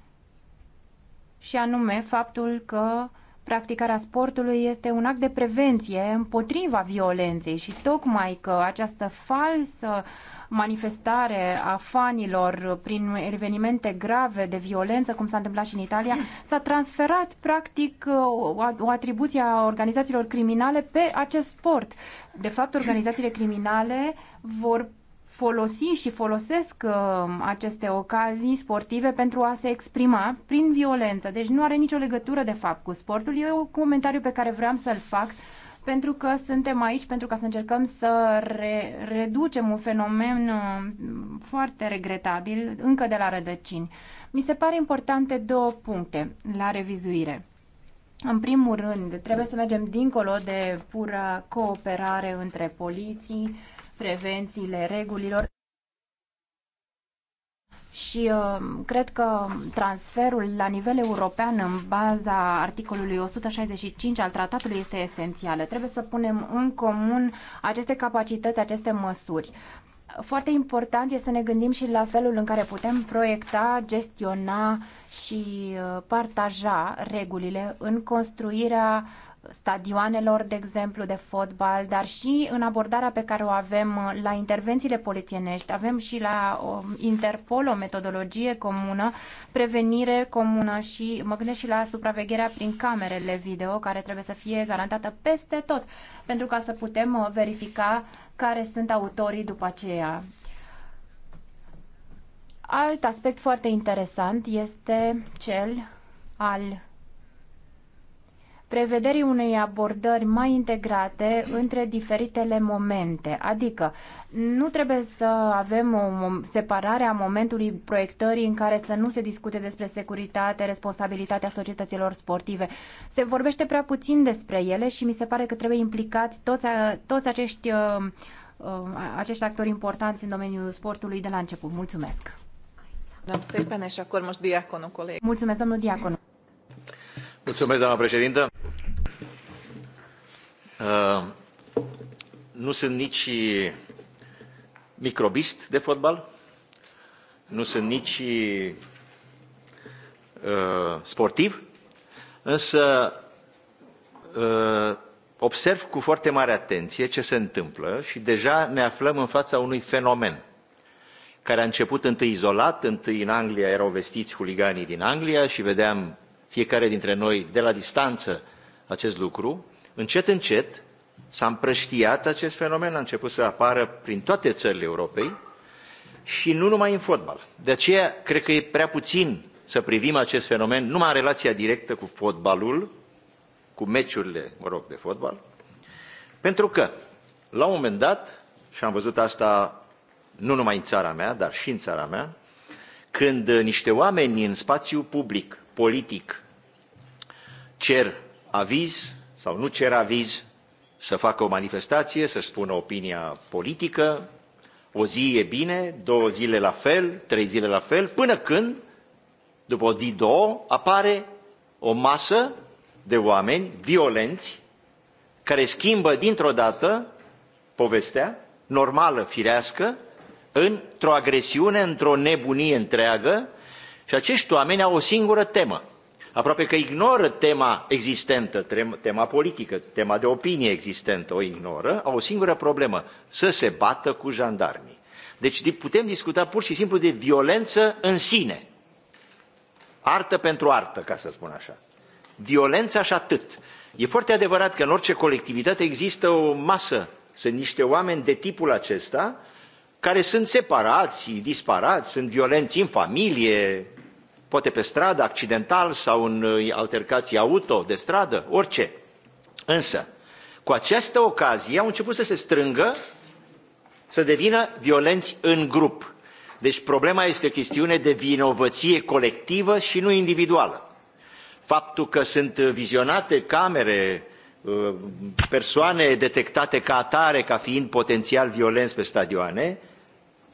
și anume faptul că practicarea sportului este un act de prevenție împotriva violenței și tocmai că această falsă manifestare a fanilor prin evenimente grave de violență, cum s-a întâmplat și în Italia, s-a transferat practic o atribuție a organizațiilor criminale pe acest sport. De fapt, organizațiile criminale vor folosi și folosesc uh, aceste ocazii sportive pentru a se exprima prin violență. Deci nu are nicio legătură de fapt cu sportul. E un comentariu pe care vreau să-l fac pentru că suntem aici pentru ca să încercăm să re- reducem un fenomen uh, foarte regretabil încă de la rădăcini. Mi se pare importante două puncte la revizuire. În primul rând, trebuie să mergem dincolo de pura cooperare între poliții, prevențiile regulilor și uh, cred că transferul la nivel european în baza articolului 165 al tratatului este esențială. Trebuie să punem în comun aceste capacități, aceste măsuri. Foarte important este să ne gândim și la felul în care putem proiecta, gestiona și uh, partaja regulile în construirea stadioanelor, de exemplu, de fotbal, dar și în abordarea pe care o avem uh, la intervențiile polițienești. Avem și la um, Interpol o metodologie comună, prevenire comună și mă gândesc și la supravegherea prin camerele video, care trebuie să fie garantată peste tot, pentru ca să putem uh, verifica care sunt autorii după aceea. Alt aspect foarte interesant este cel al prevederii unei abordări mai integrate între diferitele momente. Adică nu trebuie să avem o separare a momentului proiectării în care să nu se discute despre securitate, responsabilitatea societăților sportive. Se vorbește prea puțin despre ele și mi se pare că trebuie implicați toți, toți acești, uh, uh, acești actori importanți în domeniul sportului de la început. Mulțumesc! Mulțumesc, domnul Diaconu doamnă președintă. Uh, nu sunt nici microbist de fotbal, nu sunt nici uh, sportiv, însă uh, observ cu foarte mare atenție ce se întâmplă și deja ne aflăm în fața unui fenomen care a început întâi izolat, întâi în Anglia erau vestiți huliganii din Anglia și vedeam fiecare dintre noi de la distanță acest lucru, încet, încet s-a împrăștiat acest fenomen, a început să apară prin toate țările Europei și nu numai în fotbal. De aceea, cred că e prea puțin să privim acest fenomen numai în relația directă cu fotbalul, cu meciurile, mă rog, de fotbal, pentru că, la un moment dat, și am văzut asta nu numai în țara mea, dar și în țara mea, când niște oameni în spațiu public politic cer aviz sau nu cer aviz, să facă o manifestație, să spună opinia politică, o zi e bine, două zile la fel, trei zile la fel, până când, după o zi, două, apare o masă de oameni violenți care schimbă dintr-o dată povestea normală, firească, într-o agresiune, într-o nebunie întreagă, și acești oameni au o singură temă. Aproape că ignoră tema existentă, tema politică, tema de opinie existentă, o ignoră, au o singură problemă, să se bată cu jandarmii. Deci putem discuta pur și simplu de violență în sine. Artă pentru artă, ca să spun așa. Violența și atât. E foarte adevărat că în orice colectivitate există o masă, sunt niște oameni de tipul acesta, care sunt separați, disparați, sunt violenți în familie, poate pe stradă, accidental sau în uh, altercații auto, de stradă, orice. Însă, cu această ocazie au început să se strângă, să devină violenți în grup. Deci problema este o chestiune de vinovăție colectivă și nu individuală. Faptul că sunt vizionate camere, uh, persoane detectate ca atare, ca fiind potențial violenți pe stadioane,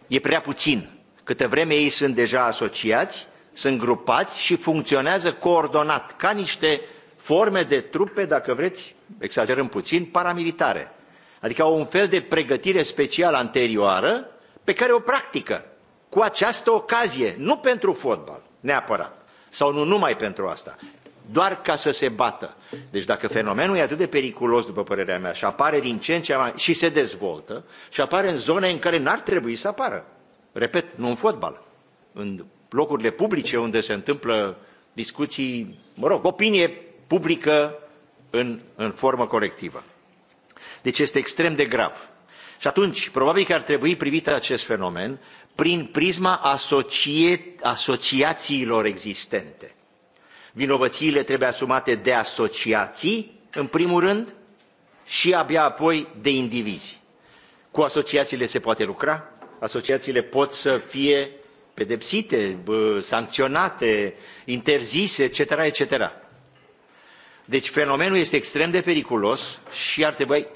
e prea puțin. Câtă vreme ei sunt deja asociați, sunt grupați și funcționează coordonat, ca niște forme de trupe, dacă vreți, exagerăm puțin, paramilitare. Adică au un fel de pregătire specială anterioară pe care o practică cu această ocazie, nu pentru fotbal neapărat, sau nu numai pentru asta, doar ca să se bată. Deci dacă fenomenul e atât de periculos, după părerea mea, și apare din ce în ce mai... și se dezvoltă, și apare în zone în care n-ar trebui să apară. Repet, nu în fotbal, în locurile publice unde se întâmplă discuții, mă rog, opinie publică în, în formă colectivă. Deci este extrem de grav. Și atunci, probabil că ar trebui privit acest fenomen prin prisma asocie, asociațiilor existente. Vinovățiile trebuie asumate de asociații, în primul rând, și abia apoi de indivizi. Cu asociațiile se poate lucra, asociațiile pot să fie pedepsite, sancționate, interzise, etc., etc. Deci fenomenul este extrem de periculos și ar trebui,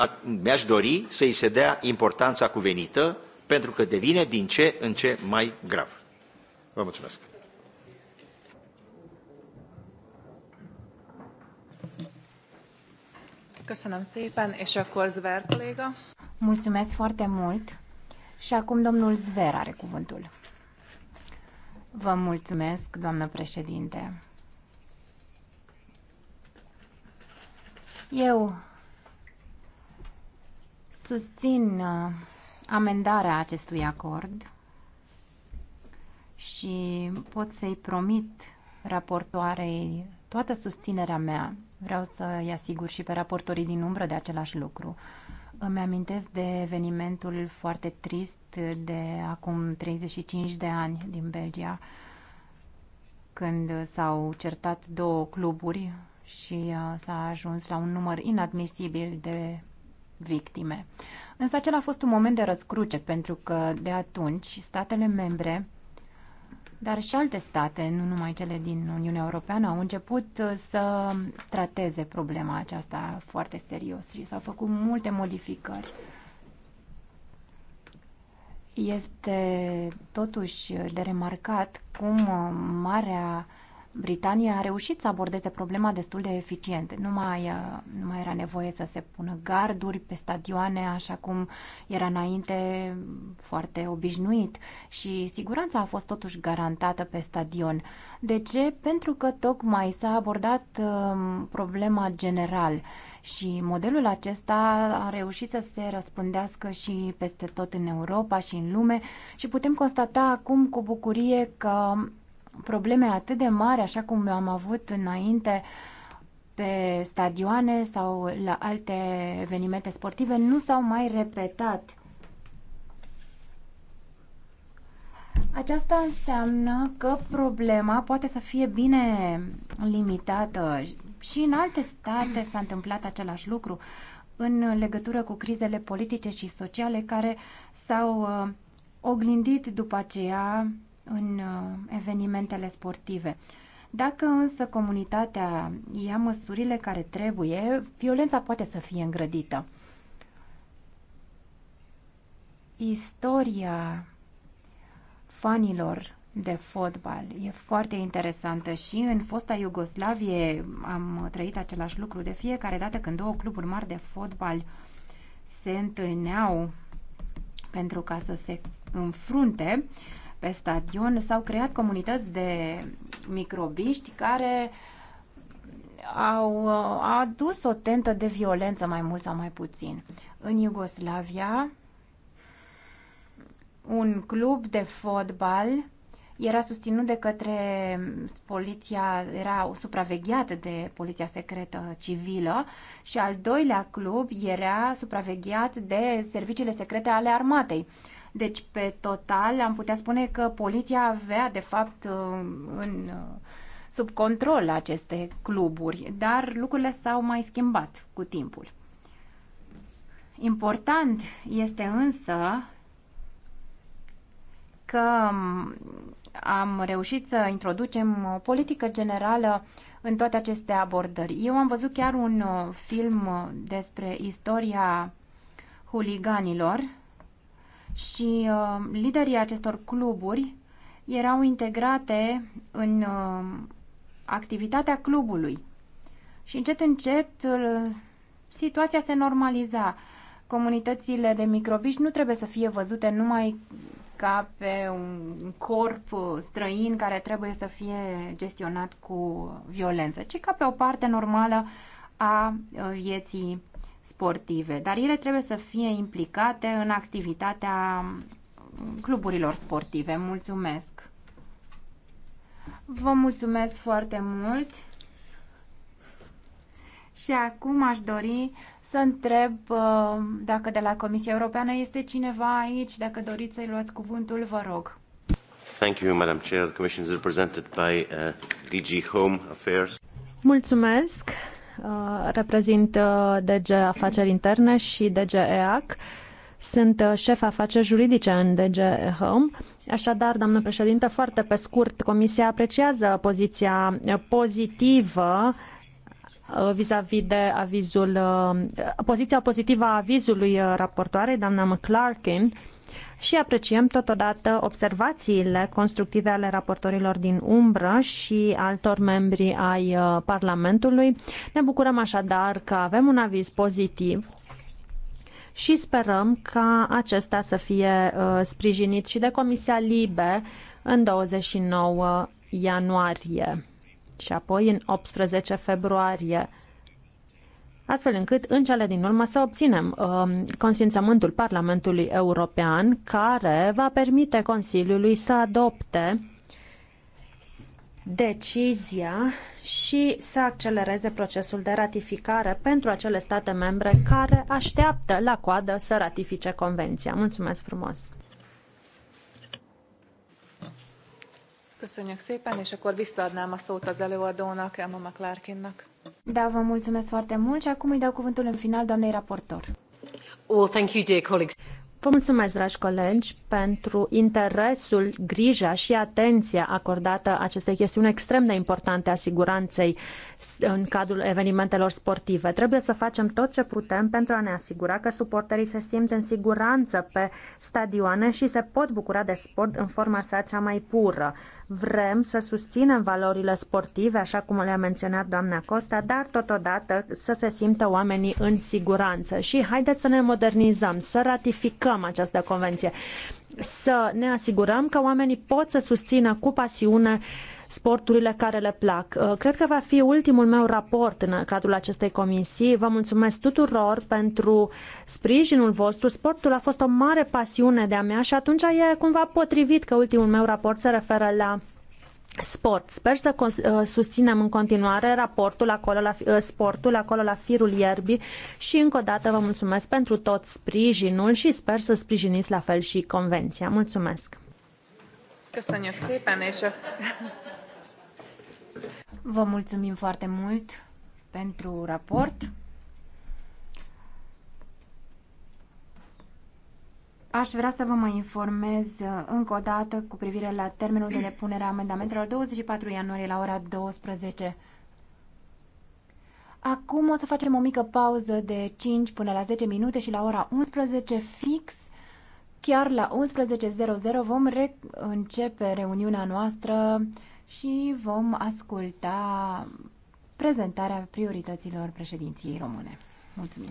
mi-aș dori să îi se dea importanța cuvenită, pentru că devine din ce în ce mai grav. Vă mulțumesc! Köszönöm szépen, és akkor Zver kolléga. Mulțumesc foarte mult. Și acum domnul Zver are cuvântul. Vă mulțumesc, doamnă președinte. Eu susțin uh, amendarea acestui acord și pot să-i promit raportoarei toată susținerea mea. Vreau să-i asigur și pe raportorii din umbră de același lucru. Îmi amintesc de evenimentul foarte trist de acum 35 de ani din Belgia, când s-au certat două cluburi și uh, s-a ajuns la un număr inadmisibil de victime. Însă acela a fost un moment de răscruce, pentru că de atunci statele membre dar și alte state, nu numai cele din Uniunea Europeană, au început uh, să trateze problema aceasta foarte serios și s-au făcut multe modificări. Este totuși de remarcat cum uh, marea Britania a reușit să abordeze problema destul de eficient. Nu mai, uh, nu mai era nevoie să se pună garduri pe stadioane, așa cum era înainte foarte obișnuit și siguranța a fost totuși garantată pe stadion. De ce? Pentru că tocmai s-a abordat um, problema general și modelul acesta a reușit să se răspândească și peste tot în Europa și în lume și putem constata acum cu bucurie că probleme atât de mari, așa cum am avut înainte pe stadioane sau la alte evenimente sportive, nu s-au mai repetat. Aceasta înseamnă că problema poate să fie bine limitată și în alte state s-a întâmplat același lucru în legătură cu crizele politice și sociale care s-au uh, oglindit după aceea în uh, evenimentele sportive. Dacă însă comunitatea ia măsurile care trebuie, violența poate să fie îngrădită. Istoria fanilor de fotbal e foarte interesantă și în fosta Iugoslavie am trăit același lucru de fiecare dată când două cluburi mari de fotbal se întâlneau pentru ca să se înfrunte. Uh, pe stadion, s-au creat comunități de microbiști care uh, au adus o tentă de violență mai mult sau mai puțin. În Iugoslavia, un club de fotbal era susținut de către poliția, era supravegheat de poliția secretă civilă și al doilea club era supravegheat de serviciile secrete ale armatei. Deci, pe total, am putea spune că poliția avea, de fapt, uh, în, uh, sub control aceste cluburi, dar lucrurile s-au mai schimbat cu timpul. Important este însă că um, am reușit să introducem o politică generală în toate aceste abordări. Eu am văzut chiar un uh, film despre istoria huliganilor și uh, liderii acestor cluburi erau integrate în uh, activitatea clubului. Și încet, încet, uh, situația se normaliza. Comunitățile de microbiști nu trebuie să fie văzute numai ca pe un corp uh, străin care trebuie să fie gestionat cu violență, ci ca pe o parte normală a uh, vieții sportive, dar ele trebuie să fie implicate în activitatea cluburilor sportive. Mulțumesc! Vă mulțumesc foarte mult și acum aș dori să întreb uh, dacă de la Comisia Europeană este cineva aici, dacă doriți să-i luați cuvântul, vă rog. Thank you, Madam Chair. The Commission is represented by uh, DG Home Affairs. Mulțumesc. Uh, reprezint uh, DG Afaceri Interne și DG EAC. Sunt uh, șef afaceri juridice în DG Home. Așadar, doamnă președinte, foarte pe scurt, Comisia apreciază poziția pozitivă vis-a-vis -vis de avizul, poziția pozitivă a avizului raportoarei, doamna McClarkin, și apreciem totodată observațiile constructive ale raportorilor din umbră și altor membri ai uh, Parlamentului. Ne bucurăm așadar că avem un aviz pozitiv și sperăm ca acesta să fie uh, sprijinit și de Comisia Libe în 29 ianuarie și apoi în 18 februarie astfel încât în cele din urmă să obținem uh, consimțământul Parlamentului European care va permite Consiliului să adopte decizia și să accelereze procesul de ratificare pentru acele state membre care așteaptă la coadă să ratifice convenția. Mulțumesc frumos! Köszönjük szépen, és akkor visszaadnám a szót az előadónak, Emma McClarkinnak. Da, vă mulțumesc foarte mult și acum îi dau cuvântul în final doamnei raportor. Well, thank you, dear colleagues. Vă mulțumesc, dragi colegi, pentru interesul, grija și atenția acordată acestei chestiuni extrem de importante a siguranței în cadrul evenimentelor sportive. Trebuie să facem tot ce putem pentru a ne asigura că suporterii se simt în siguranță pe stadioane și se pot bucura de sport în forma sa cea mai pură. Vrem să susținem valorile sportive, așa cum le-a menționat doamna Costa, dar totodată să se simtă oamenii în siguranță. Și haideți să ne modernizăm, să ratificăm această convenție, să ne asigurăm că oamenii pot să susțină cu pasiune uh, sporturile care le plac. Uh, cred că va fi ultimul meu raport în cadrul acestei comisii. Vă mulțumesc tuturor pentru sprijinul vostru. Sportul a fost o mare pasiune de-a mea și atunci e cumva potrivit că ultimul meu raport se referă la sport. Sper să uh, susținem în continuare raportul acolo la, uh, sportul acolo la firul ierbii și încă o dată vă mulțumesc pentru tot sprijinul și sper să sprijiniți la fel și convenția. Mulțumesc! Köszönjük szépen, és Vă mulțumim foarte mult pentru raport. Aș vrea să vă mai informez uh, încă o dată cu privire la termenul de depunere a amendamentelor 24 ianuarie la ora 12. Acum o să facem o mică pauză de 5 până la 10 minute și la ora 11 fix, chiar la 11.00 vom începe reuniunea noastră și vom asculta prezentarea priorităților președinției române. Mulțumim!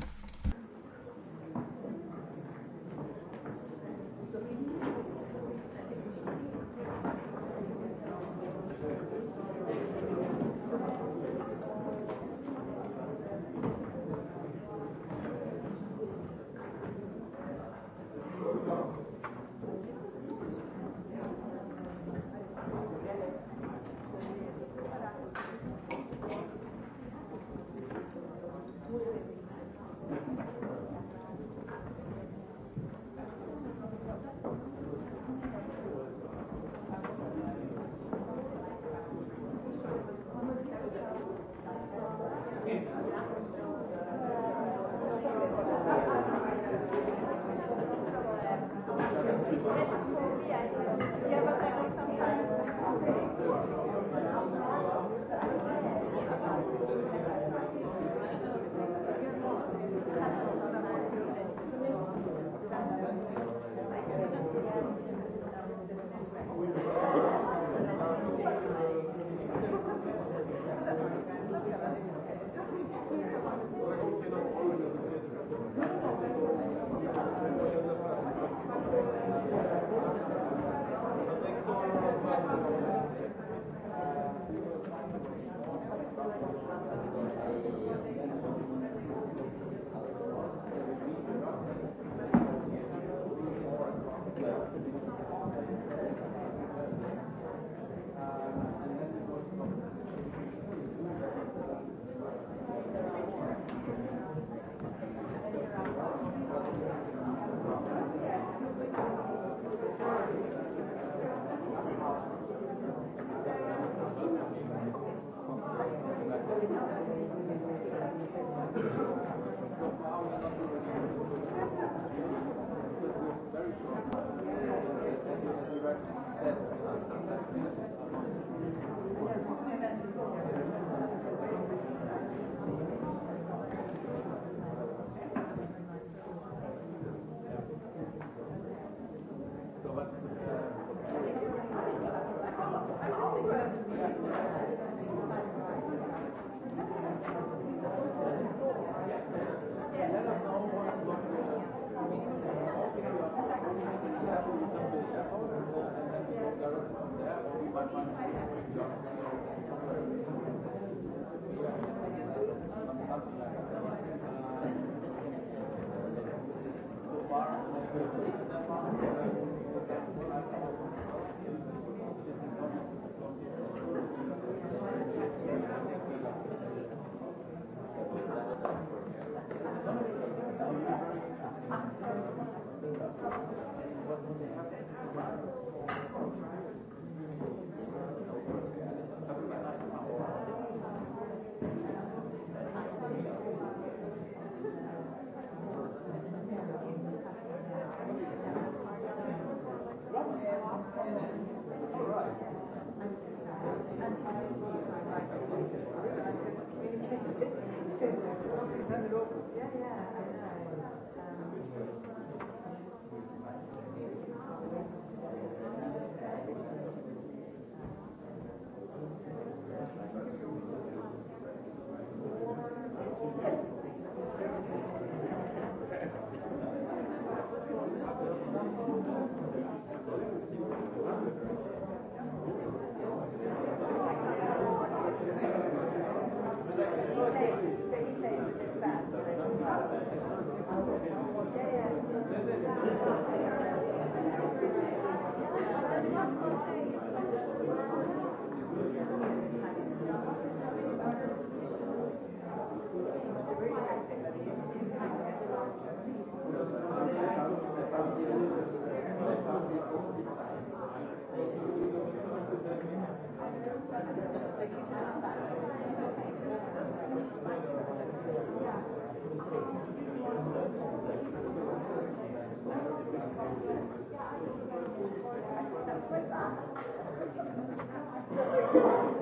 Thank you.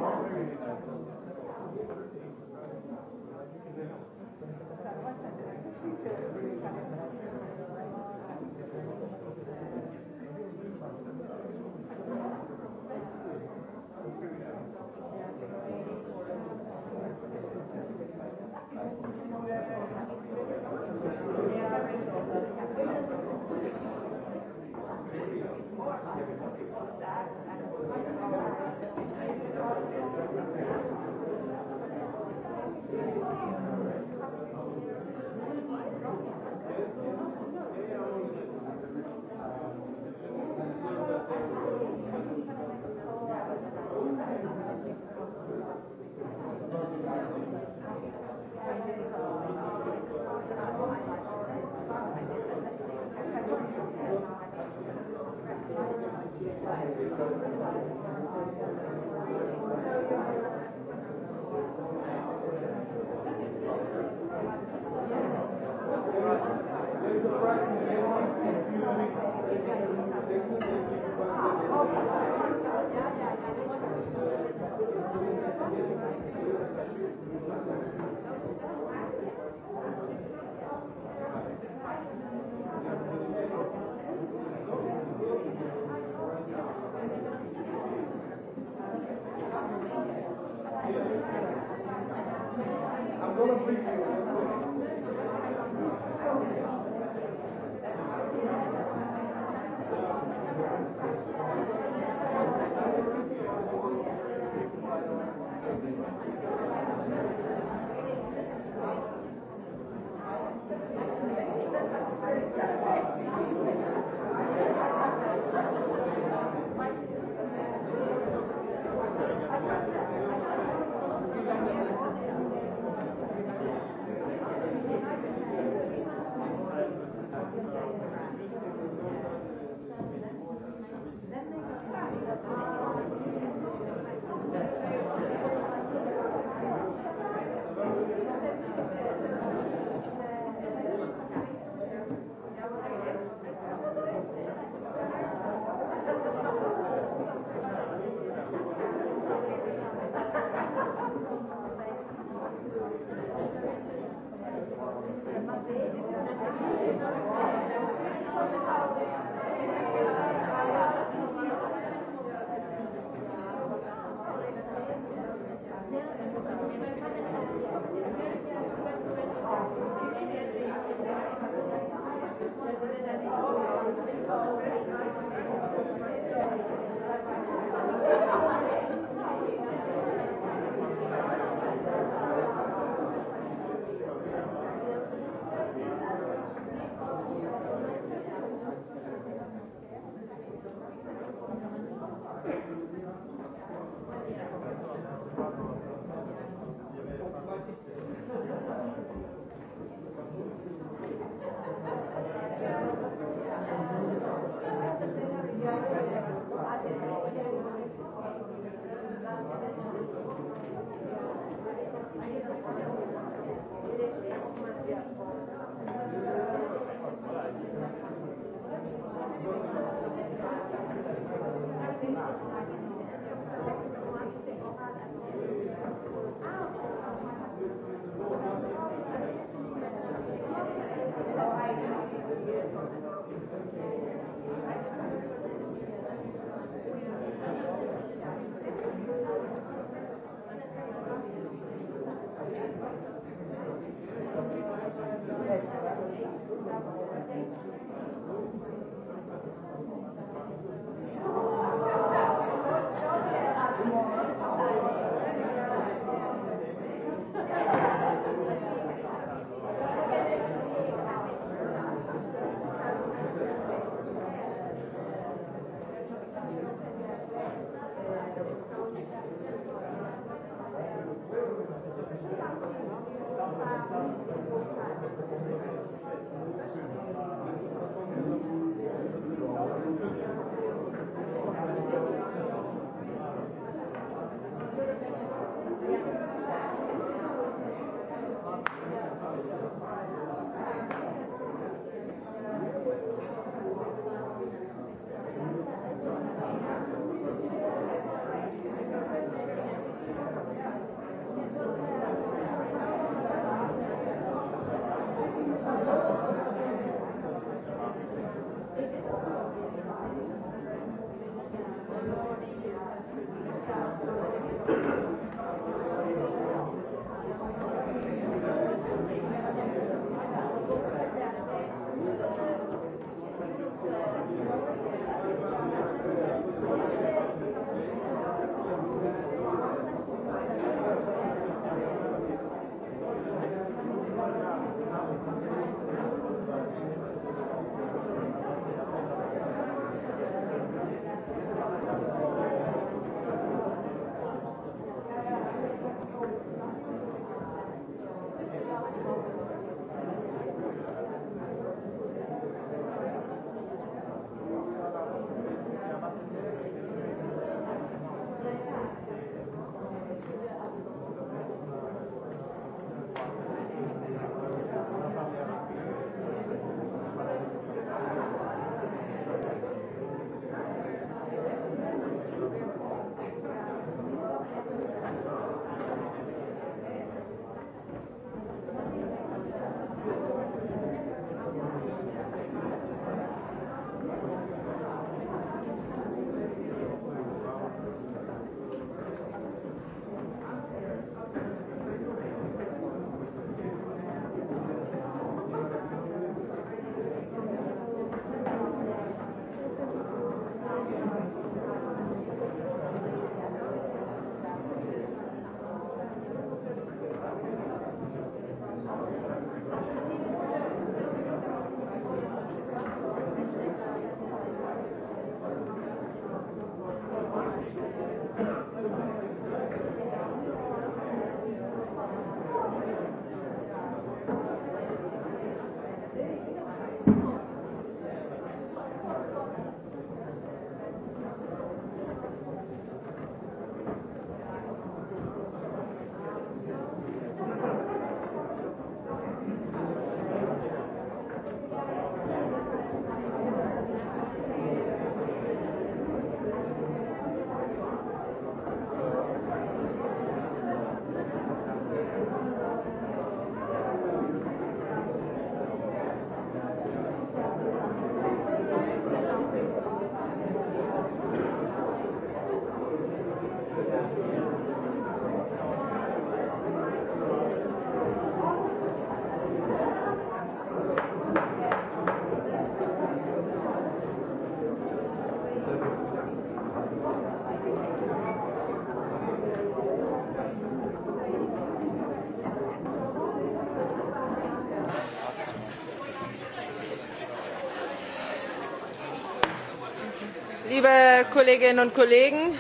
Kolleginnen und Kollegen.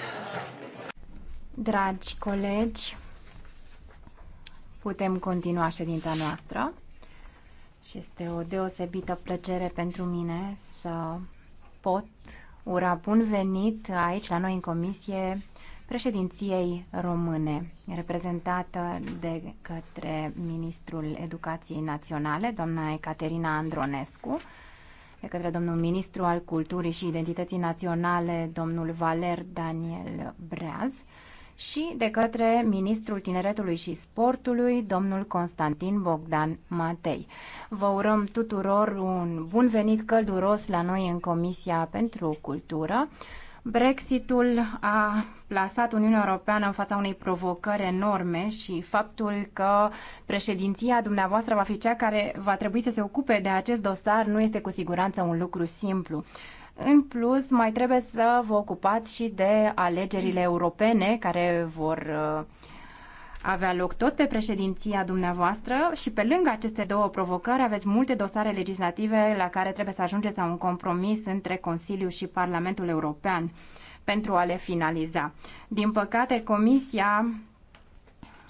Dragi colegi, putem continua ședința noastră și este o deosebită plăcere pentru mine să pot ura bun venit aici la noi în comisie președinției române, reprezentată de către Ministrul Educației Naționale, doamna Ecaterina Andronescu, de către domnul ministru al culturii și identității naționale, domnul Valer Daniel Breaz, și de către ministrul tineretului și sportului, domnul Constantin Bogdan Matei. Vă urăm tuturor un bun venit călduros la noi în Comisia pentru Cultură. Brexitul a plasat Uniunea Europeană în fața unei provocări enorme și faptul că președinția dumneavoastră va fi cea care va trebui să se ocupe de acest dosar nu este cu siguranță un lucru simplu. În plus, mai trebuie să vă ocupați și de alegerile europene care vor uh, avea loc tot pe președinția dumneavoastră și pe lângă aceste două provocări aveți multe dosare legislative la care trebuie să ajungeți la un compromis între Consiliu și Parlamentul European pentru a le finaliza. Din păcate, Comisia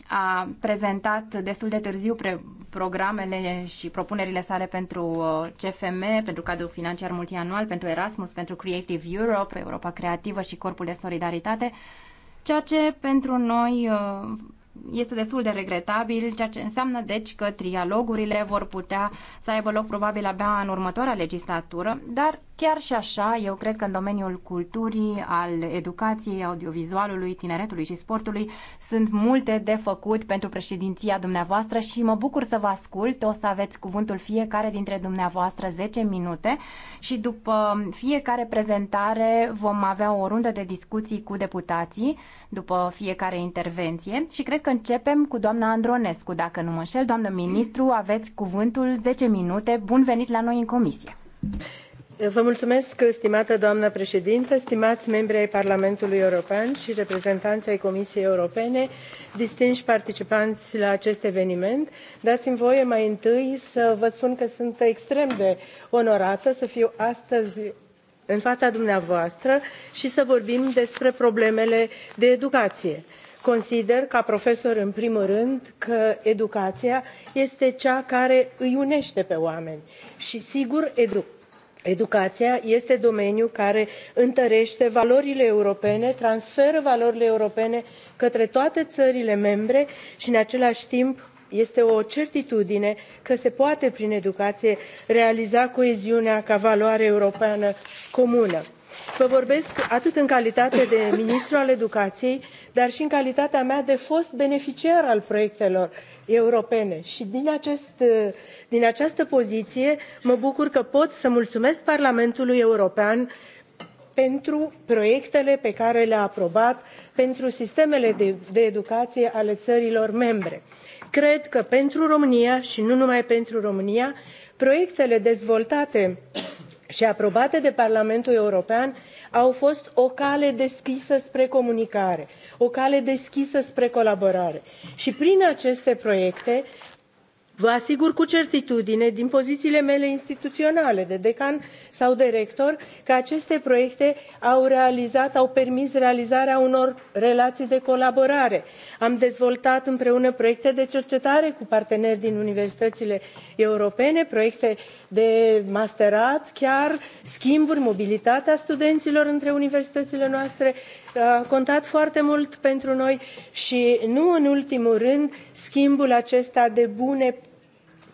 a prezentat destul de târziu programele și propunerile sale pentru uh, CFM, pentru cadrul financiar multianual, pentru Erasmus, pentru Creative Europe, Europa Creativă și Corpul de Solidaritate, ceea ce pentru noi uh, este destul de regretabil, ceea ce înseamnă deci că trialogurile vor putea să aibă loc probabil abia în următoarea legislatură, dar Chiar și așa, eu cred că în domeniul culturii, al educației, audiovizualului, tineretului și sportului sunt multe de făcut pentru președinția dumneavoastră și mă bucur să vă ascult. O să aveți cuvântul fiecare dintre dumneavoastră 10 minute și după fiecare prezentare vom avea o rundă de discuții cu deputații după fiecare intervenție și cred că începem cu doamna Andronescu, dacă nu mă înșel. Doamnă ministru, aveți cuvântul 10 minute. Bun venit la noi în comisie! mulțumesc, stimată doamnă președintă, stimați membri ai Parlamentului European și reprezentanți ai Comisiei Europene, distinși participanți la acest eveniment. Dați-mi voie mai întâi să vă spun că sunt extrem de onorată să fiu astăzi în fața dumneavoastră și să vorbim despre problemele de educație. Consider, ca profesor în primul rând, că educația este cea care îi unește pe oameni și, sigur, edu Educația este domeniul care întărește valorile europene, transferă valorile europene către toate țările membre și în același timp este o certitudine că se poate prin educație realiza coeziunea ca valoare europeană comună. Vă vorbesc atât în calitate de ministru al educației, dar și în calitatea mea de fost beneficiar al proiectelor uh, europene. Și din, acest, din această poziție mă bucur că pot să mulțumesc Parlamentului European pentru proiectele pe care le-a aprobat pentru sistemele de, de educație ale țărilor membre. Cred că pentru România și nu numai pentru România, proiectele dezvoltate și aprobate de Parlamentul European au fost o cale deschisă spre comunicare – o cale deschisă spre colaborare. Și prin aceste proiecte Vă asigur cu certitudine, din pozițiile mele instituționale, de decan sau de rector, că aceste proiecte au realizat, au permis realizarea unor relații de colaborare. Am dezvoltat împreună proiecte de cercetare cu parteneri din universitățile europene, proiecte de masterat, chiar schimburi, mobilitatea studenților între universitățile noastre a contat foarte mult pentru noi și nu în ultimul rând schimbul acesta de bune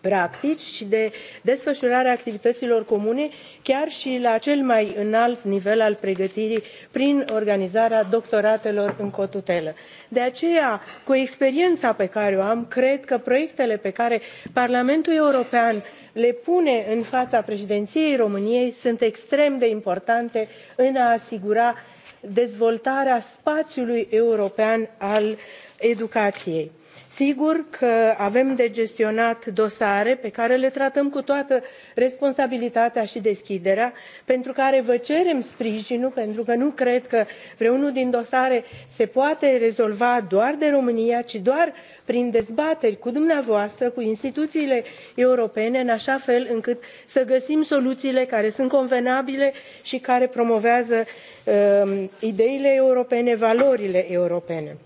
practici și de desfășurarea activităților comune, chiar și la cel mai înalt nivel al pregătirii prin organizarea doctoratelor în cotutelă. De aceea, cu experiența pe care o am, cred că proiectele pe care Parlamentul European le pune în fața președinției României sunt extrem de importante în a asigura dezvoltarea spațiului european al educației Sigur că avem de gestionat dosare pe care le tratăm cu toată responsabilitatea și deschiderea, pentru care vă cerem sprijinul, pentru că nu cred că vreunul din dosare se poate rezolva doar de România, ci doar prin dezbateri cu dumneavoastră, cu instituțiile europene, în așa fel încât să găsim soluțiile care sunt convenabile și care promovează uh, ideile europene, valorile europene.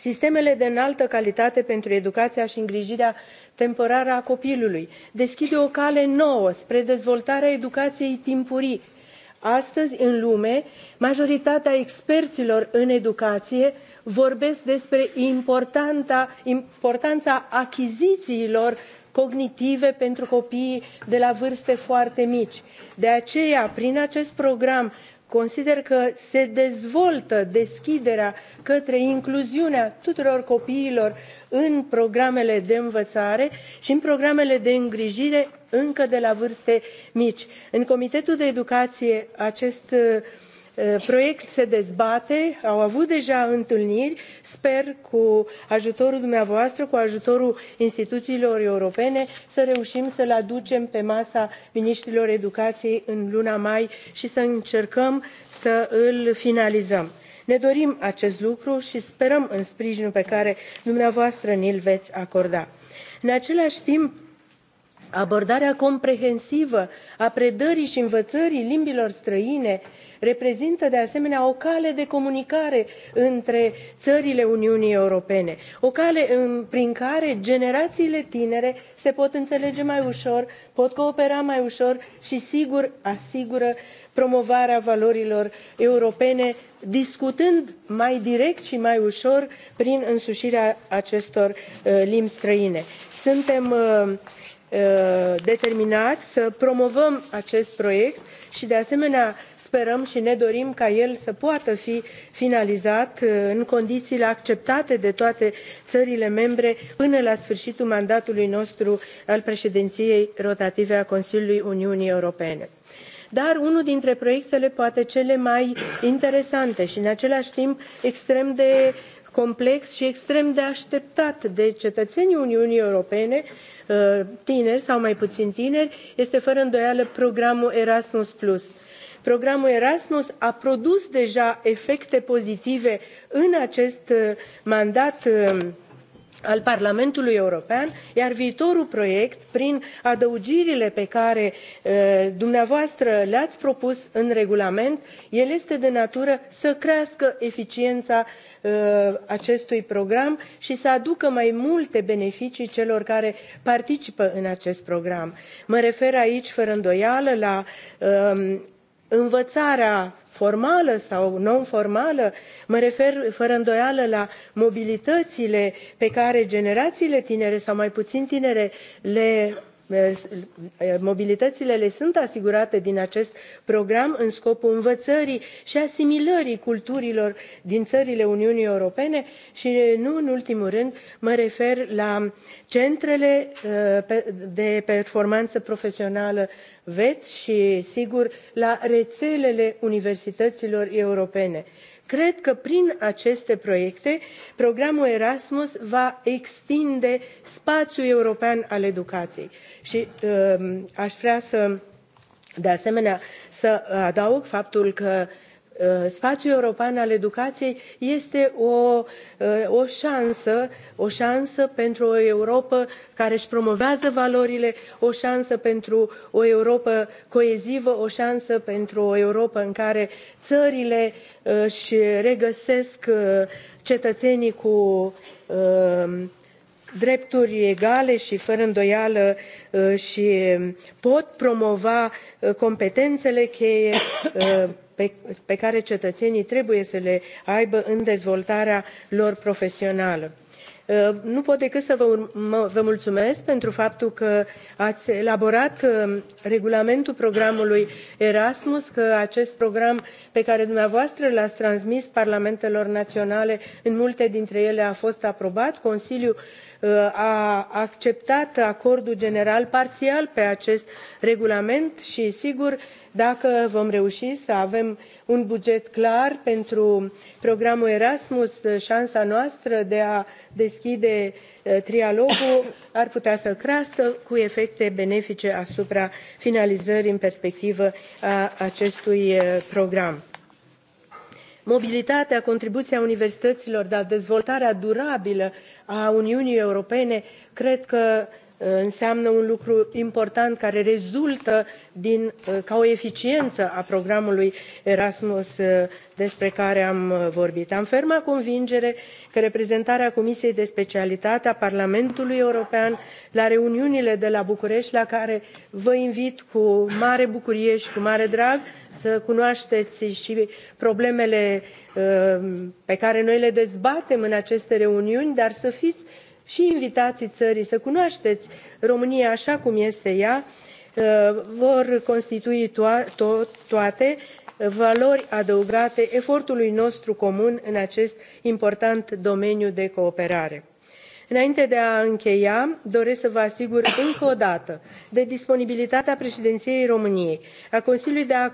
Sistemele de înaltă calitate pentru educația și îngrijirea temporară a copilului deschide o cale nouă spre dezvoltarea educației timpurii. Astăzi, în lume, majoritatea experților în educație vorbesc despre importanța achizițiilor cognitive pentru copiii de la vârste foarte mici. De aceea, prin acest program Consider că se dezvoltă deschiderea către incluziunea tuturor copiilor în programele de învățare și în programele de îngrijire încă de la vârste mici. În Comitetul de Educație acest uh, Eh, proiect se dezbate, au avut deja întâlniri, sper cu ajutorul dumneavoastră, cu ajutorul instituțiilor europene, să reușim să-l aducem pe masa ministrilor educației în luna mai și să încercăm să îl finalizăm. Ne dorim acest lucru și sperăm în sprijinul pe care dumneavoastră ni-l veți acorda. În același timp, abordarea comprehensivă a predării și învățării limbilor străine reprezintă de asemenea o cale de comunicare între țările Uniunii Europene, o cale în, prin care generațiile tinere se pot înțelege mai ușor, pot coopera mai ușor și sigur asigură promovarea valorilor europene, discutând mai direct și mai ușor prin însușirea acestor uh, limbi străine. Suntem uh, uh determinați să promovăm acest proiect și, de asemenea, sperăm și ne dorim ca el să poată fi finalizat uh, în condițiile acceptate de toate țările membre până la sfârșitul mandatului nostru al președinției rotative a Consiliului Uniunii Europene dar unul dintre proiectele poate cele mai interesante și în același timp extrem de complex și extrem de așteptat de cetățenii Uniunii Europene, uh, tineri sau mai puțin tineri, este fără îndoială programul Erasmus+ Programul Erasmus a produs deja efecte pozitive în acest uh, mandat uh, al Parlamentului European, iar viitorul proiect, prin adăugirile pe care uh, dumneavoastră le-ați propus în regulament, el este de natură să crească eficiența acestui program și să aducă mai multe beneficii celor care participă în acest program. Mă refer aici, fără îndoială, la um, învățarea formală sau non-formală, mă refer fără îndoială la mobilitățile pe care generațiile tinere sau mai puțin tinere le mobilitățile le sunt asigurate din acest program în scopul învățării și asimilării culturilor din țările Uniunii Europene și nu în ultimul rând mă refer la centrele uh, de performanță profesională VET și sigur la rețelele universităților europene. Cred că prin aceste proiecte programul Erasmus va extinde spațiul european al educației. Și uh, aș vrea să, de asemenea, să adaug faptul că uh, Uh, spațiul european al educației este o, uh, o șansă, o șansă pentru o Europa care își promovează valorile, o șansă pentru o Europa coezivă, o șansă pentru o Europa în care țările uh, își regăsesc cetățenii cu drepturi egale și fără îndoială și pot promova competențele cheie pe, care cetățenii trebuie să le aibă în dezvoltarea lor profesională. Uh, nu pot decât să vă, vă mulțumesc pentru faptul că ați elaborat uh, regulamentul programului Erasmus, că acest program pe care dumneavoastră l-ați transmis parlamentelor naționale, în multe dintre ele a fost aprobat. Consiliul uh, a acceptat acordul general parțial pe acest regulament și, sigur, dacă vom reuși să avem un buget clar pentru programul Erasmus, șansa noastră de a deschide eh, trialogul ar putea să crească cu efecte benefice asupra finalizării în perspectivă a acestui eh, program mobilitatea contribuția universităților la dezvoltarea durabilă a uniunii europene cred că înseamnă un lucru important care rezultă din, uh, ca o eficiență a programului Erasmus uh, despre care am uh, vorbit. Am ferma convingere că reprezentarea Comisiei de Specialitate a Parlamentului European la reuniunile de la București, la care vă invit cu mare bucurie și cu mare drag să cunoașteți și problemele pe care noi le dezbatem în aceste reuniuni, dar să fiți și invitații țării să cunoașteți România așa cum este ea, uh, vor constitui to- to- toate uh, valori adăugate efortului nostru comun în acest important domeniu de cooperare. Înainte de a încheia, doresc să vă asigur încă o dată de disponibilitatea președinției României a Consiliului, de a,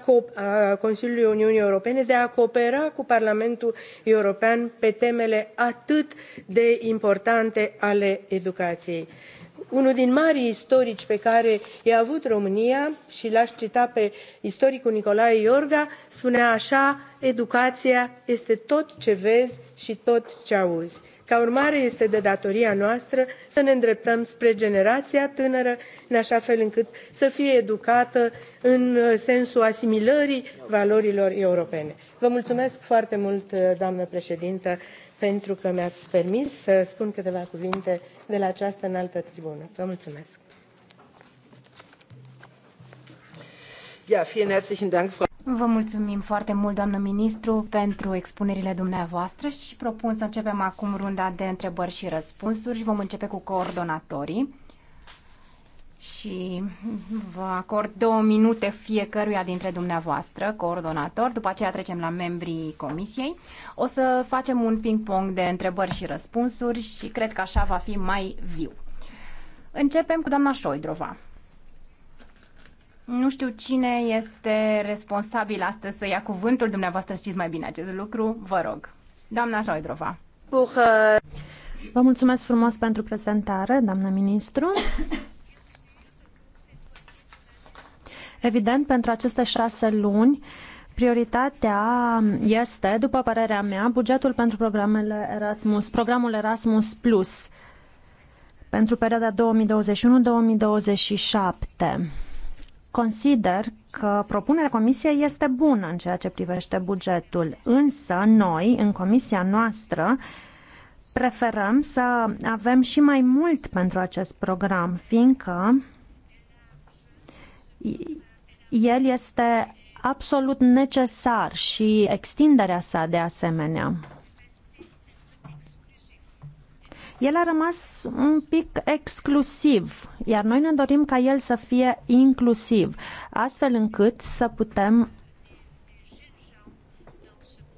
a Consiliului Uniunii Europene de a coopera cu Parlamentul European pe temele atât de importante ale educației unul din marii istorici pe care i-a avut România și l-aș cita pe istoricul Nicolae Iorga, spunea așa, educația este tot ce vezi și tot ce auzi. Ca urmare, este de datoria noastră să ne îndreptăm spre generația tânără, în așa fel încât să fie educată în uh, sensul asimilării valorilor europene. Vă mulțumesc foarte mult, uh, doamnă președintă, pentru că mi-ați permis să spun câteva cuvinte de la această înaltă tribună. Vă mulțumesc! Ja, vielen herzlichen Dank, Vă mulțumim foarte mult, doamnă ministru, pentru expunerile dumneavoastră și propun să începem acum runda de întrebări și răspunsuri și vom începe cu coordonatorii. Și vă acord două minute fiecăruia dintre dumneavoastră, coordonator, după aceea trecem la membrii comisiei. O să facem un ping-pong de întrebări și răspunsuri și cred că așa va fi mai viu. Începem cu doamna Șoidrova. Nu știu cine este responsabil astăzi să ia cuvântul dumneavoastră, știți mai bine acest lucru, vă rog. Doamna Șoidrova. Uh, vă mulțumesc frumos pentru prezentare, doamna ministru. Evident, pentru aceste șase luni, prioritatea este, după părerea mea, bugetul pentru programele Erasmus, programul Erasmus Plus pentru perioada 2021-2027. Consider că propunerea Comisiei este bună în ceea ce privește bugetul, însă noi, în Comisia noastră, preferăm să avem și mai mult pentru acest program, fiindcă el este absolut necesar și extinderea sa de asemenea. El a rămas un pic exclusiv, iar noi ne dorim ca el să fie inclusiv, astfel încât să putem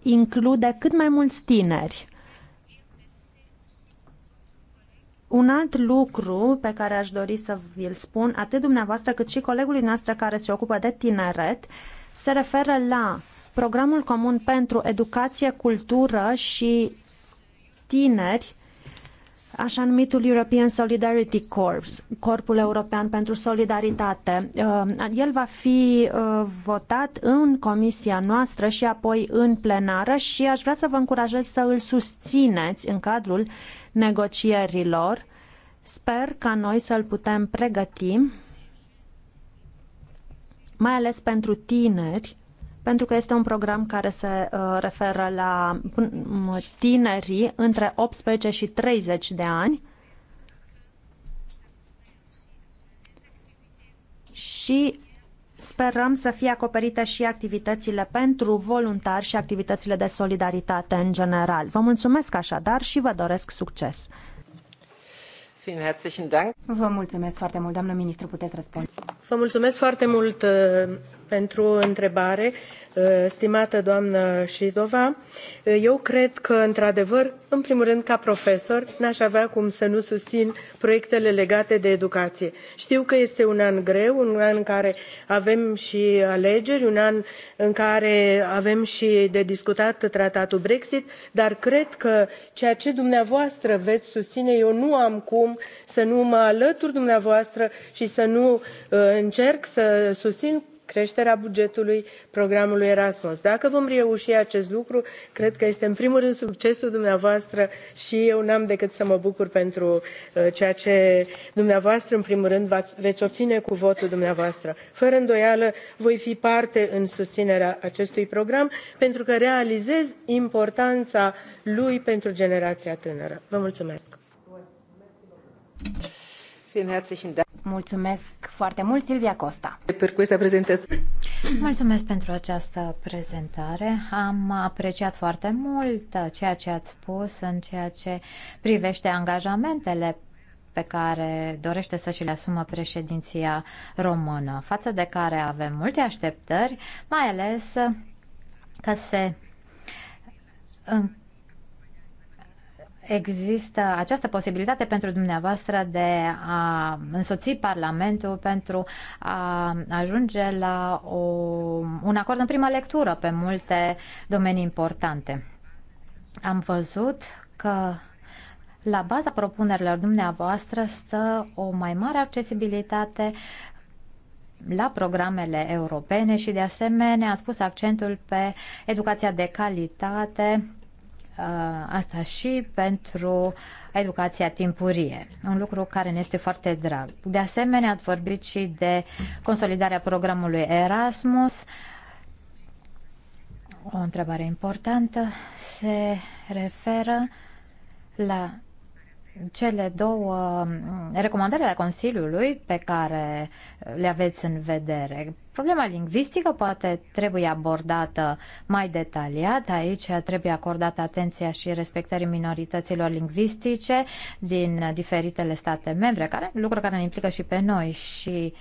include cât mai mulți tineri. Un alt lucru pe care aș dori să vi-l spun, atât dumneavoastră cât și colegului noastră care se ocupă de tineret, se referă la programul comun pentru educație, cultură și tineri așa numitul European Solidarity Corps, Corpul European pentru Solidaritate. Uh, el va fi uh, votat în comisia noastră și apoi în plenară și aș vrea să vă încurajez să îl susțineți în cadrul negocierilor. Sper ca noi să-l putem pregăti, mai ales pentru tineri, pentru că este un program care se uh, referă la tinerii între 18 și 30 de ani și sperăm să fie acoperite și activitățile pentru voluntari și activitățile de solidaritate în general. Vă mulțumesc așadar și vă doresc succes! Vă mulțumesc foarte mult, doamnă ministru, puteți răspunde. Vă mulțumesc foarte mult, uh, pentru întrebare, uh, stimată doamnă Șidova. Uh, eu cred că, într-adevăr, în primul rând, ca profesor, n-aș avea cum să nu susțin proiectele legate de educație. Știu că este un an greu, un an în care avem și alegeri, un an în care avem și de discutat tratatul Brexit, dar cred că ceea ce dumneavoastră veți susține, eu nu am cum să nu mă alătur dumneavoastră și să nu uh, încerc să susțin creșterea bugetului programului Erasmus. Dacă vom reuși acest lucru, cred că este în primul rând succesul dumneavoastră și eu n-am decât să mă bucur pentru uh, ceea ce dumneavoastră, în primul rând, veți obține cu votul dumneavoastră. Fără îndoială, voi fi parte în susținerea acestui program, pentru că realizez importanța lui pentru generația tânără. Vă mulțumesc! Vielen herzlichen Dank. Mulțumesc foarte mult, Silvia Costa. Per questa prezentație. Mulțumesc pentru această prezentare. Am apreciat foarte mult ceea ce ați spus în ceea ce privește angajamentele pe care dorește să și le asumă președinția română, față de care avem multe așteptări, mai ales că se în există această posibilitate pentru dumneavoastră de a însoți Parlamentul pentru a ajunge la o, un acord în prima lectură pe multe domenii importante. Am văzut că la baza propunerilor dumneavoastră stă o mai mare accesibilitate la programele europene și de asemenea ați pus accentul pe educația de calitate Uh, asta și pentru educația timpurie, un lucru care ne este foarte drag. De asemenea, ați vorbit și de consolidarea programului Erasmus. O întrebare importantă se referă la cele două mm, recomandări ale Consiliului pe care le aveți în vedere. Problema lingvistică poate trebuie abordată mai detaliat. Aici trebuie acordată atenția și respectării minorităților lingvistice din diferitele state membre, care, lucru care ne implică și pe noi și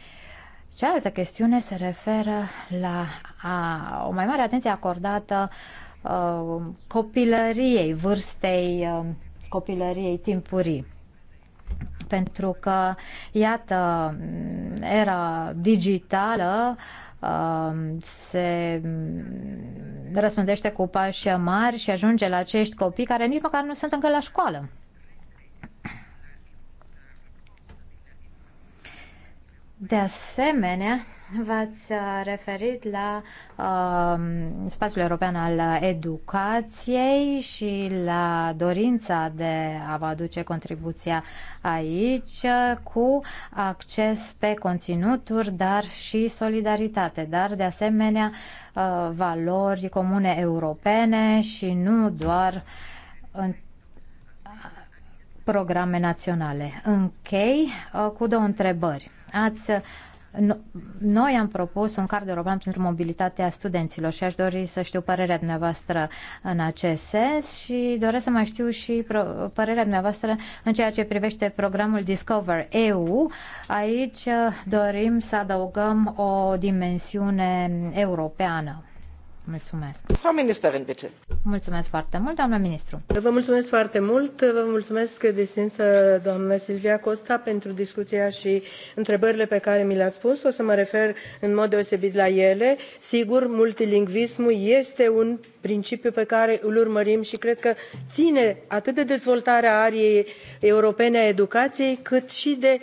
Cealaltă chestiune se referă la a, o mai mare atenție acordată a, uh, copilăriei, vârstei a, uh, copilăriei timpurii. Pentru că, iată, era digitală um, se mm, răspândește cu pași mari și ajunge la acești copii care nici măcar nu sunt încă la școală. De asemenea, V-ați uh, referit la uh, spațiul european al educației și la dorința de a vă aduce contribuția aici uh, cu acces pe conținuturi, dar și solidaritate, dar de asemenea uh, valori comune europene și nu doar în programe naționale. Închei uh, cu două întrebări. Ați noi am propus un card european pentru mobilitatea studenților și aș dori să știu părerea dumneavoastră în acest sens și doresc să mai știu și părerea dumneavoastră în ceea ce privește programul Discover EU. Aici uh, dorim să adăugăm o dimensiune europeană. Mulțumesc. Mulțumesc foarte mult, doamna ministru. Vă mulțumesc foarte mult. Vă mulțumesc, distinsă doamnă Silvia Costa, pentru discuția și întrebările pe care mi le-a spus. O să mă refer în mod deosebit la ele. Sigur, multilingvismul este un principiu pe care îl urmărim și cred că ține atât de dezvoltarea ariei europene a educației, cât și de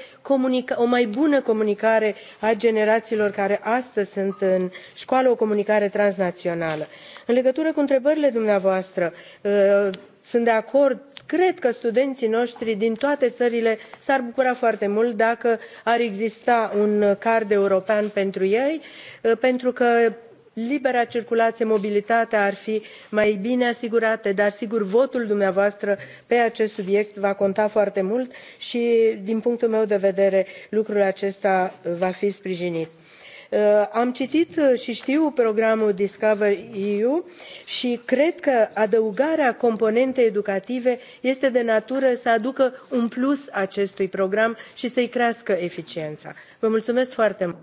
o mai bună comunicare a generațiilor care astăzi sunt în școală, o comunicare transnațională. În legătură cu întrebările dumneavoastră, uh, sunt de acord cred că studenții noștri din toate țările s-ar bucura foarte mult dacă ar exista un card european pentru ei, uh, pentru că libera circulație, mobilitatea ar fi mai bine asigurate, dar sigur votul dumneavoastră pe acest subiect va conta foarte mult și din punctul meu de vedere lucrul acesta va fi sprijinit. Uh, am citit și știu programul Discover EU și cred că adăugarea componentei educative este de natură să aducă un plus acestui program și să-i crească eficiența. Vă mulțumesc foarte mult!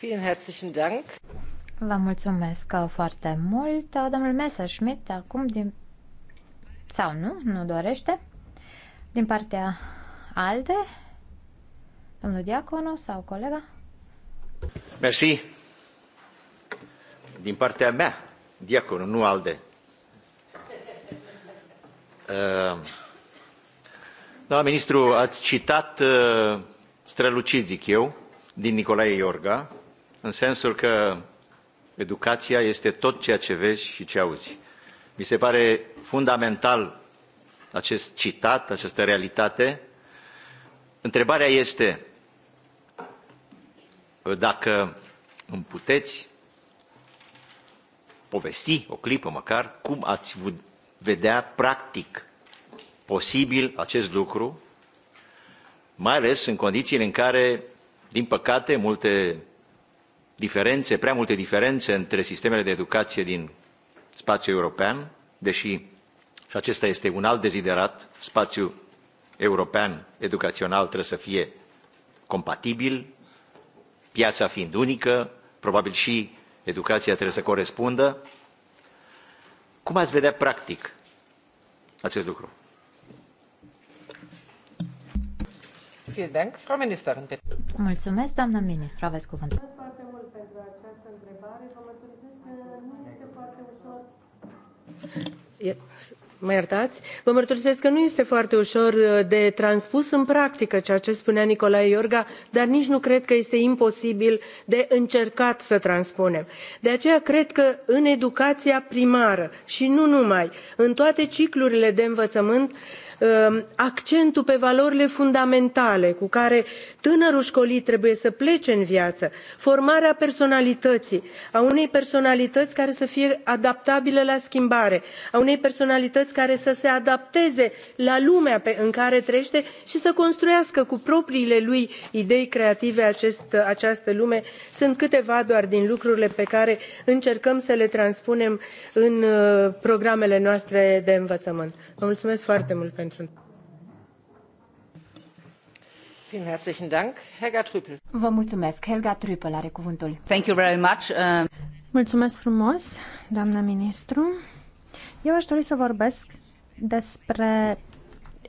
Vielen herzlichen Dank. Vă mulțumesc uh, foarte mult. Uh, domnul Messerschmidt, acum din... sau nu, nu dorește. Din partea ALDE, domnul Diaconu sau colega? Mersi. Din partea mea, Diaconu, nu ALDE. Uh, doamna ministru, ați citat strălucit, zic eu, din Nicolae Iorga, în sensul că educația este tot ceea ce vezi și ce auzi. Mi se pare fundamental acest citat, această realitate. Întrebarea este dacă îmi puteți povesti o clipă măcar cum ați vedea practic posibil acest lucru, mai ales în condițiile în care, din păcate, multe diferențe, prea multe diferențe între sistemele de educație din spațiul european, deși și acesta este un alt deziderat, spațiul european educațional trebuie să fie compatibil, piața fiind unică, probabil și educația trebuie să corespundă. Cum ați vedea practic acest lucru? Mulțumesc, doamnă ministru. Aveți cuvântul pentru această întrebare. Vă mărturisesc că nu este foarte ușor. Mă iertați? Vă mărturisesc că nu este foarte ușor uh, de transpus în practică ceea ce spunea Nicolae Iorga, dar nici nu cred că este imposibil de încercat să transpunem. De aceea cred că în educația primară și nu numai, în toate ciclurile de învățământ, uh, Um, accentul pe valorile fundamentale cu care tânărul școlit trebuie să plece în viață, formarea personalității, a unei personalități care să fie adaptabilă la schimbare, a unei personalități care să se adapteze la lumea pe, în care trăiește și să construiască cu propriile lui idei creative acest, această lume, sunt câteva doar din lucrurile pe care încercăm să le transpunem în uh, programele noastre de învățământ. Vă mulțumesc foarte mult pentru Vă mulțumesc. Helga Trüppel are cuvântul. Thank you very much. Uh, mulțumesc frumos, doamna ministru. Eu aș dori să vorbesc despre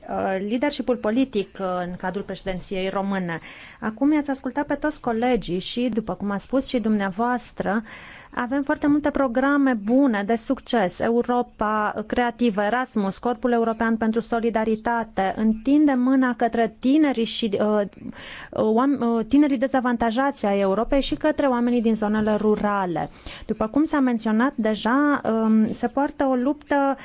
uh, leadershipul politic uh, în cadrul președinției române. Acum i-ați ascultat pe toți colegii și, după cum a spus și dumneavoastră, avem foarte multe programe bune de succes. Europa Creativă, Erasmus, Corpul European pentru Solidaritate. Întinde mâna către tinerii și uh, uh, tinerii dezavantajați ai Europei și către oamenii din zonele rurale. După cum s-a menționat deja, um, se poartă o luptă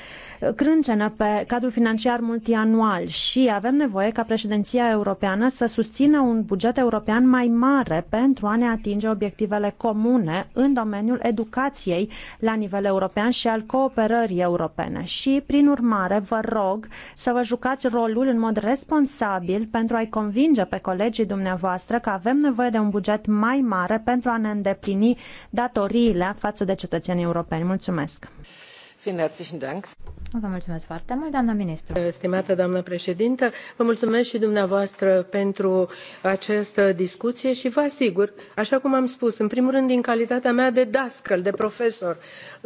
crâncenă pe cadrul financiar multianual și avem nevoie ca președinția europeană să susțină un buget european mai mare pentru a ne atinge obiectivele comune în domeniul domeniul educației la nivel european și al cooperării europene. Și, prin urmare, vă rog să vă jucați rolul în mod responsabil pentru a-i convinge pe colegii dumneavoastră că avem nevoie de un buget mai mare pentru a ne îndeplini datoriile față de cetățenii europeni. Mulțumesc! Vielen herzlichen Dank! Vă mulțumesc foarte mult, doamna ministru. Stimată doamnă președintă, vă mulțumesc și dumneavoastră pentru această discuție și vă asigur, așa cum am spus, în primul rând din calitatea mea de dascăl, de profesor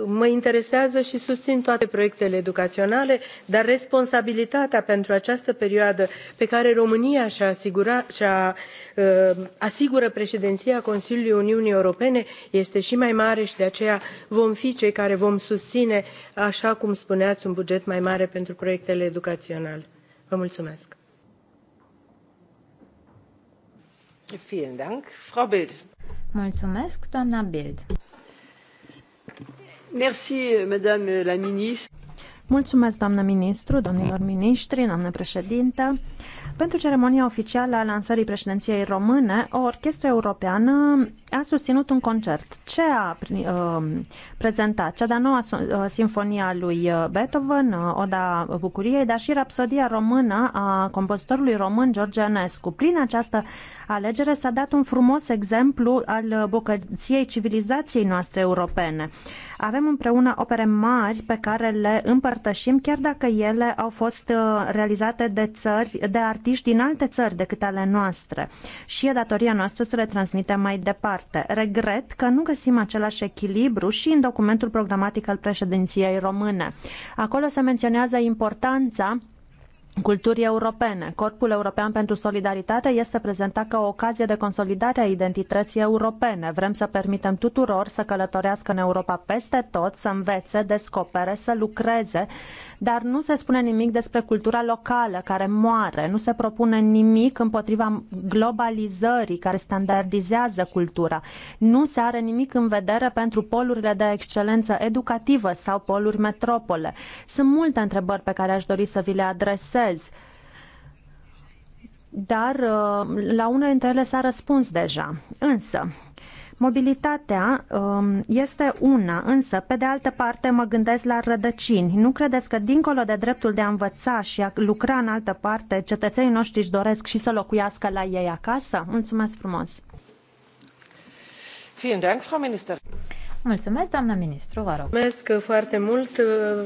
mă interesează și susțin toate proiectele educaționale, dar responsabilitatea pentru această perioadă pe care România și-a asigura, și -a, uh, asigură președinția Consiliului Uniunii Europene este și mai mare și de aceea vom fi cei care vom susține, așa cum spuneați, un buget mai mare pentru proiectele educaționale. Vă mulțumesc! Vielen Dank, Frau Bild. Mulțumesc, doamna Bild. Merci, madame la ministre. Mulțumesc, doamnă ministru, domnilor miniștri, doamnă președintă. Pentru ceremonia oficială a lansării președinției române, o orchestră europeană a susținut un concert. Ce a uh, prezentat? Cea de-a noua uh, sinfonia a lui uh, Beethoven, uh, Oda Bucuriei, dar și rapsodia română a compozitorului român George Enescu. Prin această alegere s-a dat un frumos exemplu al bucăției civilizației noastre europene. Avem împreună opere mari pe care le împărtășim, chiar dacă ele au fost realizate de țări, de artiști artiști din alte țări decât ale noastre și e datoria noastră să le transmitem mai departe. Regret că nu găsim același echilibru și în documentul programatic al președinției române. Acolo se menționează importanța culturii europene. Corpul European pentru Solidaritate este prezentat ca o ocazie de consolidare a identității europene. Vrem să permitem tuturor să călătorească în Europa peste tot, să învețe, descopere, să lucreze dar nu se spune nimic despre cultura locală care moare, nu se propune nimic împotriva globalizării care standardizează cultura, nu se are nimic în vedere pentru polurile de excelență educativă sau poluri metropole. Sunt multe întrebări pe care aș dori să vi le adresez dar uh, la unele dintre ele s-a răspuns deja. Însă, Mobilitatea um, este una, însă, pe de altă parte, mă gândesc la rădăcini. Nu credeți că, dincolo de dreptul de a învăța și a lucra în altă parte, cetățenii noștri își doresc și să locuiască la ei acasă? Mulțumesc frumos! Vielen Dank, Frau Minister. Mulțumesc, doamna ministru, vă rog. Mulțumesc foarte mult.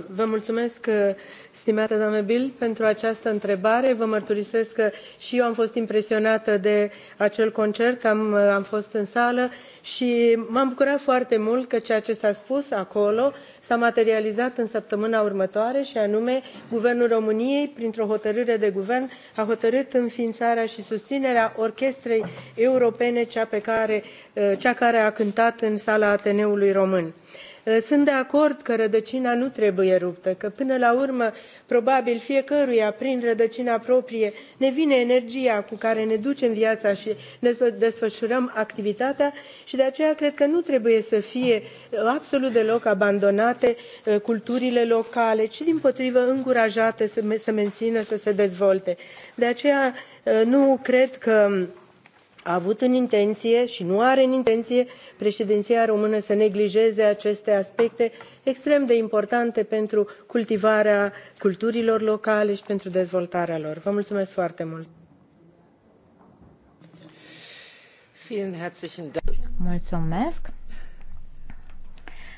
Vă mulțumesc, stimată doamnă Bill, pentru această întrebare. Vă mărturisesc că și eu am fost impresionată de acel concert, am, am fost în sală și m-am bucurat foarte mult că ceea ce s-a spus acolo s-a materializat în săptămâna următoare și anume Guvernul României, printr-o hotărâre de guvern, a hotărât înființarea și susținerea orchestrei europene, cea, pe care, cea care a cântat în sala Ateneului Român. Eh, sunt de acord că rădăcina nu trebuie ruptă, că până la urmă, probabil fiecăruia, prin rădăcina proprie, ne vine energia cu care ne ducem viața și ne desfășurăm activitatea și de aceea cred că nu trebuie să fie eh, absolut deloc abandonate eh, culturile locale, ci din potrivă încurajate să, se mențină, să se dezvolte. De aceea nu cred că a avut în intenție și nu are în intenție președinția română să neglijeze aceste aspecte extrem de importante pentru cultivarea culturilor locale și pentru dezvoltarea lor. Vă mulțumesc foarte mult! Mulțumesc!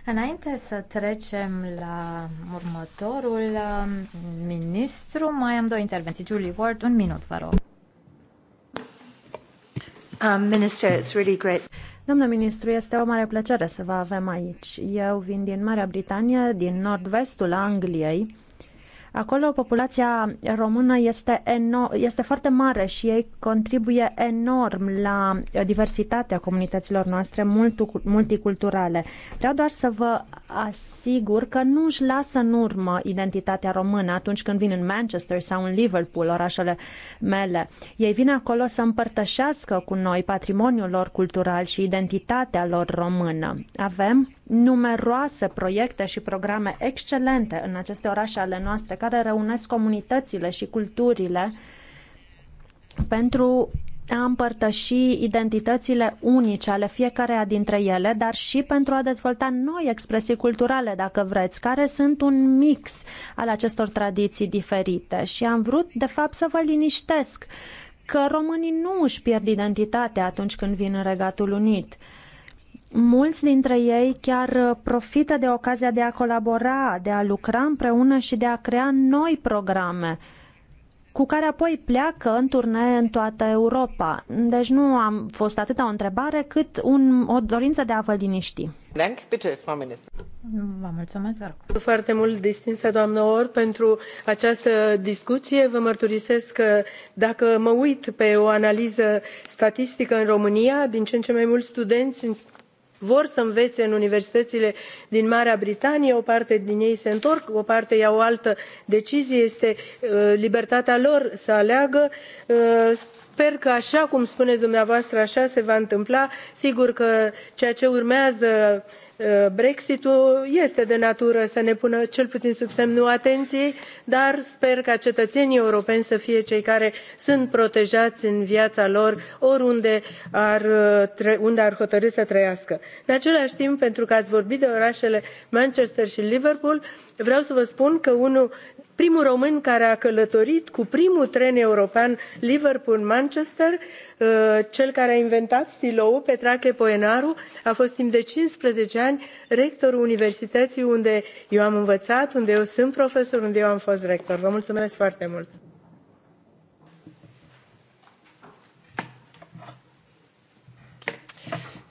Înainte să trecem la următorul um, ministru, mai am două intervenții. Julie Ward, un minut, vă rog. Um, Minister, it's really great. Domnul ministru, este o mare plăcere să vă avem aici. Eu vin din Marea Britanie, din nord-vestul Angliei Acolo populația română este, eno- este foarte mare și ei contribuie enorm la diversitatea comunităților noastre multiculturale. Vreau doar să vă asigur că nu își lasă în urmă identitatea română atunci când vin în Manchester sau în Liverpool, orașele mele. Ei vin acolo să împărtășească cu noi patrimoniul lor cultural și identitatea lor română. Avem numeroase proiecte și programe excelente în aceste orașe ale noastre care reunesc comunitățile și culturile pentru a împărtăși identitățile unice ale fiecareia dintre ele, dar și pentru a dezvolta noi expresii culturale, dacă vreți, care sunt un mix al acestor tradiții diferite. Și am vrut, de fapt, să vă liniștesc că românii nu își pierd identitatea atunci când vin în Regatul Unit. Uh, Mulți dintre ei chiar uh, profită de ocazia de a colabora, de a lucra împreună și de a crea noi programe cu care apoi pleacă în turnee în toată Europa. Deci nu am fost atâta o întrebare cât un, o dorință de a vă liniști. Vă mulțumesc, vă rog. Foarte mult, distinsă doamnă Or, pentru această discuție. Vă mărturisesc că dacă mă uit pe o analiză statistică în România, din ce în ce mai mulți studenți vor să învețe în universitățile din Marea Britanie, o parte din ei se întorc, o parte iau o altă decizie, este uh, libertatea lor să aleagă. Uh, sper că așa cum spuneți dumneavoastră, așa se va întâmpla. Sigur că ceea ce urmează Eh, Brexitul este de natură să ne pună cel puțin sub semnul atenției, dar sper ca cetățenii europeni să fie cei care sunt protejați în viața lor oriunde ar, eh, unde ar hotărî să trăiască. În același timp, pentru că ați vorbit de orașele Manchester și Liverpool, vreau să vă spun că unul primul român care a călătorit cu primul tren european Liverpool-Manchester, uh, cel care a inventat stiloul, Petrache Poenaru, a fost timp de 15 ani rectorul universității unde eu am învățat, unde eu sunt profesor, unde eu am fost rector. Vă mulțumesc foarte mult!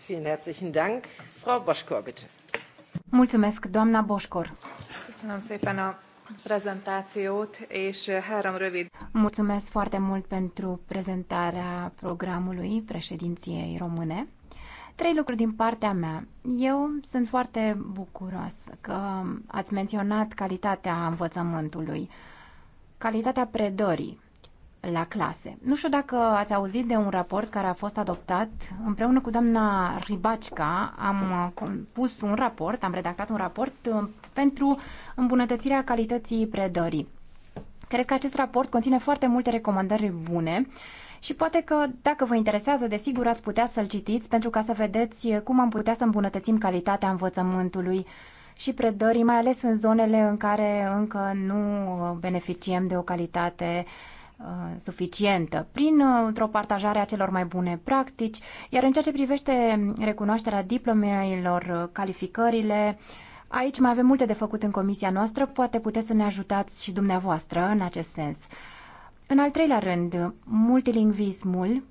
Vielen herzlichen Dank. Frau Boschkor, bitte. Mulțumesc, doamna Boșcor prezentációt, és eh, három rövid. Mulțumesc foarte mult pentru prezentarea programului președinției române. Trei lucruri din partea mea. Eu sunt foarte bucuroasă că ați menționat calitatea învățământului, calitatea predării la clase. Nu știu dacă ați auzit de un raport care a fost adoptat. Împreună cu doamna Ribacica am uh, pus un raport, am redactat un raport pentru îmbunătățirea calității predării. Cred că acest raport conține foarte multe recomandări bune și poate că, dacă vă interesează, desigur ați putea să-l citiți pentru ca să vedeți cum am putea să îmbunătățim calitatea învățământului și predării, mai ales în zonele în care încă nu uh, beneficiem de o calitate uh, suficientă, prin uh, o partajare a celor mai bune practici, iar în ceea ce privește recunoașterea diplomeilor, calificările, Aici mai avem multe de făcut în comisia noastră, poate puteți să ne ajutați și dumneavoastră în acest sens. În al treilea rând, multilingvismul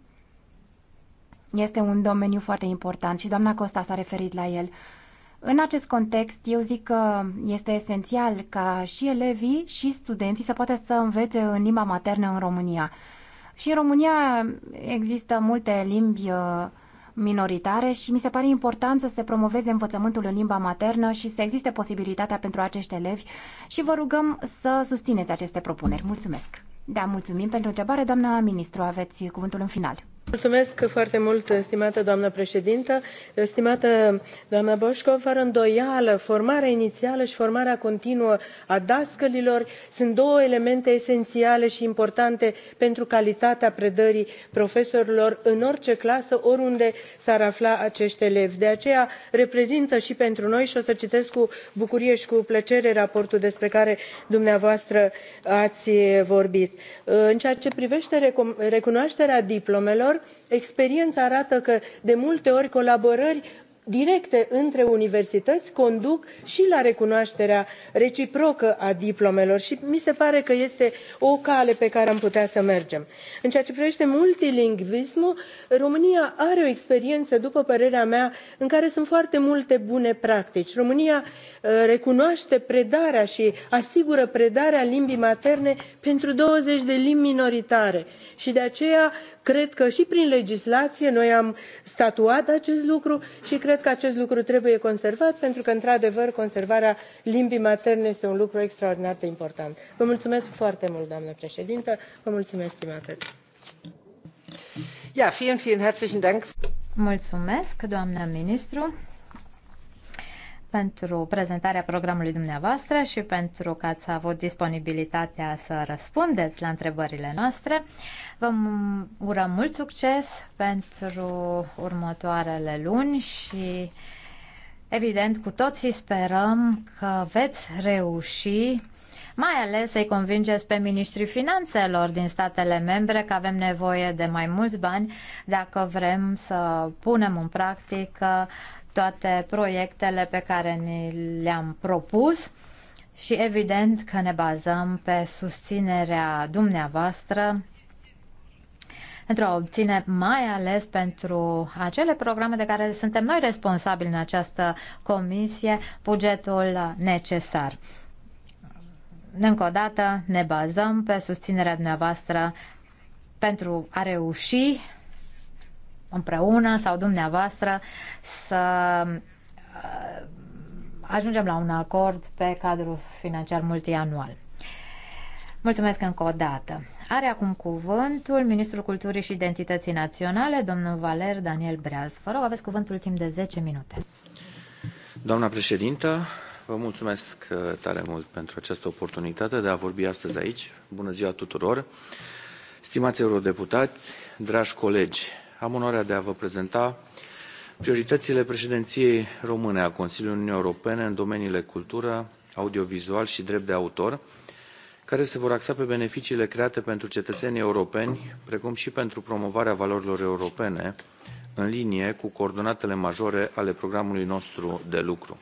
este un domeniu foarte important și doamna Costa s-a referit la el. În acest context, eu zic că este esențial ca și elevii și studenții să poată să învețe în limba maternă în România. Și în România există multe limbi uh, minoritare și mi se pare important să se promoveze învățământul în limba maternă și să existe posibilitatea pentru acești elevi și vă rugăm să susțineți aceste propuneri. Mulțumesc! Da, mulțumim pentru întrebare, doamna ministru. Aveți cuvântul în final. Mulțumesc foarte mult, stimată doamnă președintă. Stimată doamnă Boșco, fără îndoială, formarea inițială și formarea continuă a dascălilor sunt două elemente esențiale și importante pentru calitatea predării profesorilor în orice clasă, oriunde s-ar afla acești elevi. De aceea reprezintă și pentru noi și o să citesc cu bucurie și cu plăcere raportul despre care dumneavoastră ați vorbit. În ceea ce privește recunoașterea diplomelor, lor experiența arată că de multe ori colaborări directe între universități conduc și la recunoașterea reciprocă a diplomelor și mi se pare că este o cale pe care am putea să mergem. În ceea ce privește multilingvismul, România are o experiență, după părerea mea, în care sunt foarte multe bune practici. România uh, recunoaște predarea și asigură predarea limbii materne pentru 20 de limbi minoritare și de aceea cred că și prin legislație noi am statuat acest lucru și cred că acest lucru trebuie conservat pentru că, într-adevăr, conservarea limbii materne este un lucru extraordinar de important. Vă mulțumesc foarte mult, doamnă președintă, vă mulțumesc, stimată. Ja, vielen, vielen herzlichen Dank. Mulțumesc, doamnă ministru pentru prezentarea programului dumneavoastră și pentru că ați avut disponibilitatea să răspundeți la întrebările noastre. Vă urăm mult succes pentru următoarele luni și evident cu toții sperăm că veți reuși mai ales să-i convingeți pe ministrii finanțelor din statele membre că avem nevoie de mai mulți bani dacă vrem să punem în practică toate proiectele pe care ni le-am propus și evident că ne bazăm pe susținerea dumneavoastră pentru a obține mai ales pentru acele programe de care suntem noi responsabili în această comisie bugetul necesar. Încă o dată ne bazăm pe susținerea dumneavoastră pentru a reuși împreună sau dumneavoastră să uh, ajungem la un acord pe cadrul financiar multianual. Mulțumesc încă o dată. Are acum cuvântul Ministrul Culturii și Identității Naționale, domnul Valer Daniel Breaz. Vă rog, aveți cuvântul timp de 10 minute. Doamna președintă, vă mulțumesc uh, tare mult pentru această oportunitate de a vorbi astăzi aici. Bună ziua tuturor! Stimați eurodeputați, dragi colegi, am onoarea de a vă prezenta prioritățile președinției române a Consiliului Uniunii Europene în domeniile cultură, audiovizual și drept de autor, care se vor axa pe beneficiile create pentru cetățenii europeni, precum și pentru promovarea valorilor europene, în linie cu coordonatele majore ale programului nostru de lucru.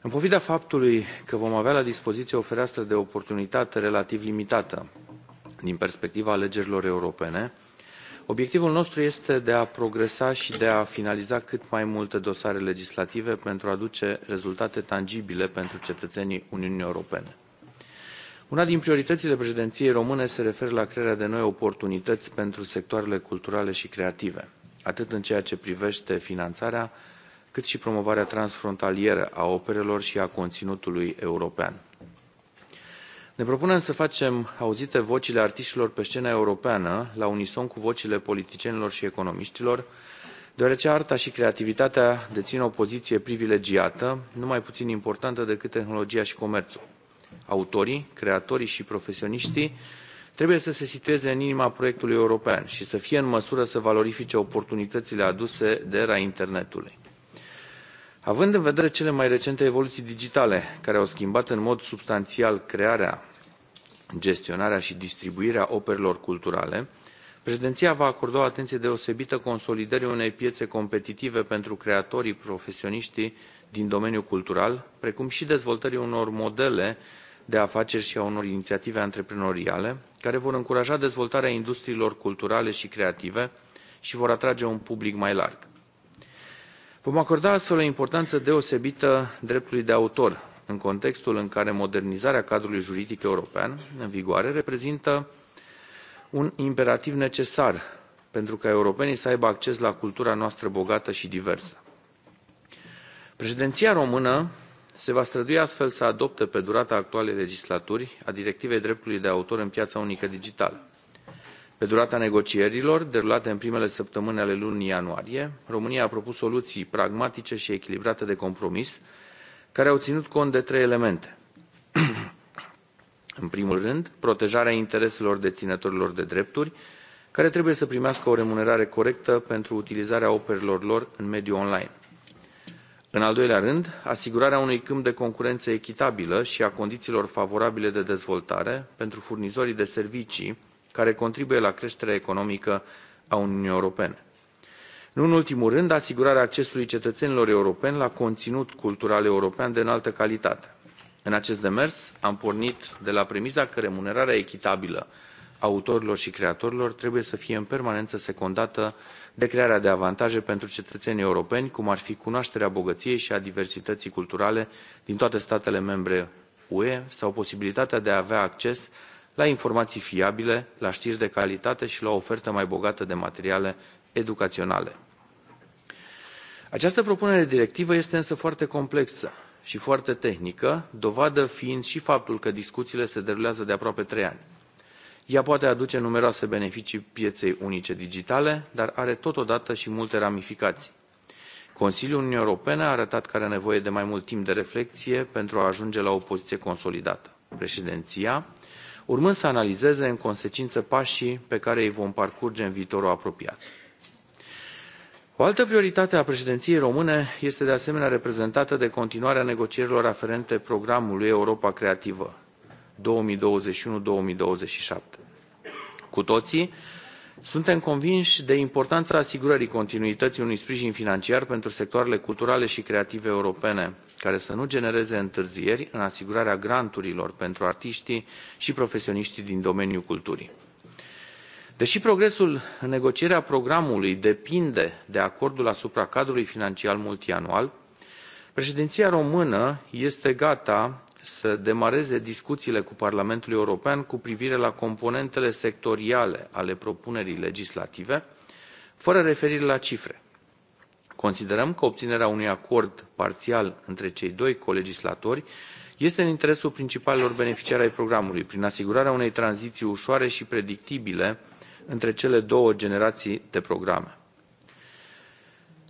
În pofida faptului că vom avea la dispoziție o fereastră de oportunitate relativ limitată din perspectiva alegerilor europene, Obiectivul nostru este de a progresa și de a finaliza cât mai multe dosare legislative pentru a aduce rezultate tangibile pentru cetățenii Uniunii Europene. Una din prioritățile președinției române se referă la crearea de noi oportunități pentru sectoarele culturale și creative, atât în ceea ce privește finanțarea, cât și promovarea transfrontalieră a operelor și a conținutului european. Ne propunem să facem auzite vocile artiștilor pe scena europeană, la unison cu vocile politicienilor și economiștilor, deoarece arta și creativitatea dețin o poziție privilegiată, nu mai puțin importantă decât tehnologia și comerțul. Autorii, creatorii și profesioniștii trebuie să se situeze în inima proiectului european și să fie în măsură să valorifice oportunitățile aduse de era internetului. Având în vedere cele mai recente evoluții digitale, care au schimbat în mod substanțial crearea, gestionarea și distribuirea operelor culturale, președinția va acorda o atenție deosebită consolidării unei piețe competitive pentru creatorii profesioniștii din domeniul cultural, precum și dezvoltării unor modele de afaceri și a unor inițiative antreprenoriale, care vor încuraja dezvoltarea industriilor culturale și creative și vor atrage un public mai larg. Vom acorda astfel o importanță deosebită dreptului de autor, în contextul în care modernizarea cadrului juridic european în vigoare reprezintă un imperativ necesar pentru ca europenii să aibă acces la cultura noastră bogată și diversă. Președinția română se va strădui astfel să adopte pe durata actualei legislaturi a directivei dreptului de autor în piața unică digitală. Pe durata negocierilor, derulate în primele săptămâni ale lunii ianuarie, România a propus soluții pragmatice și echilibrate de compromis care au ținut cont de trei elemente. În primul rând, protejarea intereselor deținătorilor de drepturi, care trebuie să primească o remunerare corectă pentru utilizarea operelor lor în mediul online. În al doilea rând, asigurarea unui câmp de concurență echitabilă și a condițiilor favorabile de dezvoltare pentru furnizorii de servicii care contribuie la creșterea economică a Uniunii Europene nu în ultimul rând asigurarea accesului cetățenilor europeni la conținut cultural european de înaltă calitate. în acest demers am pornit de la premisa că remunerarea echitabilă a autorilor și creatorilor trebuie să fie în permanență secundată de crearea de avantaje pentru cetățenii europeni cum ar fi cunoașterea bogăției și a diversității culturale din toate statele membre ue sau posibilitatea de a avea acces la informații fiabile la știri de calitate și la o ofertă mai bogată de materiale educaționale această propunere de directivă este însă foarte complexă și foarte tehnică dovadă fiind și faptul că discuțiile se derulează de aproape trei ani. Ea poate aduce numeroase beneficii pieței unice digitale, dar are totodată și multe ramificații. Consiliul Uniunii Europene a arătat că are nevoie de mai mult timp de reflexie pentru a ajunge la o poziție consolidată. Președinția, urmând să analizeze în consecință pașii pe care îi vom parcurge în viitorul apropiat. O altă prioritate a președinției române este de asemenea reprezentată de continuarea negocierilor aferente programului Europa Creativă 2021-2027. Cu toții, suntem convinși de importanța asigurării continuității unui sprijin financiar pentru sectoarele culturale și creative europene, care să nu genereze întârzieri în asigurarea granturilor pentru artiștii și profesioniștii din domeniul culturii deși progresul în negocierea programului depinde de acordul asupra cadrului financiar multianual președinția română este gata să demareze discuțiile cu parlamentul european cu privire la componentele sectoriale ale propunerii legislative fără referire la cifre. considerăm că obținerea unui acord parțial între cei doi colegislatori este în interesul principalilor beneficiari ai programului prin asigurarea unei tranziții ușoare și predictibile între cele două generații de programe.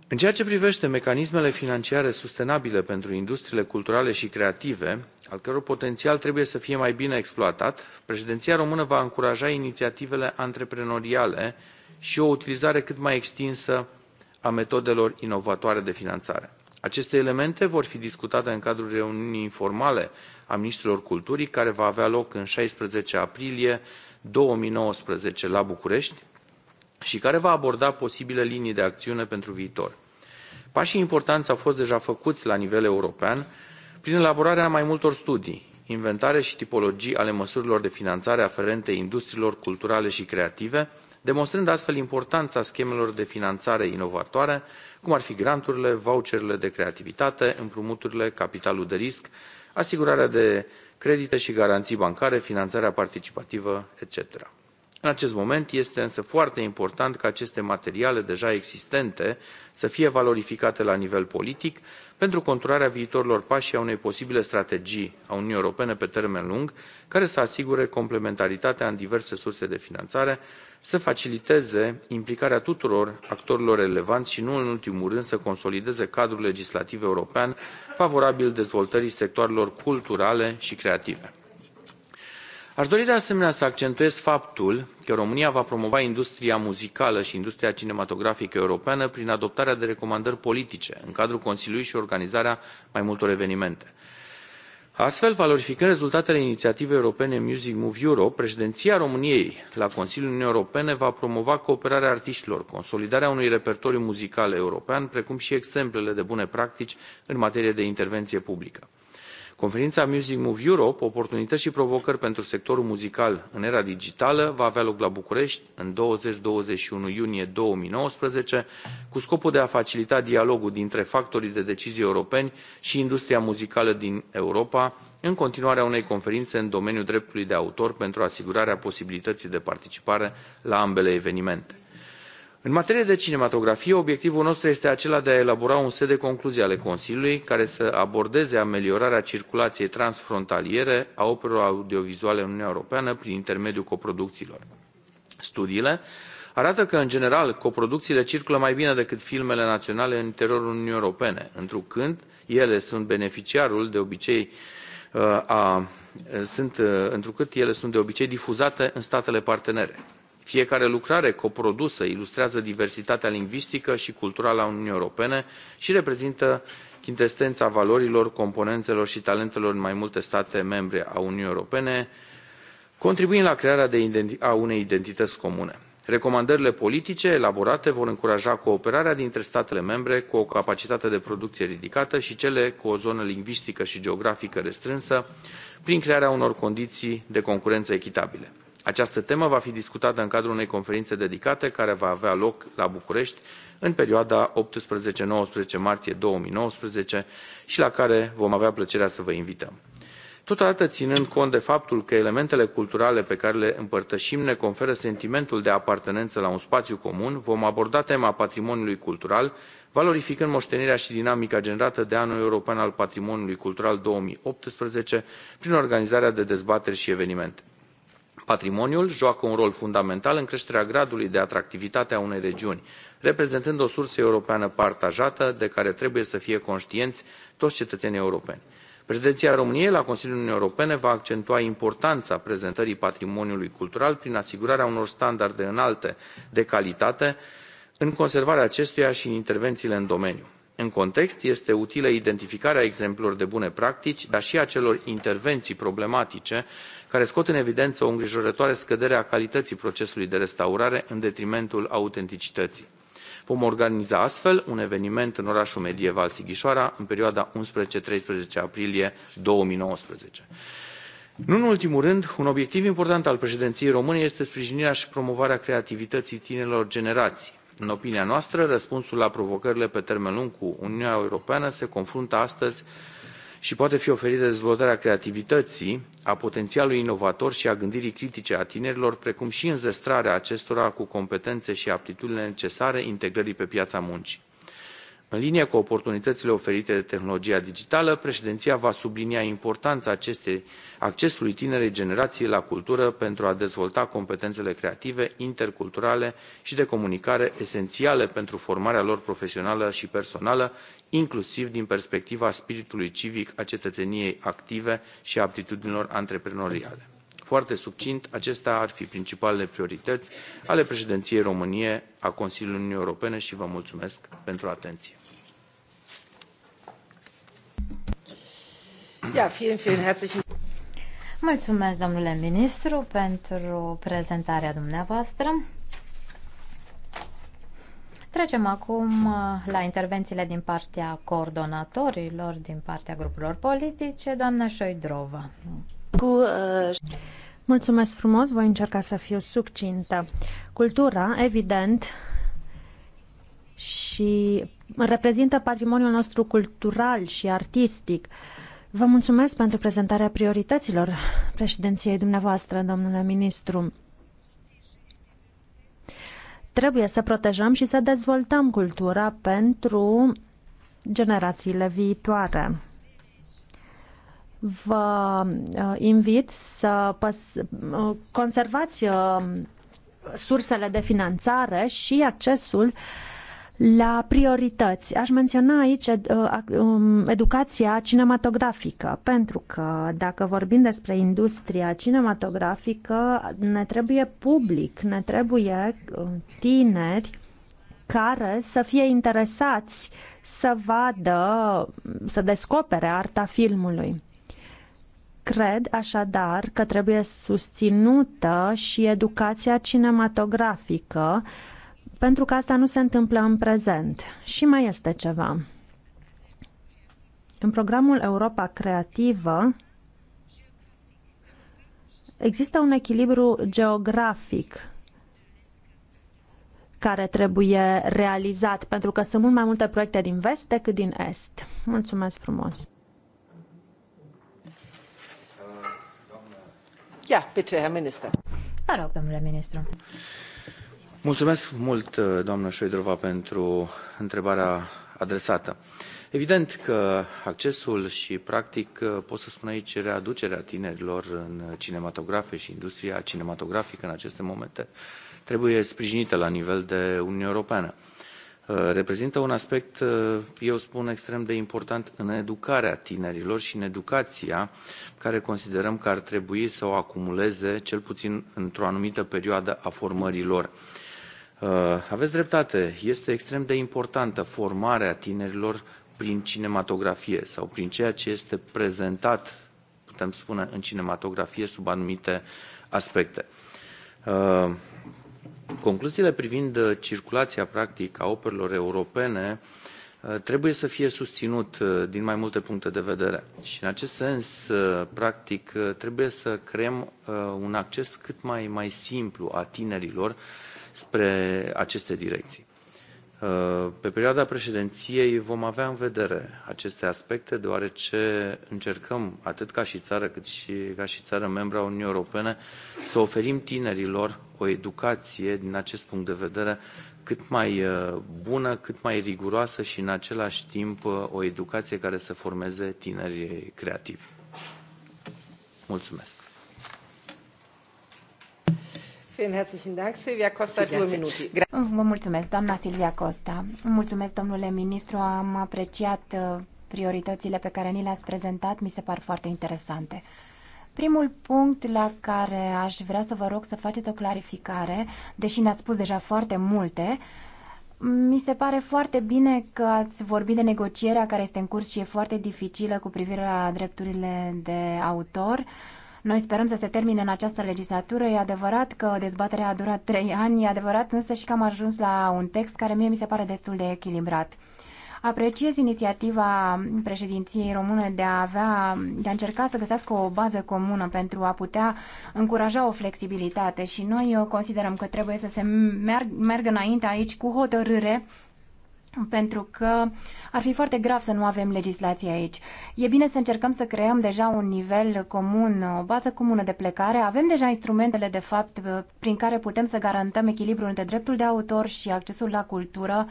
În ceea ce privește mecanismele financiare sustenabile pentru industriile culturale și creative, al căror potențial trebuie să fie mai bine exploatat, președinția română va încuraja inițiativele antreprenoriale și o utilizare cât mai extinsă a metodelor inovatoare de finanțare. Aceste elemente vor fi discutate în cadrul reuniunii informale a ministrilor culturii, care va avea loc în 16 aprilie 2019 la București și care va aborda posibile linii de acțiune pentru viitor. Pașii importanți au fost deja făcuți la nivel european prin elaborarea mai multor studii, inventare și tipologii ale măsurilor de finanțare aferente industriilor culturale și creative, demonstrând astfel importanța schemelor de finanțare inovatoare, cum ar fi granturile, voucherele de creativitate, împrumuturile, capitalul de risc, asigurarea de credite și garanții bancare, finanțarea participativă, etc. În acest moment este însă foarte important ca aceste materiale deja existente să fie valorificate la nivel politic pentru conturarea viitorilor pași a unei posibile strategii a Uniunii Europene pe termen lung, care să asigure complementaritatea în diverse surse de finanțare, să faciliteze implicarea tuturor actorilor relevanți și nu în ultimul rând să consolideze cadrul legislativ european favorabil dezvoltării sectoarelor culturale și creative. Aș dori de asemenea să accentuez faptul că România va promova industria muzicală și industria cinematografică europeană prin adoptarea de recomandări politice în cadrul Consiliului și organizarea mai multor evenimente. Astfel, valorificând rezultatele inițiativei europene Music Move Europe, președinția României la Consiliul Uniunii Europene va promova cooperarea artiștilor, consolidarea unui repertoriu muzical european, precum și exemplele de bune practici în materie de intervenție publică conferința music move europe oportunități și provocări pentru sectorul muzical în era digitală va avea loc la bucurești în douăzeci douăzeci și unu iunie două mii nouăsprezece cu scopul de a facilita dialogul dintre factorii de decizie europeni și industria muzicală din europa în continuarea unei conferințe în domeniul dreptului de autor pentru asigurarea posibilității de participare la ambele evenimente. În materie de cinematografie, obiectivul nostru este acela de a elabora un set de concluzii ale Consiliului care să abordeze ameliorarea circulației transfrontaliere a operelor audiovizuale în Uniunea Europeană prin intermediul coproducțiilor. Studiile arată că, în general, coproducțiile circulă mai bine decât filmele naționale în interiorul Uniunii Europene, întrucât ele sunt beneficiarul de obicei uh, a, sunt, uh, întrucât ele sunt de obicei difuzate în statele partenere. Fiecare lucrare coprodusă ilustrează diversitatea lingvistică și culturală a Uniunii Europene și reprezintă chintestența valorilor, componențelor și talentelor în mai multe state membre a Uniunii Europene, contribuind la crearea de a unei identități comune. Recomandările politice elaborate vor încuraja cooperarea dintre statele membre cu o capacitate de producție ridicată și cele cu o zonă lingvistică și geografică restrânsă, prin crearea unor condiții de concurență echitabile. Această temă va fi discutată în cadrul unei conferințe dedicate care va avea loc la București în perioada 18-19 martie 2019 și la care vom avea plăcerea să vă invităm. Totodată ținând cont de faptul că elementele culturale pe care le împărtășim ne conferă sentimentul de apartenență la un spațiu comun, vom aborda tema patrimoniului cultural, valorificând moștenirea și dinamica generată de Anul European al Patrimoniului Cultural 2018 prin organizarea de dezbateri și evenimente patrimoniul joacă un rol fundamental în creșterea gradului de atractivitate a unei regiuni reprezentând o sursă europeană partajată de care trebuie să fie conștienți toți cetățenii europeni. președinția româniei la consiliul uniunii europene va accentua importanța prezentării patrimoniului cultural prin asigurarea unor standarde înalte de calitate în conservarea acestuia și în intervențiile în domeniu. în context este utilă identificarea exemplelor de bune practici dar și a celor intervenții problematice care scot în evidență o îngrijorătoare scădere a calității procesului de restaurare în detrimentul autenticității. Vom organiza astfel un eveniment în orașul medieval Sighișoara în perioada 11-13 aprilie 2019. Nu în ultimul rând, un obiectiv important al președinției române este sprijinirea și promovarea creativității tinerilor generații. În opinia noastră, răspunsul la provocările pe termen lung cu Uniunea Europeană se confruntă astăzi și poate fi oferită dezvoltarea creativității, a potențialului inovator și a gândirii critice a tinerilor, precum și înzestrarea acestora cu competențe și aptitudini necesare integrării pe piața muncii în linie cu oportunitățile oferite de tehnologia digitală președinția va sublinia importanța acestei, accesului tinerei generații la cultură pentru a dezvolta competențele creative interculturale și de comunicare esențiale pentru formarea lor profesională și personală inclusiv din perspectiva spiritului civic a cetățeniei active și a aptitudinilor antreprenoriale. Foarte succint, acestea ar fi principalele priorități ale președinției României a Consiliului Uniunii Europene și vă mulțumesc pentru atenție. Ja, vielen, vielen herzlichen Mulțumesc, domnule ministru, pentru prezentarea dumneavoastră. Trecem acum uh, la intervențiile din partea coordonatorilor, din partea grupurilor politice. Doamna Șoidrova. Cu, uh... Mulțumesc frumos, voi încerca să fiu succintă. Cultura, evident, și reprezintă patrimoniul nostru cultural și artistic. Vă mulțumesc pentru prezentarea priorităților președinției dumneavoastră, domnule ministru. Trebuie să protejăm și să dezvoltăm cultura pentru generațiile viitoare vă uh, invit să uh, conservați uh, sursele de finanțare și accesul la priorități. Aș menționa aici um, educația cinematografică, pentru că dacă vorbim despre industria cinematografică, ne trebuie public, ne trebuie tineri care să fie interesați să vadă, să descopere arta filmului. Cred așadar că trebuie susținută și educația cinematografică, pentru că asta nu se întâmplă în prezent. Și mai este ceva. În programul Europa Creativă există un echilibru geografic care trebuie realizat, pentru că sunt mult mai multe proiecte din vest decât din est. Mulțumesc frumos! Mulțumesc mult, uh, doamnă Șoidrova, pentru întrebarea adresată. Evident că accesul și, practic, uh, pot să spun aici, readucerea tinerilor în cinematografe și industria cinematografică în aceste momente trebuie sprijinită la nivel de Uniune Europeană. Uh, reprezintă un aspect, uh, eu spun, extrem de important în educarea tinerilor și în educația care considerăm că ar trebui să o acumuleze, cel puțin într-o anumită perioadă a formării lor. Uh, aveți dreptate, este extrem de importantă formarea tinerilor prin cinematografie sau prin ceea ce este prezentat, putem spune, în cinematografie sub anumite aspecte. Concluziile privind uh, circulația practică a operelor europene uh, trebuie să fie susținut uh, din mai multe puncte de vedere și în acest sens, practic, trebuie să creăm un acces cât mai, mai simplu a tinerilor spre aceste direcții. Uh, pe perioada președinției vom avea în vedere aceste aspecte, deoarece încercăm, atât ca și țară, cât și ca și țară membra Uniunii Europene, să oferim tinerilor o educație, din acest punct de vedere, cât mai uh, bună, cât mai riguroasă și, în același timp, uh, o educație care să formeze tinerii creativi. Mulțumesc! Silvia Costa, Vă mulțumesc, doamna Silvia Costa. Mulțumesc, domnule ministru, am apreciat uh, prioritățile pe care ni le-ați prezentat, mi se par foarte interesante. Primul punct la care aș vrea să vă rog să faceți o clarificare, deși ne-ați spus deja foarte multe, mi se pare foarte bine că ați vorbit de negocierea care este în curs și e foarte dificilă cu privire la drepturile de autor. Uh, noi sperăm să se termine în această legislatură. E adevărat că dezbaterea a durat trei ani, e adevărat însă și că am ajuns la un text care mie mi se pare destul de echilibrat. Apreciez inițiativa președinției române de a, avea, de a încerca să găsească o bază comună pentru a putea încuraja o flexibilitate și noi uh, considerăm că trebuie să se merg, meargă înainte aici cu hotărâre pentru că ar fi foarte grav să nu avem legislație aici. E bine să încercăm să creăm deja un nivel comun, o bază comună de plecare. Avem deja instrumentele, de fapt, prin care putem să garantăm echilibrul între dreptul de autor și accesul la cultură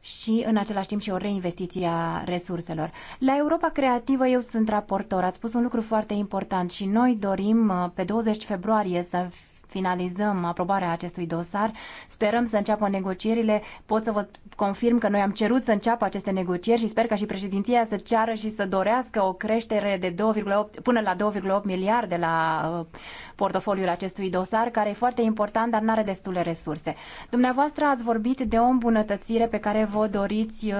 și în același timp și o reinvestiție a resurselor. La Europa Creativă eu sunt raportor. Ați spus un lucru foarte important și noi dorim pe 20 februarie să finalizăm aprobarea acestui dosar. Sperăm să înceapă negocierile. Pot să vă confirm că noi am cerut să înceapă aceste negocieri și sper ca și președinția să ceară și să dorească o creștere de 2,8 până la 2,8 miliarde la uh, portofoliul acestui dosar, care e foarte important, dar nu are destule resurse. Dumneavoastră ați vorbit de o îmbunătățire pe care vă doriți uh,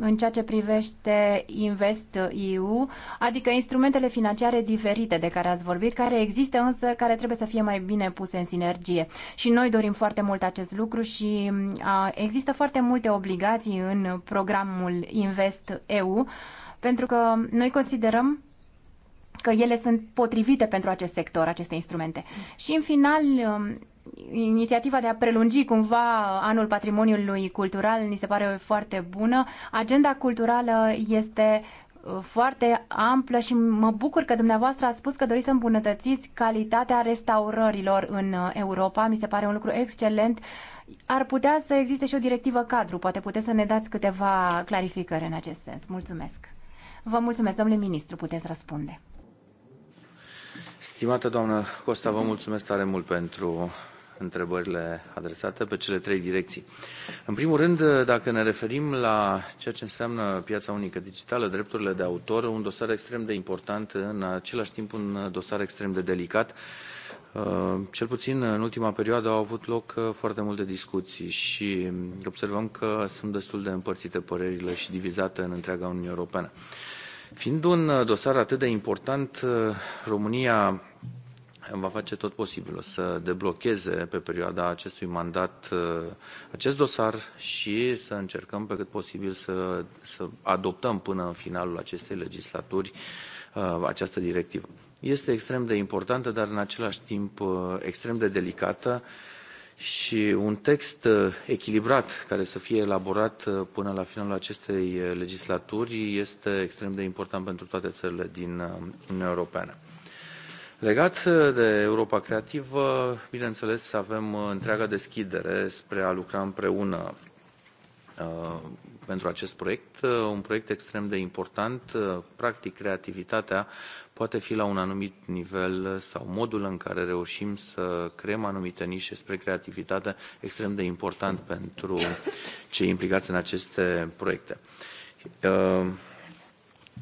în ceea ce privește Invest EU, adică instrumentele financiare diferite de care ați vorbit, care există însă care trebuie să fie mai bine puse puse în sinergie. Și noi dorim foarte mult acest lucru și există foarte multe obligații în programul Invest EU, pentru că noi considerăm că ele sunt potrivite pentru acest sector, aceste instrumente. Și în final, um, inițiativa de a prelungi cumva anul patrimoniului cultural ni se pare foarte bună. Agenda culturală este foarte amplă și mă bucur că dumneavoastră ați spus că doriți să îmbunătățiți calitatea restaurărilor în uh, Europa. Mi se pare un lucru excelent. Ar putea să existe și o directivă cadru. Poate puteți să ne dați câteva clarificări în acest sens. Mulțumesc. Vă mulțumesc, domnule ministru, puteți răspunde. Stimată doamnă Costa, vă mulțumesc tare mult pentru întrebările adresate pe cele trei direcții. În primul rând, dacă ne referim la ceea ce înseamnă piața unică digitală, drepturile de autor, un dosar extrem de important, în același timp un dosar extrem de delicat, uh, cel puțin în ultima perioadă au avut loc uh, foarte multe discuții și observăm că sunt destul de împărțite părerile și divizate în întreaga Uniune Europeană. Fiind un dosar atât de important, uh, România va face tot posibilul să deblocheze pe perioada acestui mandat uh, acest dosar și să încercăm pe cât posibil să, să adoptăm până în finalul acestei legislaturi uh, această directivă. Este extrem de importantă, dar în același timp uh, extrem de delicată și un text echilibrat care să fie elaborat până la finalul acestei legislaturi este extrem de important pentru toate țările din Uniunea Europeană. Legat uh, de Europa Creativă, bineînțeles, avem uh, întreaga deschidere spre a lucra împreună uh, pentru acest proiect, un proiect extrem de important. Practic, creativitatea poate fi la un anumit nivel sau modul în care reușim să creăm anumite nișe spre creativitate extrem de important pentru cei implicați în aceste proiecte.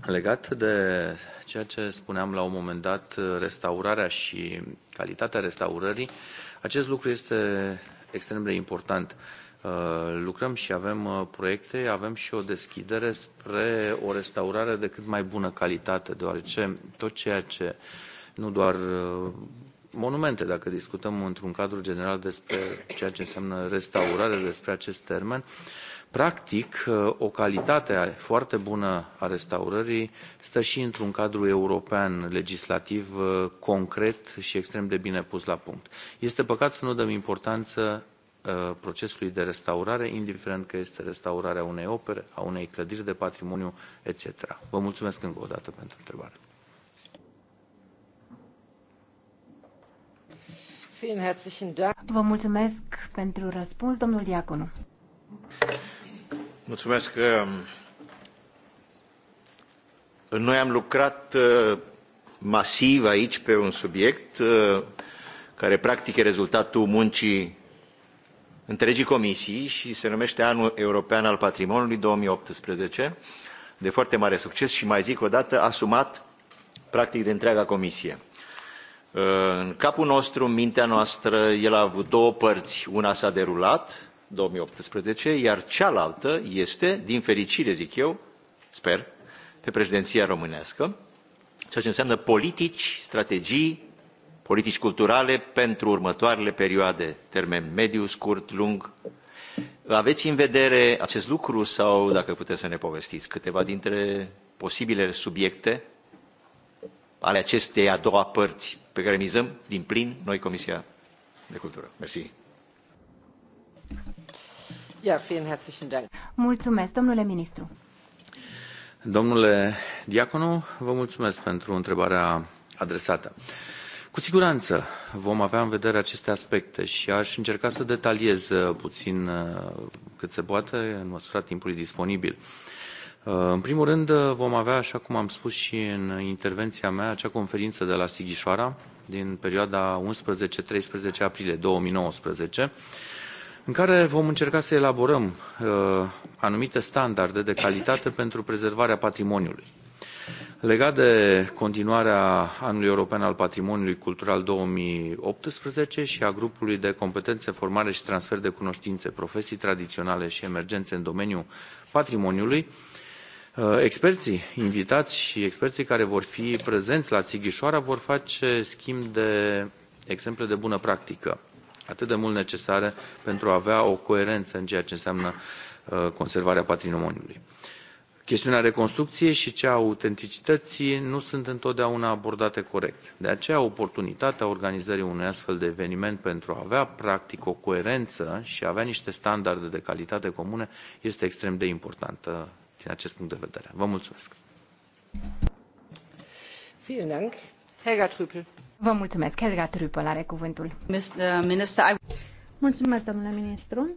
Legat de ceea ce spuneam la un moment dat, restaurarea și calitatea restaurării, acest lucru este extrem de important. Uh, lucrăm și avem uh, proiecte, avem și o deschidere spre o restaurare de cât mai bună calitate, deoarece tot ceea ce, nu doar uh, monumente, dacă discutăm într-un cadru general despre ceea ce înseamnă restaurare, despre acest termen, Practic, ă, o calitate foarte bună a restaurării stă și într-un cadru european legislativ ă, concret și extrem de bine pus la punct. Este păcat să nu dăm importanță ă, procesului de restaurare, indiferent că este restaurarea unei opere, a unei clădiri de patrimoniu, etc. Vă mulțumesc încă o dată pentru întrebare. Vă mulțumesc pentru răspuns, domnul Diaconu. Mulțumesc. Um, noi am lucrat uh, masiv aici pe un subiect uh, care practic e rezultatul muncii întregii comisii și se numește Anul European al Patrimoniului 2018, de foarte mare succes și mai zic o dată, asumat practic de întreaga comisie. Uh, în capul nostru, în mintea noastră, el a avut două părți. Una s-a derulat, 2018, iar cealaltă este, din fericire zic eu, sper, pe președinția românească, ceea ce înseamnă politici, strategii, politici culturale pentru următoarele perioade, termen mediu, scurt, lung. Aveți în vedere acest lucru sau, dacă puteți să ne povestiți, câteva dintre posibilele subiecte ale acestei a doua părți pe care mizăm din plin noi Comisia de Cultură. Mersi. Mulțumesc, domnule ministru. Domnule Diaconu, vă mulțumesc pentru întrebarea adresată. Cu siguranță vom avea în vedere aceste aspecte și aș încerca să detaliez uh, puțin uh, cât se poate în măsura timpului disponibil. Uh, în primul rând vom avea, așa cum am spus și în intervenția mea, acea conferință de la Sighișoara din perioada 11-13 aprilie 2019, în care vom încerca să elaborăm uh, anumite standarde de calitate pentru prezervarea patrimoniului. Legat de continuarea Anului European al Patrimoniului Cultural 2018 și a grupului de competențe, formare și transfer de cunoștințe, profesii tradiționale și emergențe în domeniul patrimoniului, uh, experții invitați și experții care vor fi prezenți la Sighișoara vor face schimb de exemple de bună practică atât de mult necesare pentru a avea o coerență în ceea ce înseamnă uh, conservarea patrimoniului. Chestiunea reconstrucției și cea a autenticității nu sunt întotdeauna abordate corect. De aceea, oportunitatea organizării unui astfel de eveniment pentru a avea, practic, o coerență și a avea niște standarde de calitate comune este extrem de importantă din acest punct de vedere. Vă mulțumesc! Vielen Dank. Helga Vă mulțumesc. Helga Trupă, la recuvântul. Mulțumesc, domnule ministru.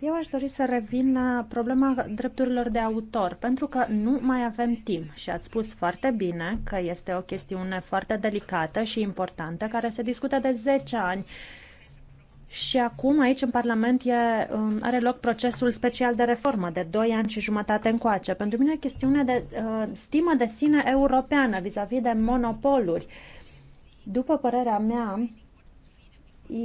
Eu aș dori să revin la problema drepturilor de autor, pentru că nu mai avem timp și ați spus foarte bine că este o chestiune foarte delicată și importantă care se discută de 10 ani. Și acum aici în Parlament e, um, are loc procesul special de reformă de 2 ani și jumătate încoace. Pentru mine e chestiune de uh, stimă de sine europeană vis-a-vis -vis de monopoluri. Uh, după părerea mea,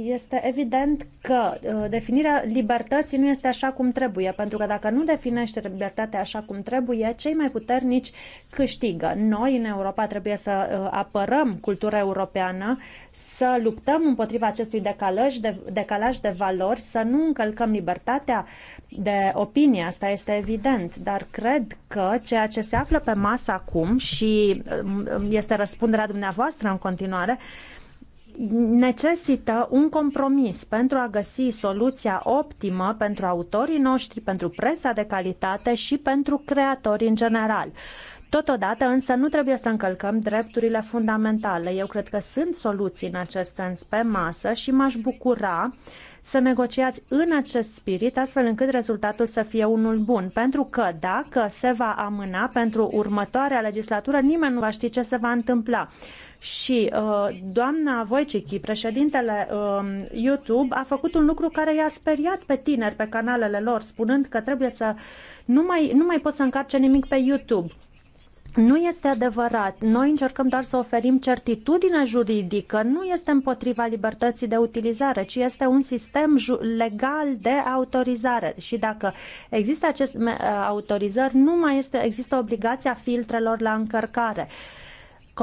este evident că uh, definirea libertății nu este așa cum trebuie, pentru că dacă nu definește libertatea așa cum trebuie, cei mai puternici câștigă. Noi, în Europa, trebuie să uh, apărăm cultura europeană, să luptăm împotriva acestui decalaj de, decalaj de valori, să nu încălcăm libertatea de opinie, asta este evident, dar cred că ceea ce se află pe masă acum și um, um, este răspunderea dumneavoastră în continuare, uh, necesită un compromis pentru a găsi soluția optimă pentru autorii noștri, pentru presa de calitate și pentru creatori în general. Totodată însă nu trebuie să încălcăm drepturile fundamentale. Eu cred că sunt soluții în acest sens pe masă și m-aș bucura să negociați în acest spirit, astfel încât rezultatul să fie unul bun. Pentru că dacă se va amâna pentru următoarea legislatură, nimeni nu va ști ce se va întâmpla. Și uh, doamna Voicechi, președintele uh, YouTube, a făcut un lucru care i-a speriat pe tineri pe canalele lor, spunând că trebuie să nu mai, nu mai pot să încarce nimic pe YouTube. Nu este adevărat. Noi încercăm doar să oferim certitudine juridică. Nu este împotriva libertății de utilizare, ci este un sistem legal de autorizare. Și dacă există aceste uh, autorizări, nu mai este, există obligația filtrelor la încărcare. Uh,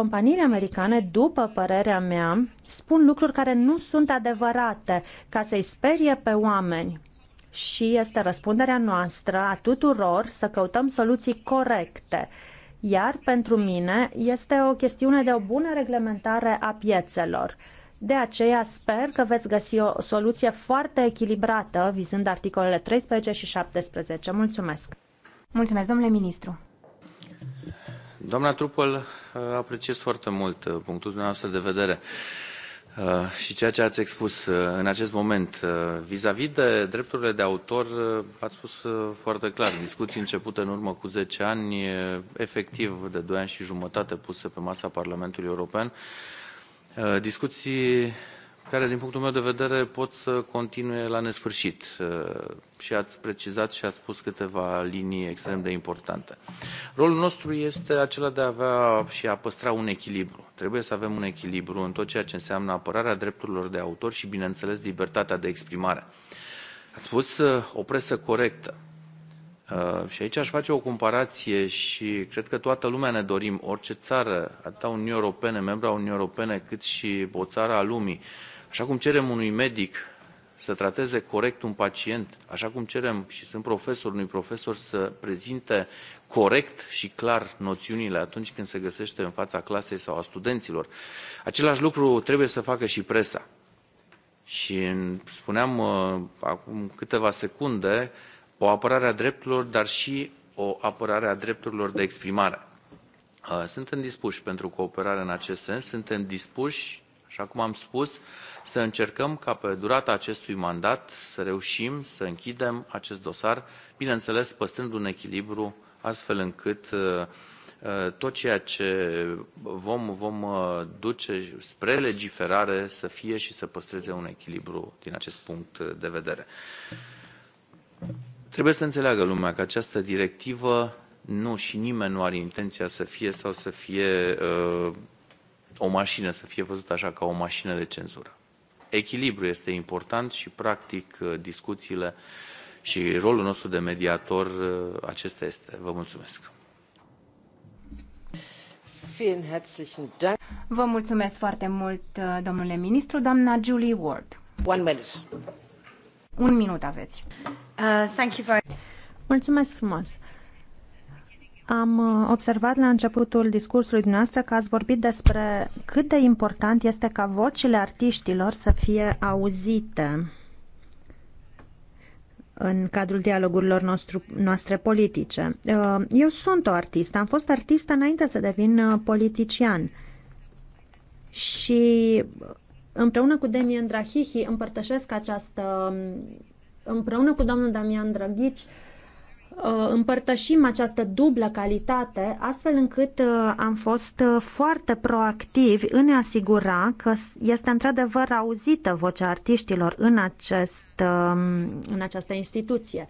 Companiile americane, după părerea mea, spun lucruri care nu sunt adevărate ca să-i sperie pe oameni. Și este răspunderea noastră a tuturor să căutăm soluții corecte. Iar pentru mine este o chestiune de o bună reglementare a piețelor. De aceea sper că veți găsi o soluție foarte echilibrată vizând articolele 13 și 17. Mulțumesc! Mulțumesc, domnule ministru! Doamna Trupăl, uh, apreciez foarte mult uh, punctul dumneavoastră de vedere uh, și ceea ce ați expus în acest moment. Vis-a-vis -vis de drepturile de autor, ați spus foarte clar, discuții începute în urmă cu zece ani, efectiv de doi ani și jumătate puse pe masa Parlamentului European, discuții care din punctul meu de vedere pot să continue la nesfârșit și ați precizat și ați spus câteva linii extrem de importante. Rolul nostru este acela de a avea și a păstra un echilibru. Trebuie să avem un echilibru în tot ceea ce înseamnă apărarea drepturilor de autor și, bineînțeles, libertatea de exprimare. Ați spus uh, o presă corectă. Uh, și aici aș face o comparație și cred că toată lumea ne dorim, orice țară, atât a Uniunii Europene, membra Uniunii Europene, cât și o țară a lumii, Așa cum cerem unui medic să trateze corect un pacient, așa cum cerem și sunt profesor unui profesor să prezinte corect și clar noțiunile atunci când se găsește în fața clasei sau a studenților. Același lucru trebuie să facă și presa. Și spuneam uh, acum câteva secunde o apărare a drepturilor, dar și o apărare a drepturilor de exprimare. Uh, suntem dispuși pentru cooperare în acest sens, suntem dispuși Așa cum am spus, să încercăm ca pe durata acestui mandat să reușim să închidem acest dosar, bineînțeles păstrând un echilibru astfel încât uh, uh, tot ceea ce vom, vom uh, duce spre legiferare să fie și să păstreze un echilibru din acest punct de vedere. Trebuie să înțeleagă lumea că această directivă nu și nimeni nu are intenția să fie sau să fie uh, o mașină să fie văzută așa ca o mașină de cenzură. Echilibru este important și, practic, uh, discuțiile și rolul nostru de mediator uh, acesta este. Vă mulțumesc! Vă mulțumesc foarte mult, uh, domnule ministru. Doamna Julie Ward. One minute. Un minut aveți. Uh, thank you very... Mulțumesc frumos. Am uh, observat la începutul discursului dumneavoastră că ați vorbit despre cât de important este ca vocile artiștilor să fie auzite în cadrul dialogurilor nostru, noastre politice. Uh, eu sunt o artistă, am fost artistă înainte să devin uh, politician și împreună cu Demian Drahihi împărtășesc această um, împreună cu domnul Damian Draghici Uh, împărtășim această dublă calitate, astfel încât uh, am fost uh, foarte proactivi în a asigura că este într-adevăr auzită vocea artiștilor în, acest, um, în această instituție.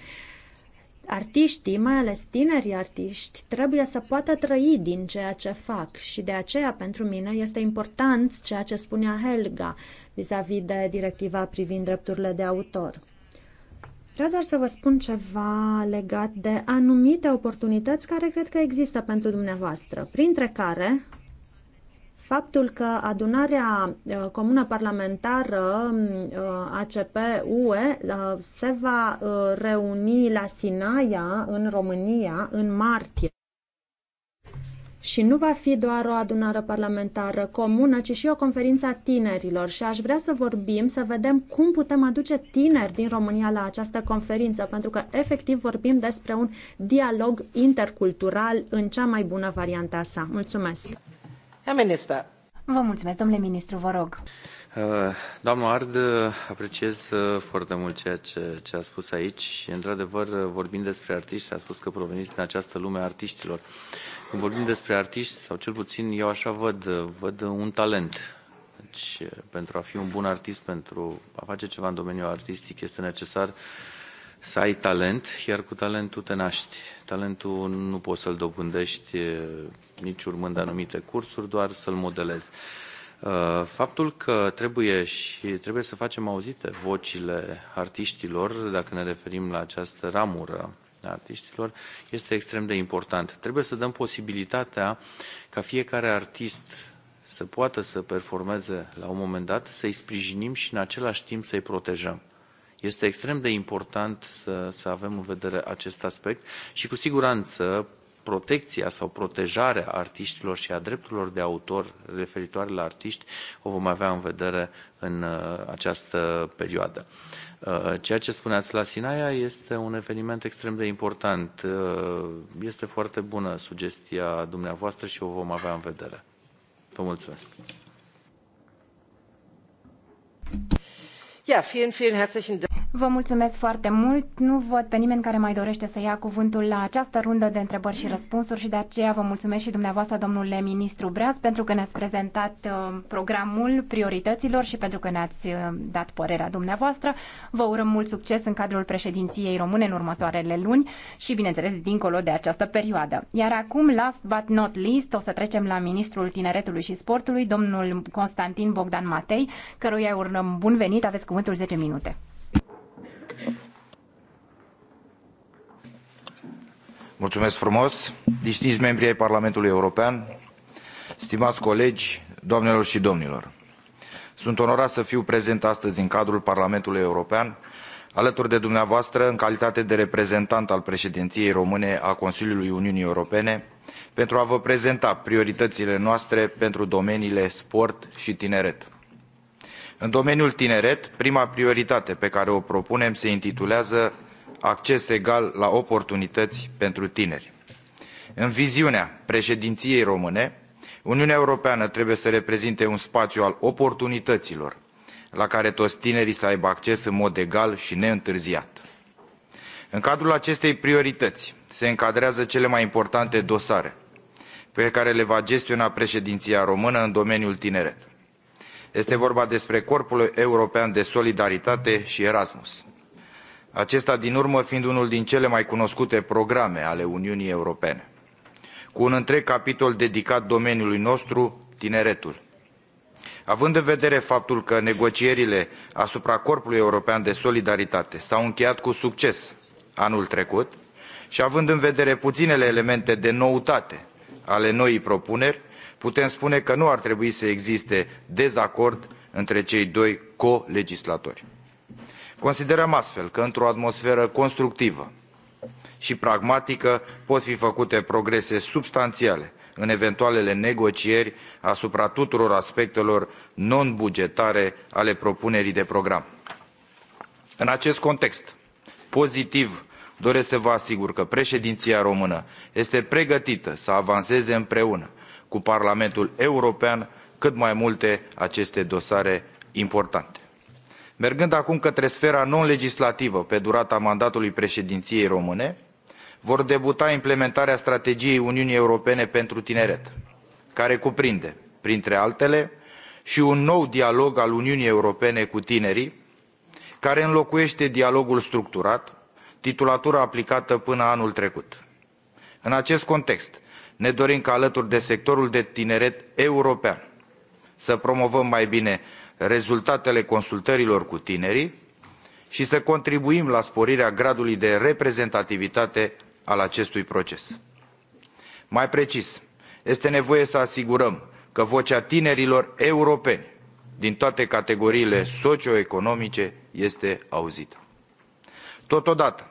Artiștii, mai ales tinerii artiști, trebuie să poată trăi din ceea ce fac și de aceea pentru mine este important ceea ce spunea Helga vis-a-vis -vis de directiva privind drepturile de autor. Vreau doar să vă spun ceva legat de anumite oportunități care cred că există pentru dumneavoastră, printre care faptul că adunarea uh, comună parlamentară um, uh, ACP-UE uh, se va reuni la Sinaia, în România, în martie și nu va fi doar o adunare parlamentară comună, ci și o conferință a tinerilor și aș vrea să vorbim, să vedem cum putem aduce tineri din România la această conferință, pentru că efectiv vorbim despre un dialog intercultural în cea mai bună variantă a sa. Mulțumesc! Minister. Vă mulțumesc, domnule ministru, vă rog. Uh, doamnă Ard, apreciez uh, foarte mult ceea ce, ce a spus aici și, într-adevăr, uh, vorbind despre artiști, a spus că proveniți din această lume a artiștilor. Uh, când vorbim despre artiști, sau cel puțin eu așa văd, văd un talent. Deci, pentru a fi un bun artist, pentru a face ceva în domeniul artistic, este necesar să ai talent, iar cu talentul te naști. Talentul nu poți să-l dobândești nici urmând anumite cursuri, doar să-l modelezi. Uh, faptul că trebuie și trebuie să facem auzite vocile artiștilor, dacă ne referim la această ramură artiștilor este extrem de important. Trebuie să dăm posibilitatea ca fiecare artist să poată să performeze la un moment dat, să-i sprijinim și în același timp să-i protejăm. Este extrem de important să, să avem în vedere acest aspect și cu siguranță protecția sau protejarea artiștilor și a drepturilor de autor referitoare la artiști o vom avea în vedere în uh, această perioadă. Uh, ceea ce spuneați la Sinaia este un eveniment extrem de important. Uh, este foarte bună sugestia dumneavoastră și o vom avea în vedere. Vă mulțumesc. Ja, vielen, vielen herzlichen Dank. Vă mulțumesc foarte mult. Nu văd pe nimeni care mai dorește să ia cuvântul la această rundă de întrebări și răspunsuri și de aceea vă mulțumesc și dumneavoastră, domnule ministru Breaz, pentru că ne-ați prezentat uh, programul priorităților și pentru că ne-ați uh, dat părerea dumneavoastră. Vă urăm mult succes în cadrul președinției române în următoarele luni și, bineînțeles, dincolo de această perioadă. Iar acum, last but not least, o să trecem la ministrul tineretului și sportului, domnul Constantin Bogdan Matei, căruia urăm bun venit. Aveți cuvântul 10 minute. Mulțumesc frumos, distinși membri ai Parlamentului European, stimați colegi, doamnelor și domnilor. Sunt onorat să fiu prezent astăzi în cadrul Parlamentului European, alături de dumneavoastră în calitate de reprezentant al președinției române a Consiliului Uniunii Europene, pentru a vă prezenta prioritățile noastre pentru domeniile sport și tineret în domeniul tineret prima prioritate pe care o propunem se intitulează acces egal la oportunități pentru tineri. în viziunea președinției române uniunea europeană trebuie să reprezinte un spațiu al oportunităților la care toți tinerii să aibă acces în mod egal și neîntârziat. în cadrul acestei priorități se încadrează cele mai importante dosare pe care le va gestiona președinția română în domeniul tineret este vorba despre corpul european de solidaritate și erasmus acesta din urmă fiind unul din cele mai cunoscute programe ale uniunii europene cu un întreg capitol dedicat domeniului nostru tineretul. având în vedere faptul că negocierile asupra corpului european de solidaritate s au încheiat cu succes anul trecut și având în vedere puținele elemente de noutate ale noii propuneri putem spune că nu ar trebui să existe dezacord între cei doi colegislatori. Considerăm astfel că într-o atmosferă constructivă și pragmatică pot fi făcute progrese substanțiale în eventualele negocieri asupra tuturor aspectelor non-bugetare ale propunerii de program. În acest context pozitiv, doresc să vă asigur că președinția română este pregătită să avanseze împreună cu Parlamentul European cât mai multe aceste dosare importante. Mergând acum către sfera non-legislativă pe durata mandatului președinției române, vor debuta implementarea strategiei Uniunii Europene pentru Tineret, care cuprinde, printre altele, și un nou dialog al Uniunii Europene cu tinerii, care înlocuiește dialogul structurat, titulatura aplicată până anul trecut. În acest context, ne dorim ca alături de sectorul de tineret european să promovăm mai bine rezultatele consultărilor cu tinerii și să contribuim la sporirea gradului de reprezentativitate al acestui proces. mai precis este nevoie să asigurăm că vocea tinerilor europeni din toate categoriile socioeconomice este auzită. totodată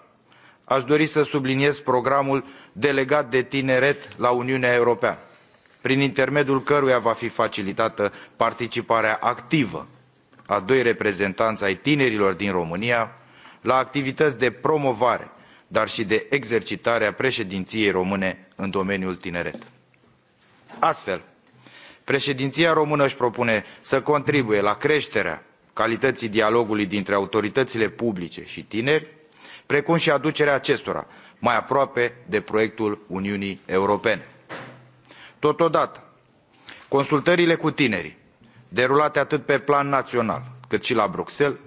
aș dori să subliniez programul delegat de tineret la uniunea europeană prin intermediul căruia va fi facilitată participarea activă a doi reprezentanți ai tinerilor din românia la activități de promovare dar și de exercitare a președinției române în domeniul tineret. astfel președinția română își propune să contribuie la creșterea calității dialogului dintre autoritățile publice și tineri precum și aducerea acestora mai aproape de proiectul Uniunii Europene. Totodată, consultările cu tinerii, derulate atât pe plan național cât și la Bruxelles,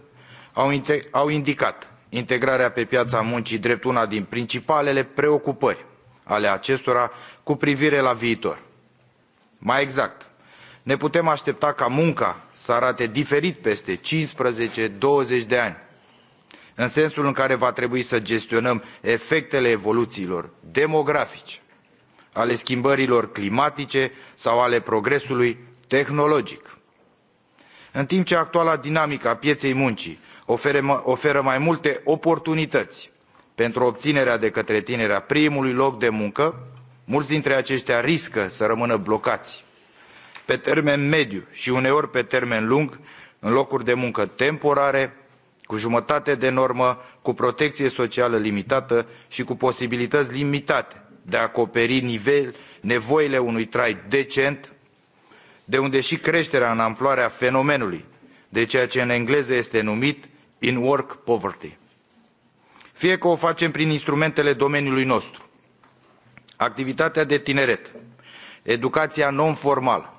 au, au indicat integrarea pe piața muncii drept una din principalele preocupări ale acestora cu privire la viitor. Mai exact, ne putem aștepta ca munca să arate diferit peste 15-20 de ani, în sensul în care va trebui să gestionăm efectele evoluțiilor demografice ale schimbărilor climatice sau ale progresului tehnologic. În timp ce actuala dinamică a pieței muncii oferă mai multe oportunități pentru obținerea de către tineri a primului loc de muncă, mulți dintre aceștia riscă să rămână blocați pe termen mediu și uneori pe termen lung în locuri de muncă temporare cu jumătate de normă cu protecție socială limitată și cu posibilități limitate de a acoperi nivel, nevoile unui trai decent de unde și creșterea în amploare a fenomenului de ceea ce în engleză este numit in work poverty fie că o facem prin instrumentele domeniului nostru activitatea de tineret educația non formală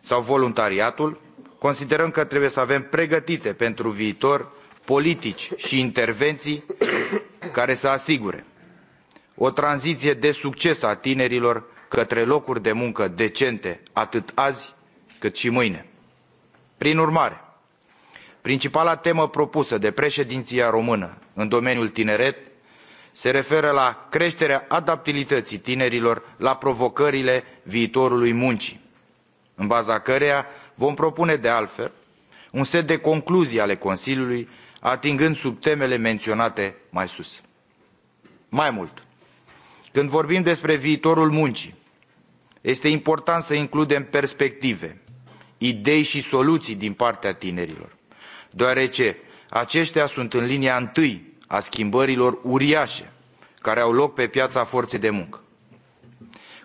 sau voluntariatul considerăm că trebuie să avem pregătite pentru viitor politici și intervenții care să asigure o tranziție de succes a tinerilor către locuri de muncă decente atât azi cât și mâine. Prin urmare, principala temă propusă de președinția română în domeniul tineret se referă la creșterea adaptabilității tinerilor la provocările viitorului muncii, în baza căreia vom propune de altfel un set de concluzii ale Consiliului atingând subtemele menționate mai sus. Mai mult, când vorbim despre viitorul muncii, este important să includem perspective, idei și soluții din partea tinerilor, deoarece aceștia sunt în linia întâi a schimbărilor uriașe care au loc pe piața forței de muncă.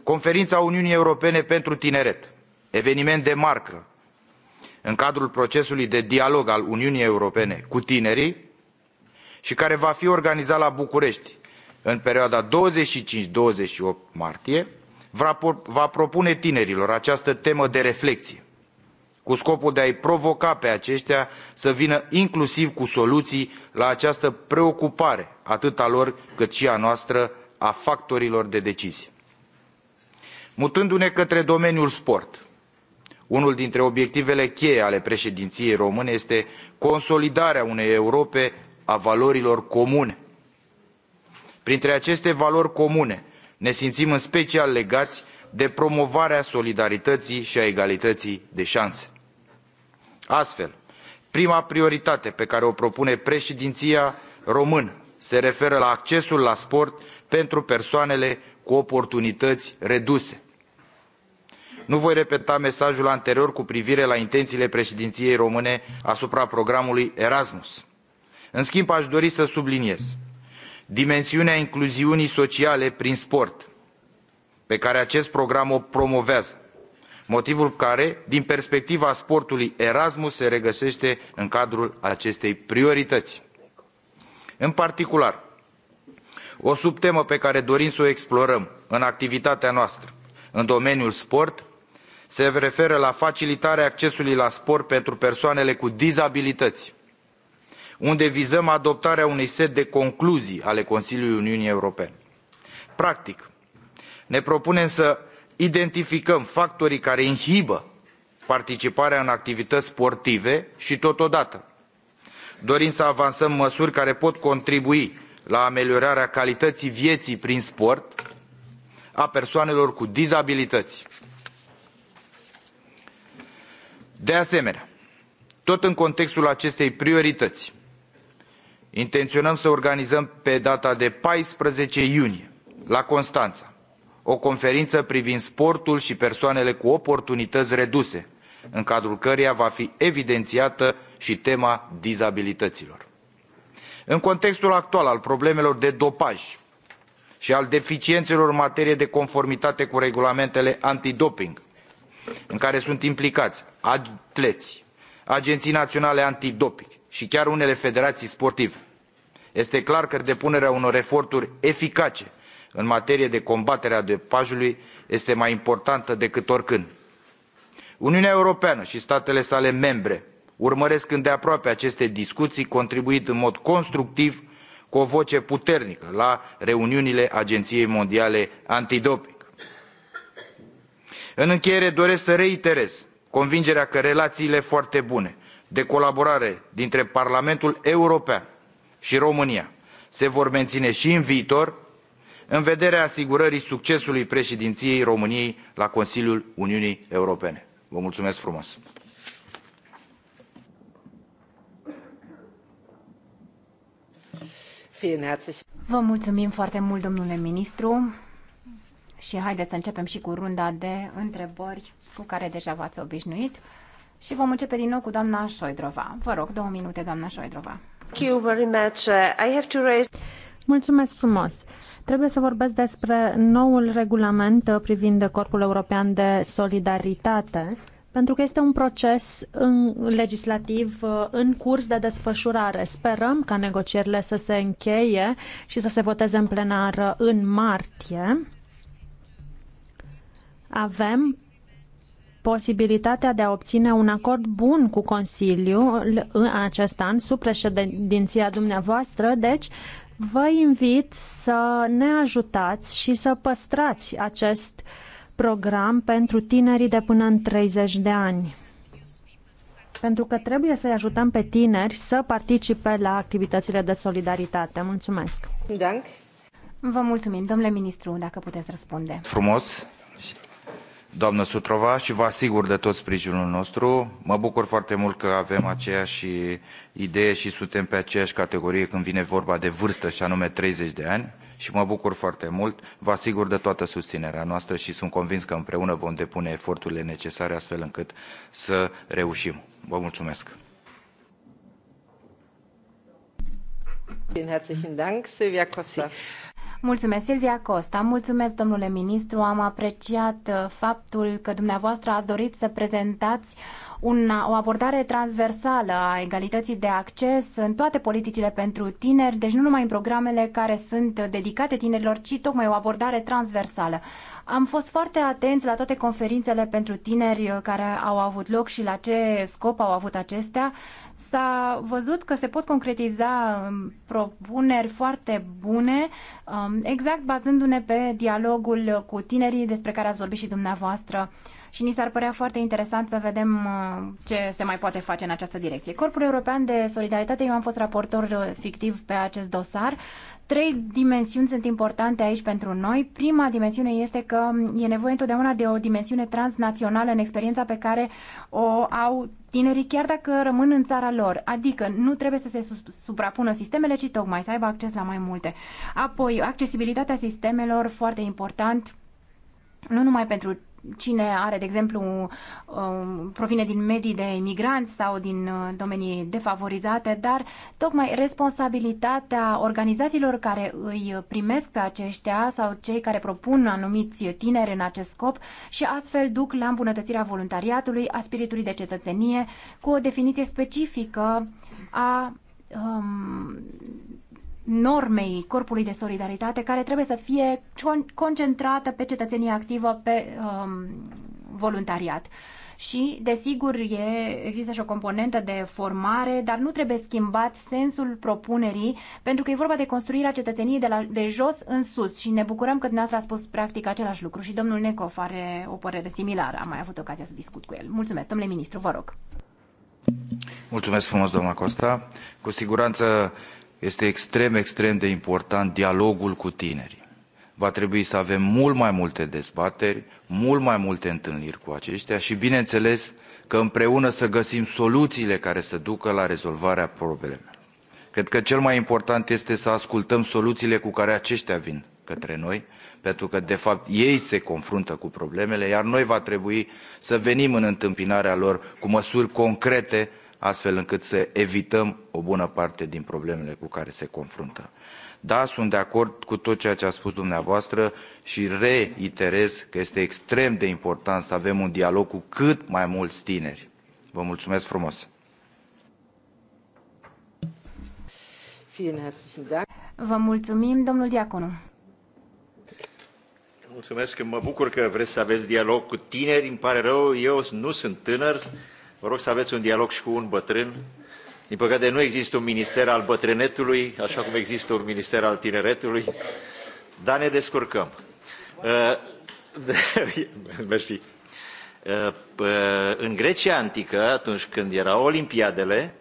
Conferința Uniunii Europene pentru Tineret, eveniment de marcă în cadrul procesului de dialog al uniunii europene cu tinerii și care va fi organizat la bucurești în perioada douăzeci și cinci douăzeci și opt martie va propune tinerilor această temă de reflecție cu scopul de a i provoca pe aceștia să vină inclusiv cu soluții la această preocupare atât a lor cât și a noastră a factorilor de decizie. mutându ne către domeniul sport unul dintre obiectivele cheie ale președinției române este consolidarea unei europe a valorilor comune. printre aceste valori comune ne simțim în special legați de promovarea solidarității și a egalității de șanse. astfel prima prioritate pe care o propune președinția română se referă la accesul la sport pentru persoanele cu oportunități reduse nu voi repeta mesajul anterior cu privire la intențiile președinției române asupra programului erasmus. în schimb aș dori să subliniez dimensiunea incluziunii sociale prin sport pe care acest program o promovează motivul care din perspectiva sportului erasmus se regăsește în cadrul acestei priorități. în particular o subtemă pe care dorim să o explorăm în activitatea noastră în domeniul sport se referă la facilitarea accesului la sport pentru persoanele cu dizabilități unde vizăm adoptarea unui set de concluzii ale consiliului uniunii europene. practic ne propunem să identificăm factorii care inhibă participarea în activități sportive și totodată dorim să avansăm măsuri care pot contribui la ameliorarea calității vieții prin sport a persoanelor cu dizabilități de asemenea tot în contextul acestei priorități intenționăm să organizăm pe data de paisprezece iunie la constanța o conferință privind sportul și persoanele cu oportunități reduse în cadrul căreia va fi evidențiată și tema dizabilităților. în contextul actual al problemelor de dopaj și al deficiențelor în materie de conformitate cu regulamentele antidoping în care sunt implicați atleți, agenții naționale antidoping și chiar unele federații sportive. Este clar că depunerea unor eforturi eficace în materie de combatere a dopajului este mai importantă decât oricând. Uniunea Europeană și statele sale membre urmăresc îndeaproape aceste discuții, contribuind în mod constructiv cu o voce puternică la reuniunile Agenției Mondiale Antidoping în încheiere doresc să reiterez convingerea că relațiile foarte bune de colaborare dintre parlamentul european și românia se vor menține și în viitor în vederea asigurării succesului președinției româniei la consiliul uniunii europene. vă mulțumesc frumos! Vă mulțumim foarte mult, domnule ministru. Și haideți să începem și cu runda de întrebări cu care deja v-ați obișnuit. Și vom începe din nou cu doamna Șoidrova. Vă rog, două minute, doamna Șoidrova. Thank you very much. I have to raise... Mulțumesc frumos! Trebuie să vorbesc despre noul regulament privind Corpul European de Solidaritate, pentru că este un proces în, legislativ uh, în curs de desfășurare. Sperăm ca negocierile să se încheie și să se voteze în plenar în martie avem posibilitatea de a obține un acord bun cu Consiliul în acest an, sub președinția dumneavoastră, deci vă invit să ne ajutați și să păstrați acest program pentru tinerii de până în 30 de ani. Pentru că trebuie să-i ajutăm pe tineri să participe la activitățile de solidaritate. Mulțumesc! Dank. Vă mulțumim, domnule ministru, dacă puteți răspunde. Frumos! doamnă Sutrova, și vă asigur de tot sprijinul nostru. Mă bucur foarte mult că avem aceeași idee și suntem pe aceeași categorie când vine vorba de vârstă, și anume 30 de ani și mă bucur foarte mult. Vă asigur de toată susținerea noastră și sunt convins că împreună vom depune eforturile necesare astfel încât să reușim. Vă mulțumesc! Vielen herzlichen Dank, Silvia Costa. Mulțumesc, Silvia Costa. Mulțumesc, domnule ministru. Am apreciat uh, faptul că dumneavoastră ați dorit să prezentați una, o abordare transversală a egalității de acces în toate politicile pentru tineri, deci nu numai în programele care sunt dedicate tinerilor, ci tocmai o abordare transversală. Am fost foarte atenți la toate conferințele pentru tineri care au avut loc și la ce scop au avut acestea s-a văzut că se pot concretiza um, propuneri foarte bune, um, exact bazându-ne pe dialogul cu tinerii despre care ați vorbit și dumneavoastră și ni s-ar părea foarte interesant să vedem uh, ce se mai poate face în această direcție. Corpul European de Solidaritate, eu am fost raportor uh, fictiv pe acest dosar. Trei dimensiuni sunt importante aici pentru noi. Prima dimensiune este că um, e nevoie întotdeauna de o dimensiune transnațională în experiența pe care o au tinerii chiar dacă rămân în țara lor. Adică nu trebuie să se suprapună sistemele, ci tocmai să aibă acces la mai multe. Apoi, accesibilitatea sistemelor, foarte important, nu numai pentru cine are, de exemplu, um, provine din medii de migranți sau din uh, domenii defavorizate, dar tocmai responsabilitatea organizațiilor care îi primesc pe aceștia sau cei care propun anumiți tineri în acest scop și astfel duc la îmbunătățirea voluntariatului, a spiritului de cetățenie, cu o definiție specifică a um, normei Corpului de Solidaritate, care trebuie să fie concentrată pe cetățenia activă, pe um, voluntariat. Și, desigur, e, există și o componentă de formare, dar nu trebuie schimbat sensul propunerii, pentru că e vorba de construirea cetățeniei de, la, de jos în sus și ne bucurăm că dumneavoastră a spus practic același lucru și domnul Necov are o părere similară. Am mai avut ocazia să discut cu el. Mulțumesc, domnule ministru, vă rog. Mulțumesc frumos, doamna Costa. Cu siguranță este extrem, extrem de important dialogul cu tinerii. Va trebui să avem mult mai multe dezbateri, mult mai multe întâlniri cu aceștia și, bineînțeles, că împreună să găsim soluțiile care să ducă la rezolvarea problemelor. Cred că cel mai important este să ascultăm soluțiile cu care aceștia vin către noi, pentru că, de fapt, ei se confruntă cu problemele, iar noi va trebui să venim în întâmpinarea lor cu măsuri concrete astfel încât să evităm o bună parte din problemele cu care se confruntă. Da, sunt de acord cu tot ceea ce a spus dumneavoastră și reiterez că este extrem de important să avem un dialog cu cât mai mulți tineri. Vă mulțumesc frumos! Vă mulțumim, domnul Diaconu. Mulțumesc, mă bucur că vreți să aveți dialog cu tineri, îmi pare rău, eu nu sunt tânăr, Vă rog să aveți un dialog și cu un bătrân. Din păcate nu există un minister al bătrânetului, așa cum există un minister al tineretului, dar ne descurcăm. Uh, mersi. Uh, uh, în Grecia antică, atunci când erau olimpiadele,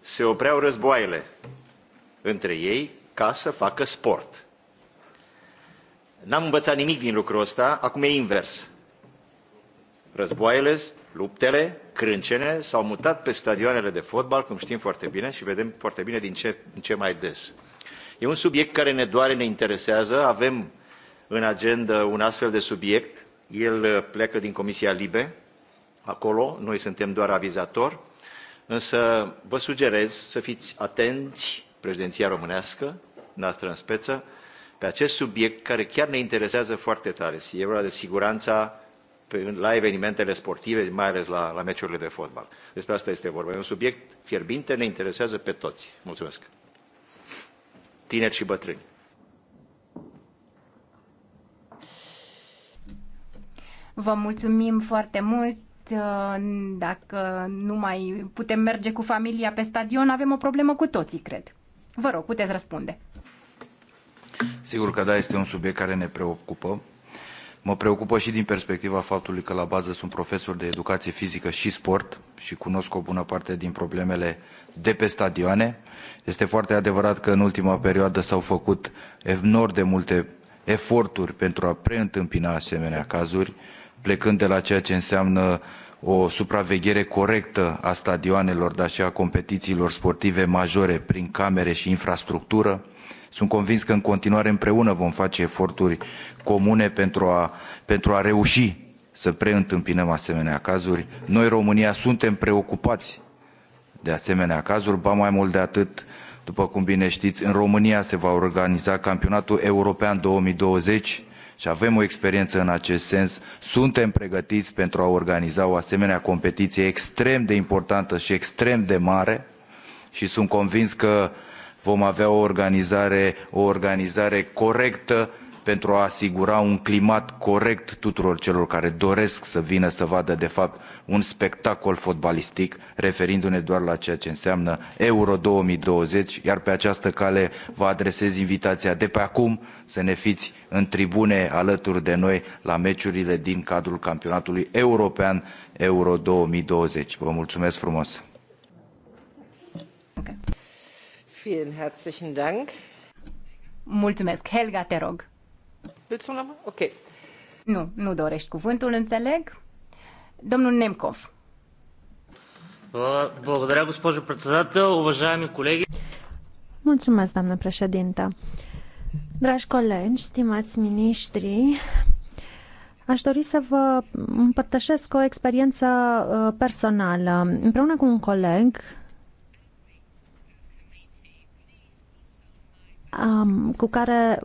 se opreau războaiele între ei ca să facă sport. N-am învățat nimic din lucrul ăsta, acum e invers. Războaiele Luptele, crâncene, s-au mutat pe stadioanele de fotbal, cum știm foarte bine și vedem foarte bine din ce, în ce mai des. E un subiect care ne doare, ne interesează, avem în agenda un astfel de subiect, el uh, pleacă din Comisia Libe, acolo, noi suntem doar avizator, însă vă sugerez să fiți atenți, președinția românească, noastră în speță, pe acest subiect care chiar ne interesează foarte tare. E vorba de siguranța la evenimentele sportive, mai ales la, la meciurile de fotbal. Despre asta este vorba. E un subiect fierbinte, ne interesează pe toți. Mulțumesc. Tineri și bătrâni. Vă mulțumim foarte mult. Dacă nu mai putem merge cu familia pe stadion, avem o problemă cu toții, cred. Vă rog, puteți răspunde. Sigur că da, este un subiect care ne preocupă Mă preocupă și din perspectiva faptului că la bază sunt profesor de educație fizică și sport și cunosc o bună parte din problemele de pe stadioane. Este foarte adevărat că în ultima perioadă s-au făcut enorm de multe eforturi pentru a preîntâmpina asemenea cazuri, plecând de la ceea ce înseamnă o supraveghere corectă a stadioanelor, dar și a competițiilor sportive majore prin camere și infrastructură, sunt convins că în continuare împreună vom face eforturi comune pentru a, pentru a reuși să preîntâmpinăm asemenea cazuri. Noi, România, suntem preocupați de asemenea cazuri, ba mai mult de atât, după cum bine știți, în România se va organiza campionatul european 2020 și avem o experiență în acest sens. Suntem pregătiți pentru a organiza o asemenea competiție extrem de importantă și extrem de mare și sunt convins că vom avea o organizare, o organizare corectă pentru a asigura un climat corect tuturor celor care doresc să vină să vadă, de fapt, un spectacol fotbalistic, referindu-ne doar la ceea ce înseamnă Euro 2020, iar pe această cale vă adresez invitația de pe acum să ne fiți în tribune alături de noi la meciurile din cadrul campionatului european Euro 2020. Vă mulțumesc frumos! Vielen herzlichen Dank. Mulțumesc. Helga, te rog. Willst du nochmal? Ok. Nu, nu dorești cuvântul, înțeleg. Domnul Nemkov. Благодаря, госпожо председател. Уважаеми колеги. Mulțumesc, doamnă președintă. Dragi colegi, stimați miniștri, Aș dori să vă împărtășesc o experiență uh, personală. Împreună cu un coleg, um, cu care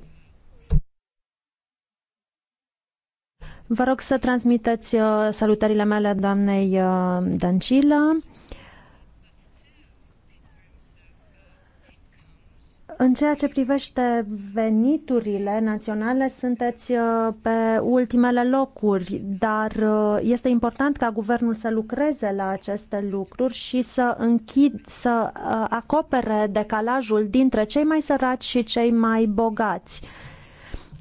vă rog să transmiteți uh, salutările mele doamnei uh, Dancilă În ceea ce privește veniturile naționale, sunteți uh, pe ultimele locuri, dar uh, este important ca guvernul să lucreze la aceste lucruri și să închid, să uh, acopere decalajul dintre cei mai săraci și cei mai bogați.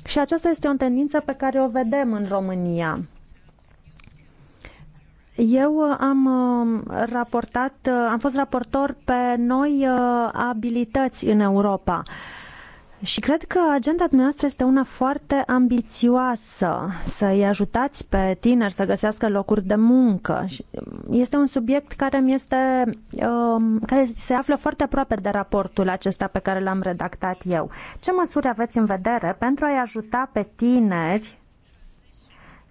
Și aceasta este o tendință pe care o vedem în România. Eu uh, am um, raportat, uh, am fost raportor pe noi uh, abilități în Europa. Și cred că agenda dumneavoastră este una foarte ambițioasă, să-i ajutați pe tineri să găsească locuri de muncă. Um, este un subiect care, mi este, um, care se află foarte aproape de raportul acesta pe care l-am redactat eu. Ce măsuri aveți în vedere pentru a-i ajuta pe tineri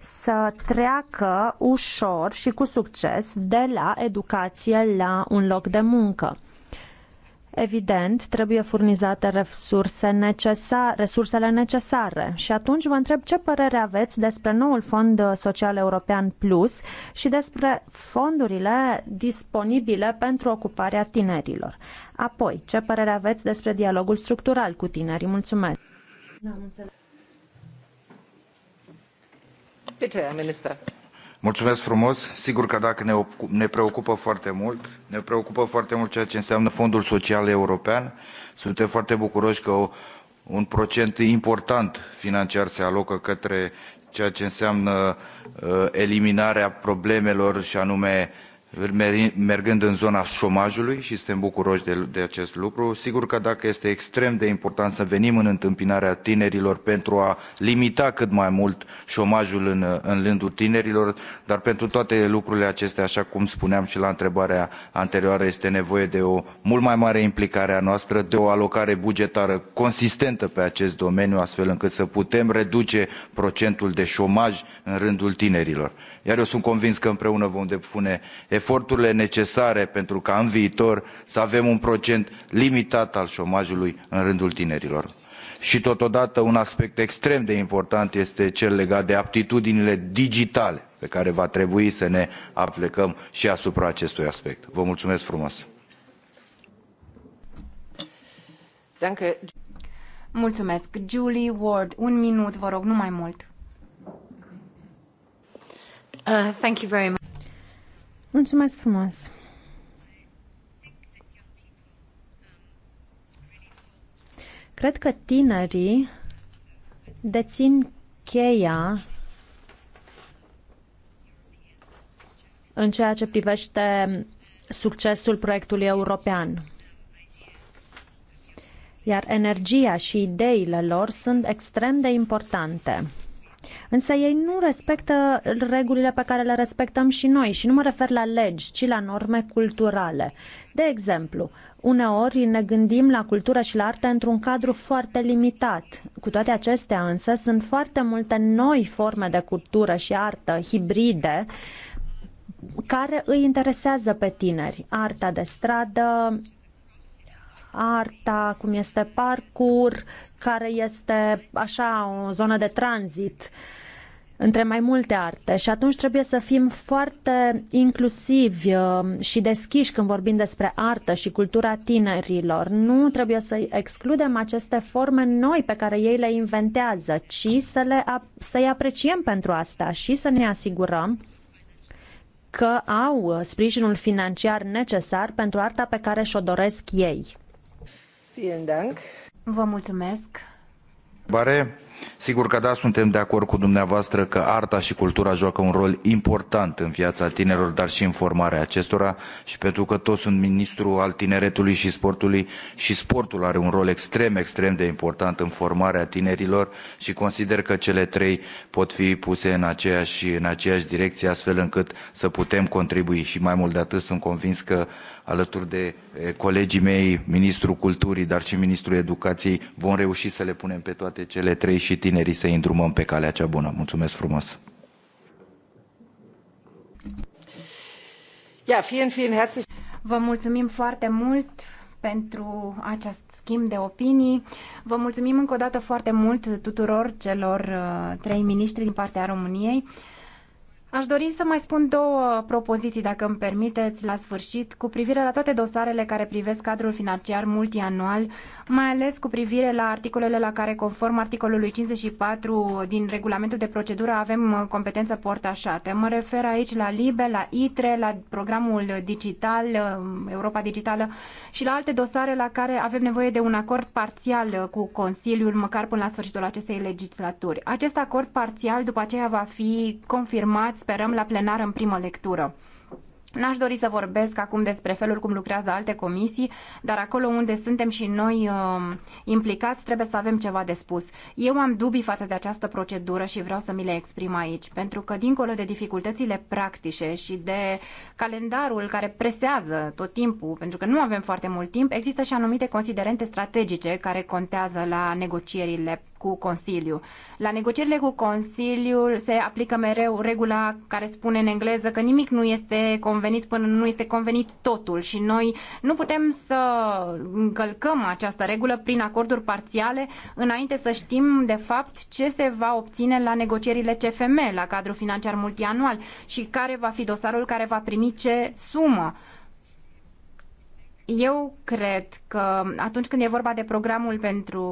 să treacă ușor și cu succes de la educație la un loc de muncă. Evident, trebuie furnizate resurse necesar, resursele necesare. Și atunci vă întreb ce părere aveți despre noul Fond Social European Plus și despre fondurile disponibile pentru ocuparea tinerilor. Apoi, ce părere aveți despre dialogul structural cu tinerii? Mulțumesc! Mulțumesc frumos. Sigur că dacă ne, ne preocupă foarte mult, ne preocupă foarte mult ceea ce înseamnă Fondul Social European. Suntem foarte bucuroși că o, un procent important financiar se alocă către ceea ce înseamnă uh, eliminarea problemelor și anume uh, mergând în zona șomajului și suntem bucuroși de, de acest lucru. Sigur că dacă este extrem de important să venim în întâmpinarea tinerilor pentru a limita cât mai mult șomajul în, în rândul tinerilor, dar pentru toate lucrurile acestea, așa cum spuneam și la întrebarea anterioară, este nevoie de o mult mai mare implicare a noastră, de o alocare bugetară consistentă pe acest domeniu, astfel încât să putem reduce procentul de șomaj în rândul tinerilor iar eu sunt convins că împreună vom depune eforturile necesare pentru ca în viitor să avem un procent limitat al șomajului în rândul tinerilor și totodată un aspect extrem de important este cel legat de aptitudinile digitale pe care va trebui să ne aplicăm și asupra acestui aspect. Vă mulțumesc frumos! Mulțumesc. Julie Ward, un minut, vă rog, nu mai mult. Uh, Mulțumesc frumos. Cred că tinerii dețin cheia în ceea ce privește succesul proiectului european. Iar energia și ideile lor sunt extrem de importante însă ei nu respectă regulile pe care le respectăm și noi și nu mă refer la legi, ci la norme culturale. De exemplu, uneori ne gândim la cultură și la artă într-un cadru foarte limitat. Cu toate acestea însă sunt foarte multe noi forme de cultură și artă hibride care îi interesează pe tineri. Arta de stradă, arta, cum este parcur, care este așa o zonă de tranzit uh, între mai multe arte și atunci trebuie să fim foarte inclusivi uh, și deschiși când vorbim despre artă și cultura tinerilor. Nu trebuie să excludem aceste forme noi pe care ei le inventează, ci să le, să-i apreciem pentru asta și să ne asigurăm că au uh, sprijinul financiar necesar pentru arta pe care și-o doresc ei. Vă mulțumesc! Bare Sigur că da, suntem de acord cu dumneavoastră că arta și cultura joacă un rol important în viața tinerilor, dar și în formarea acestora și pentru că toți sunt ministru al tineretului și sportului și sportul are un rol extrem, extrem de important în formarea tinerilor și consider că cele trei pot fi puse în aceeași, în aceeași direcție astfel încât să putem contribui și mai mult de atât sunt convins că alături de colegii mei, Ministrul Culturii, dar și Ministrul Educației, vom reuși să le punem pe toate cele trei și tinerii să-i îndrumăm pe calea cea bună. Mulțumesc frumos! Ja, vielen, vielen herzlich. Vă mulțumim foarte mult pentru acest schimb de opinii. Vă mulțumim încă o dată foarte mult tuturor celor uh, trei miniștri din partea României. Aș dori să mai spun două propoziții, dacă îmi permiteți, la sfârșit, cu privire la toate dosarele care privesc cadrul financiar multianual, mai ales cu privire la articolele la care, conform articolului 54 din regulamentul de procedură, avem competență portașată. Mă refer aici la LIBE, la ITRE, la programul digital, Europa Digitală și la alte dosare la care avem nevoie de un acord parțial cu Consiliul, măcar până la sfârșitul acestei legislaturi. Acest acord parțial după aceea va fi confirmat sperăm, la plenar în primă lectură. N-aș dori să vorbesc acum despre felul cum lucrează alte comisii, dar acolo unde suntem și noi uh, implicați trebuie să avem ceva de spus. Eu am dubii față de această procedură și vreau să mi le exprim aici, pentru că dincolo de dificultățile practice și de calendarul care presează tot timpul, pentru că nu avem foarte mult timp, există și anumite considerente strategice care contează la negocierile cu Consiliu. La negocierile cu Consiliul se aplică mereu regula care spune în engleză că nimic nu este convenit până nu este convenit totul și noi nu putem să încălcăm această regulă prin acorduri parțiale înainte să știm de fapt ce se va obține la negocierile CFM, la cadrul financiar multianual și care va fi dosarul care va primi ce sumă. Eu cred că atunci când e vorba de programul pentru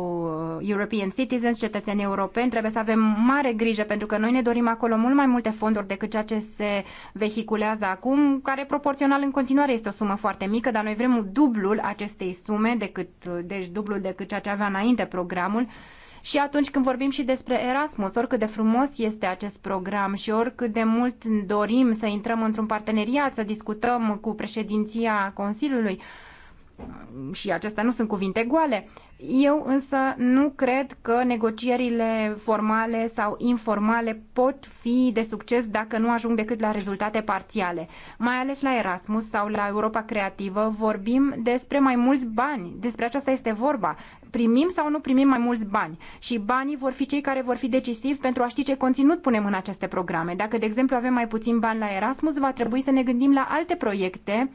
uh, European Citizens, cetățenii europeni, trebuie să avem mare grijă pentru că noi ne dorim acolo mult mai multe fonduri decât ceea ce se vehiculează acum, care proporțional în continuare este o sumă foarte mică, dar noi vrem dublul acestei sume, decât, uh, deci dublul decât ceea ce avea înainte programul. Și atunci când vorbim și despre Erasmus, oricât de frumos este acest program și oricât de mult dorim să intrăm într-un parteneriat, să discutăm cu președinția Consiliului, uh, și acestea nu sunt cuvinte goale. Eu însă nu cred că negocierile formale sau informale pot fi de succes dacă nu ajung decât la rezultate parțiale. Mai ales la Erasmus sau la Europa Creativă vorbim despre mai mulți bani. Despre aceasta este vorba. Primim sau nu primim mai mulți bani? Și banii vor fi cei care vor fi decisivi pentru a ști ce conținut punem în aceste programe. Dacă, de exemplu, avem mai puțin bani la Erasmus, va trebui să ne gândim la alte proiecte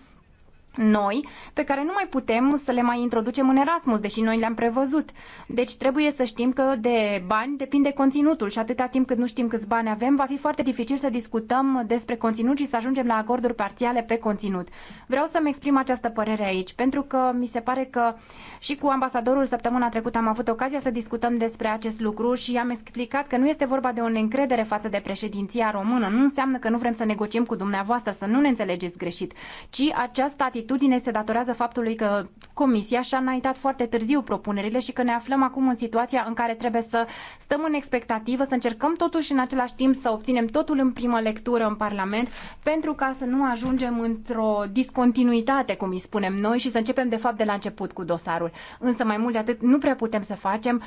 noi, pe care nu mai putem să le mai introducem în Erasmus, deși noi le-am prevăzut. Deci trebuie să știm că de bani depinde conținutul și atâta timp cât nu știm câți bani avem, va fi foarte dificil să discutăm despre conținut și să ajungem la acorduri parțiale pe conținut. Vreau să-mi exprim această părere aici, pentru că mi se pare că și cu ambasadorul săptămâna trecută am avut ocazia să discutăm despre acest lucru și am explicat că nu este vorba de o neîncredere față de președinția română. Nu înseamnă că nu vrem să negociem cu dumneavoastră, să nu ne înțelegeți greșit, ci această atitudine incertitudine se datorează faptului că Comisia și-a înaintat foarte târziu propunerile și că ne aflăm acum în situația în care trebuie să stăm în expectativă, să încercăm totuși în același timp să obținem totul în primă lectură în Parlament, pentru ca să nu ajungem într-o discontinuitate, cum îi spunem noi, și să începem de fapt de la început cu dosarul. Însă mai mult de atât nu prea putem să facem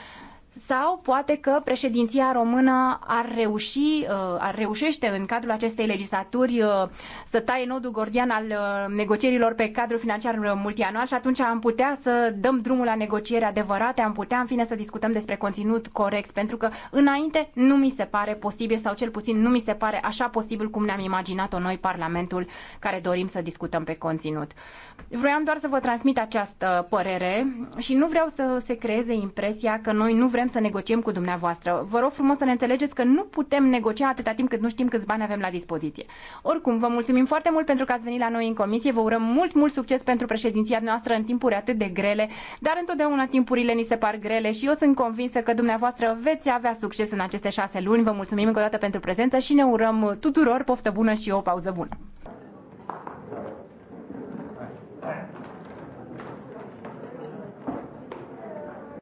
sau poate că președinția română ar reuși, uh, ar reușește în cadrul acestei legislaturi uh, să taie nodul gordian al uh, negocierilor pe cadrul financiar multianual și atunci am putea să dăm drumul la negocieri adevărate, am putea în fine să discutăm despre conținut corect, pentru că înainte nu mi se pare posibil sau cel puțin nu mi se pare așa posibil cum ne-am imaginat-o noi Parlamentul care dorim să discutăm pe conținut. Vroiam doar să vă transmit această părere și nu vreau să se creeze impresia că noi nu vrem putem să negociem cu dumneavoastră. Vă rog frumos să ne înțelegeți că nu putem negocia atâta timp cât nu știm câți bani avem la dispoziție. Oricum, vă mulțumim foarte mult pentru că ați venit la noi în comisie, vă urăm mult, mult succes pentru președinția noastră în timpuri atât de grele, dar întotdeauna timpurile ni se par grele și eu sunt convinsă că dumneavoastră veți avea succes în aceste șase luni. Vă mulțumim încă o dată pentru prezență și ne urăm tuturor poftă bună și o pauză bună.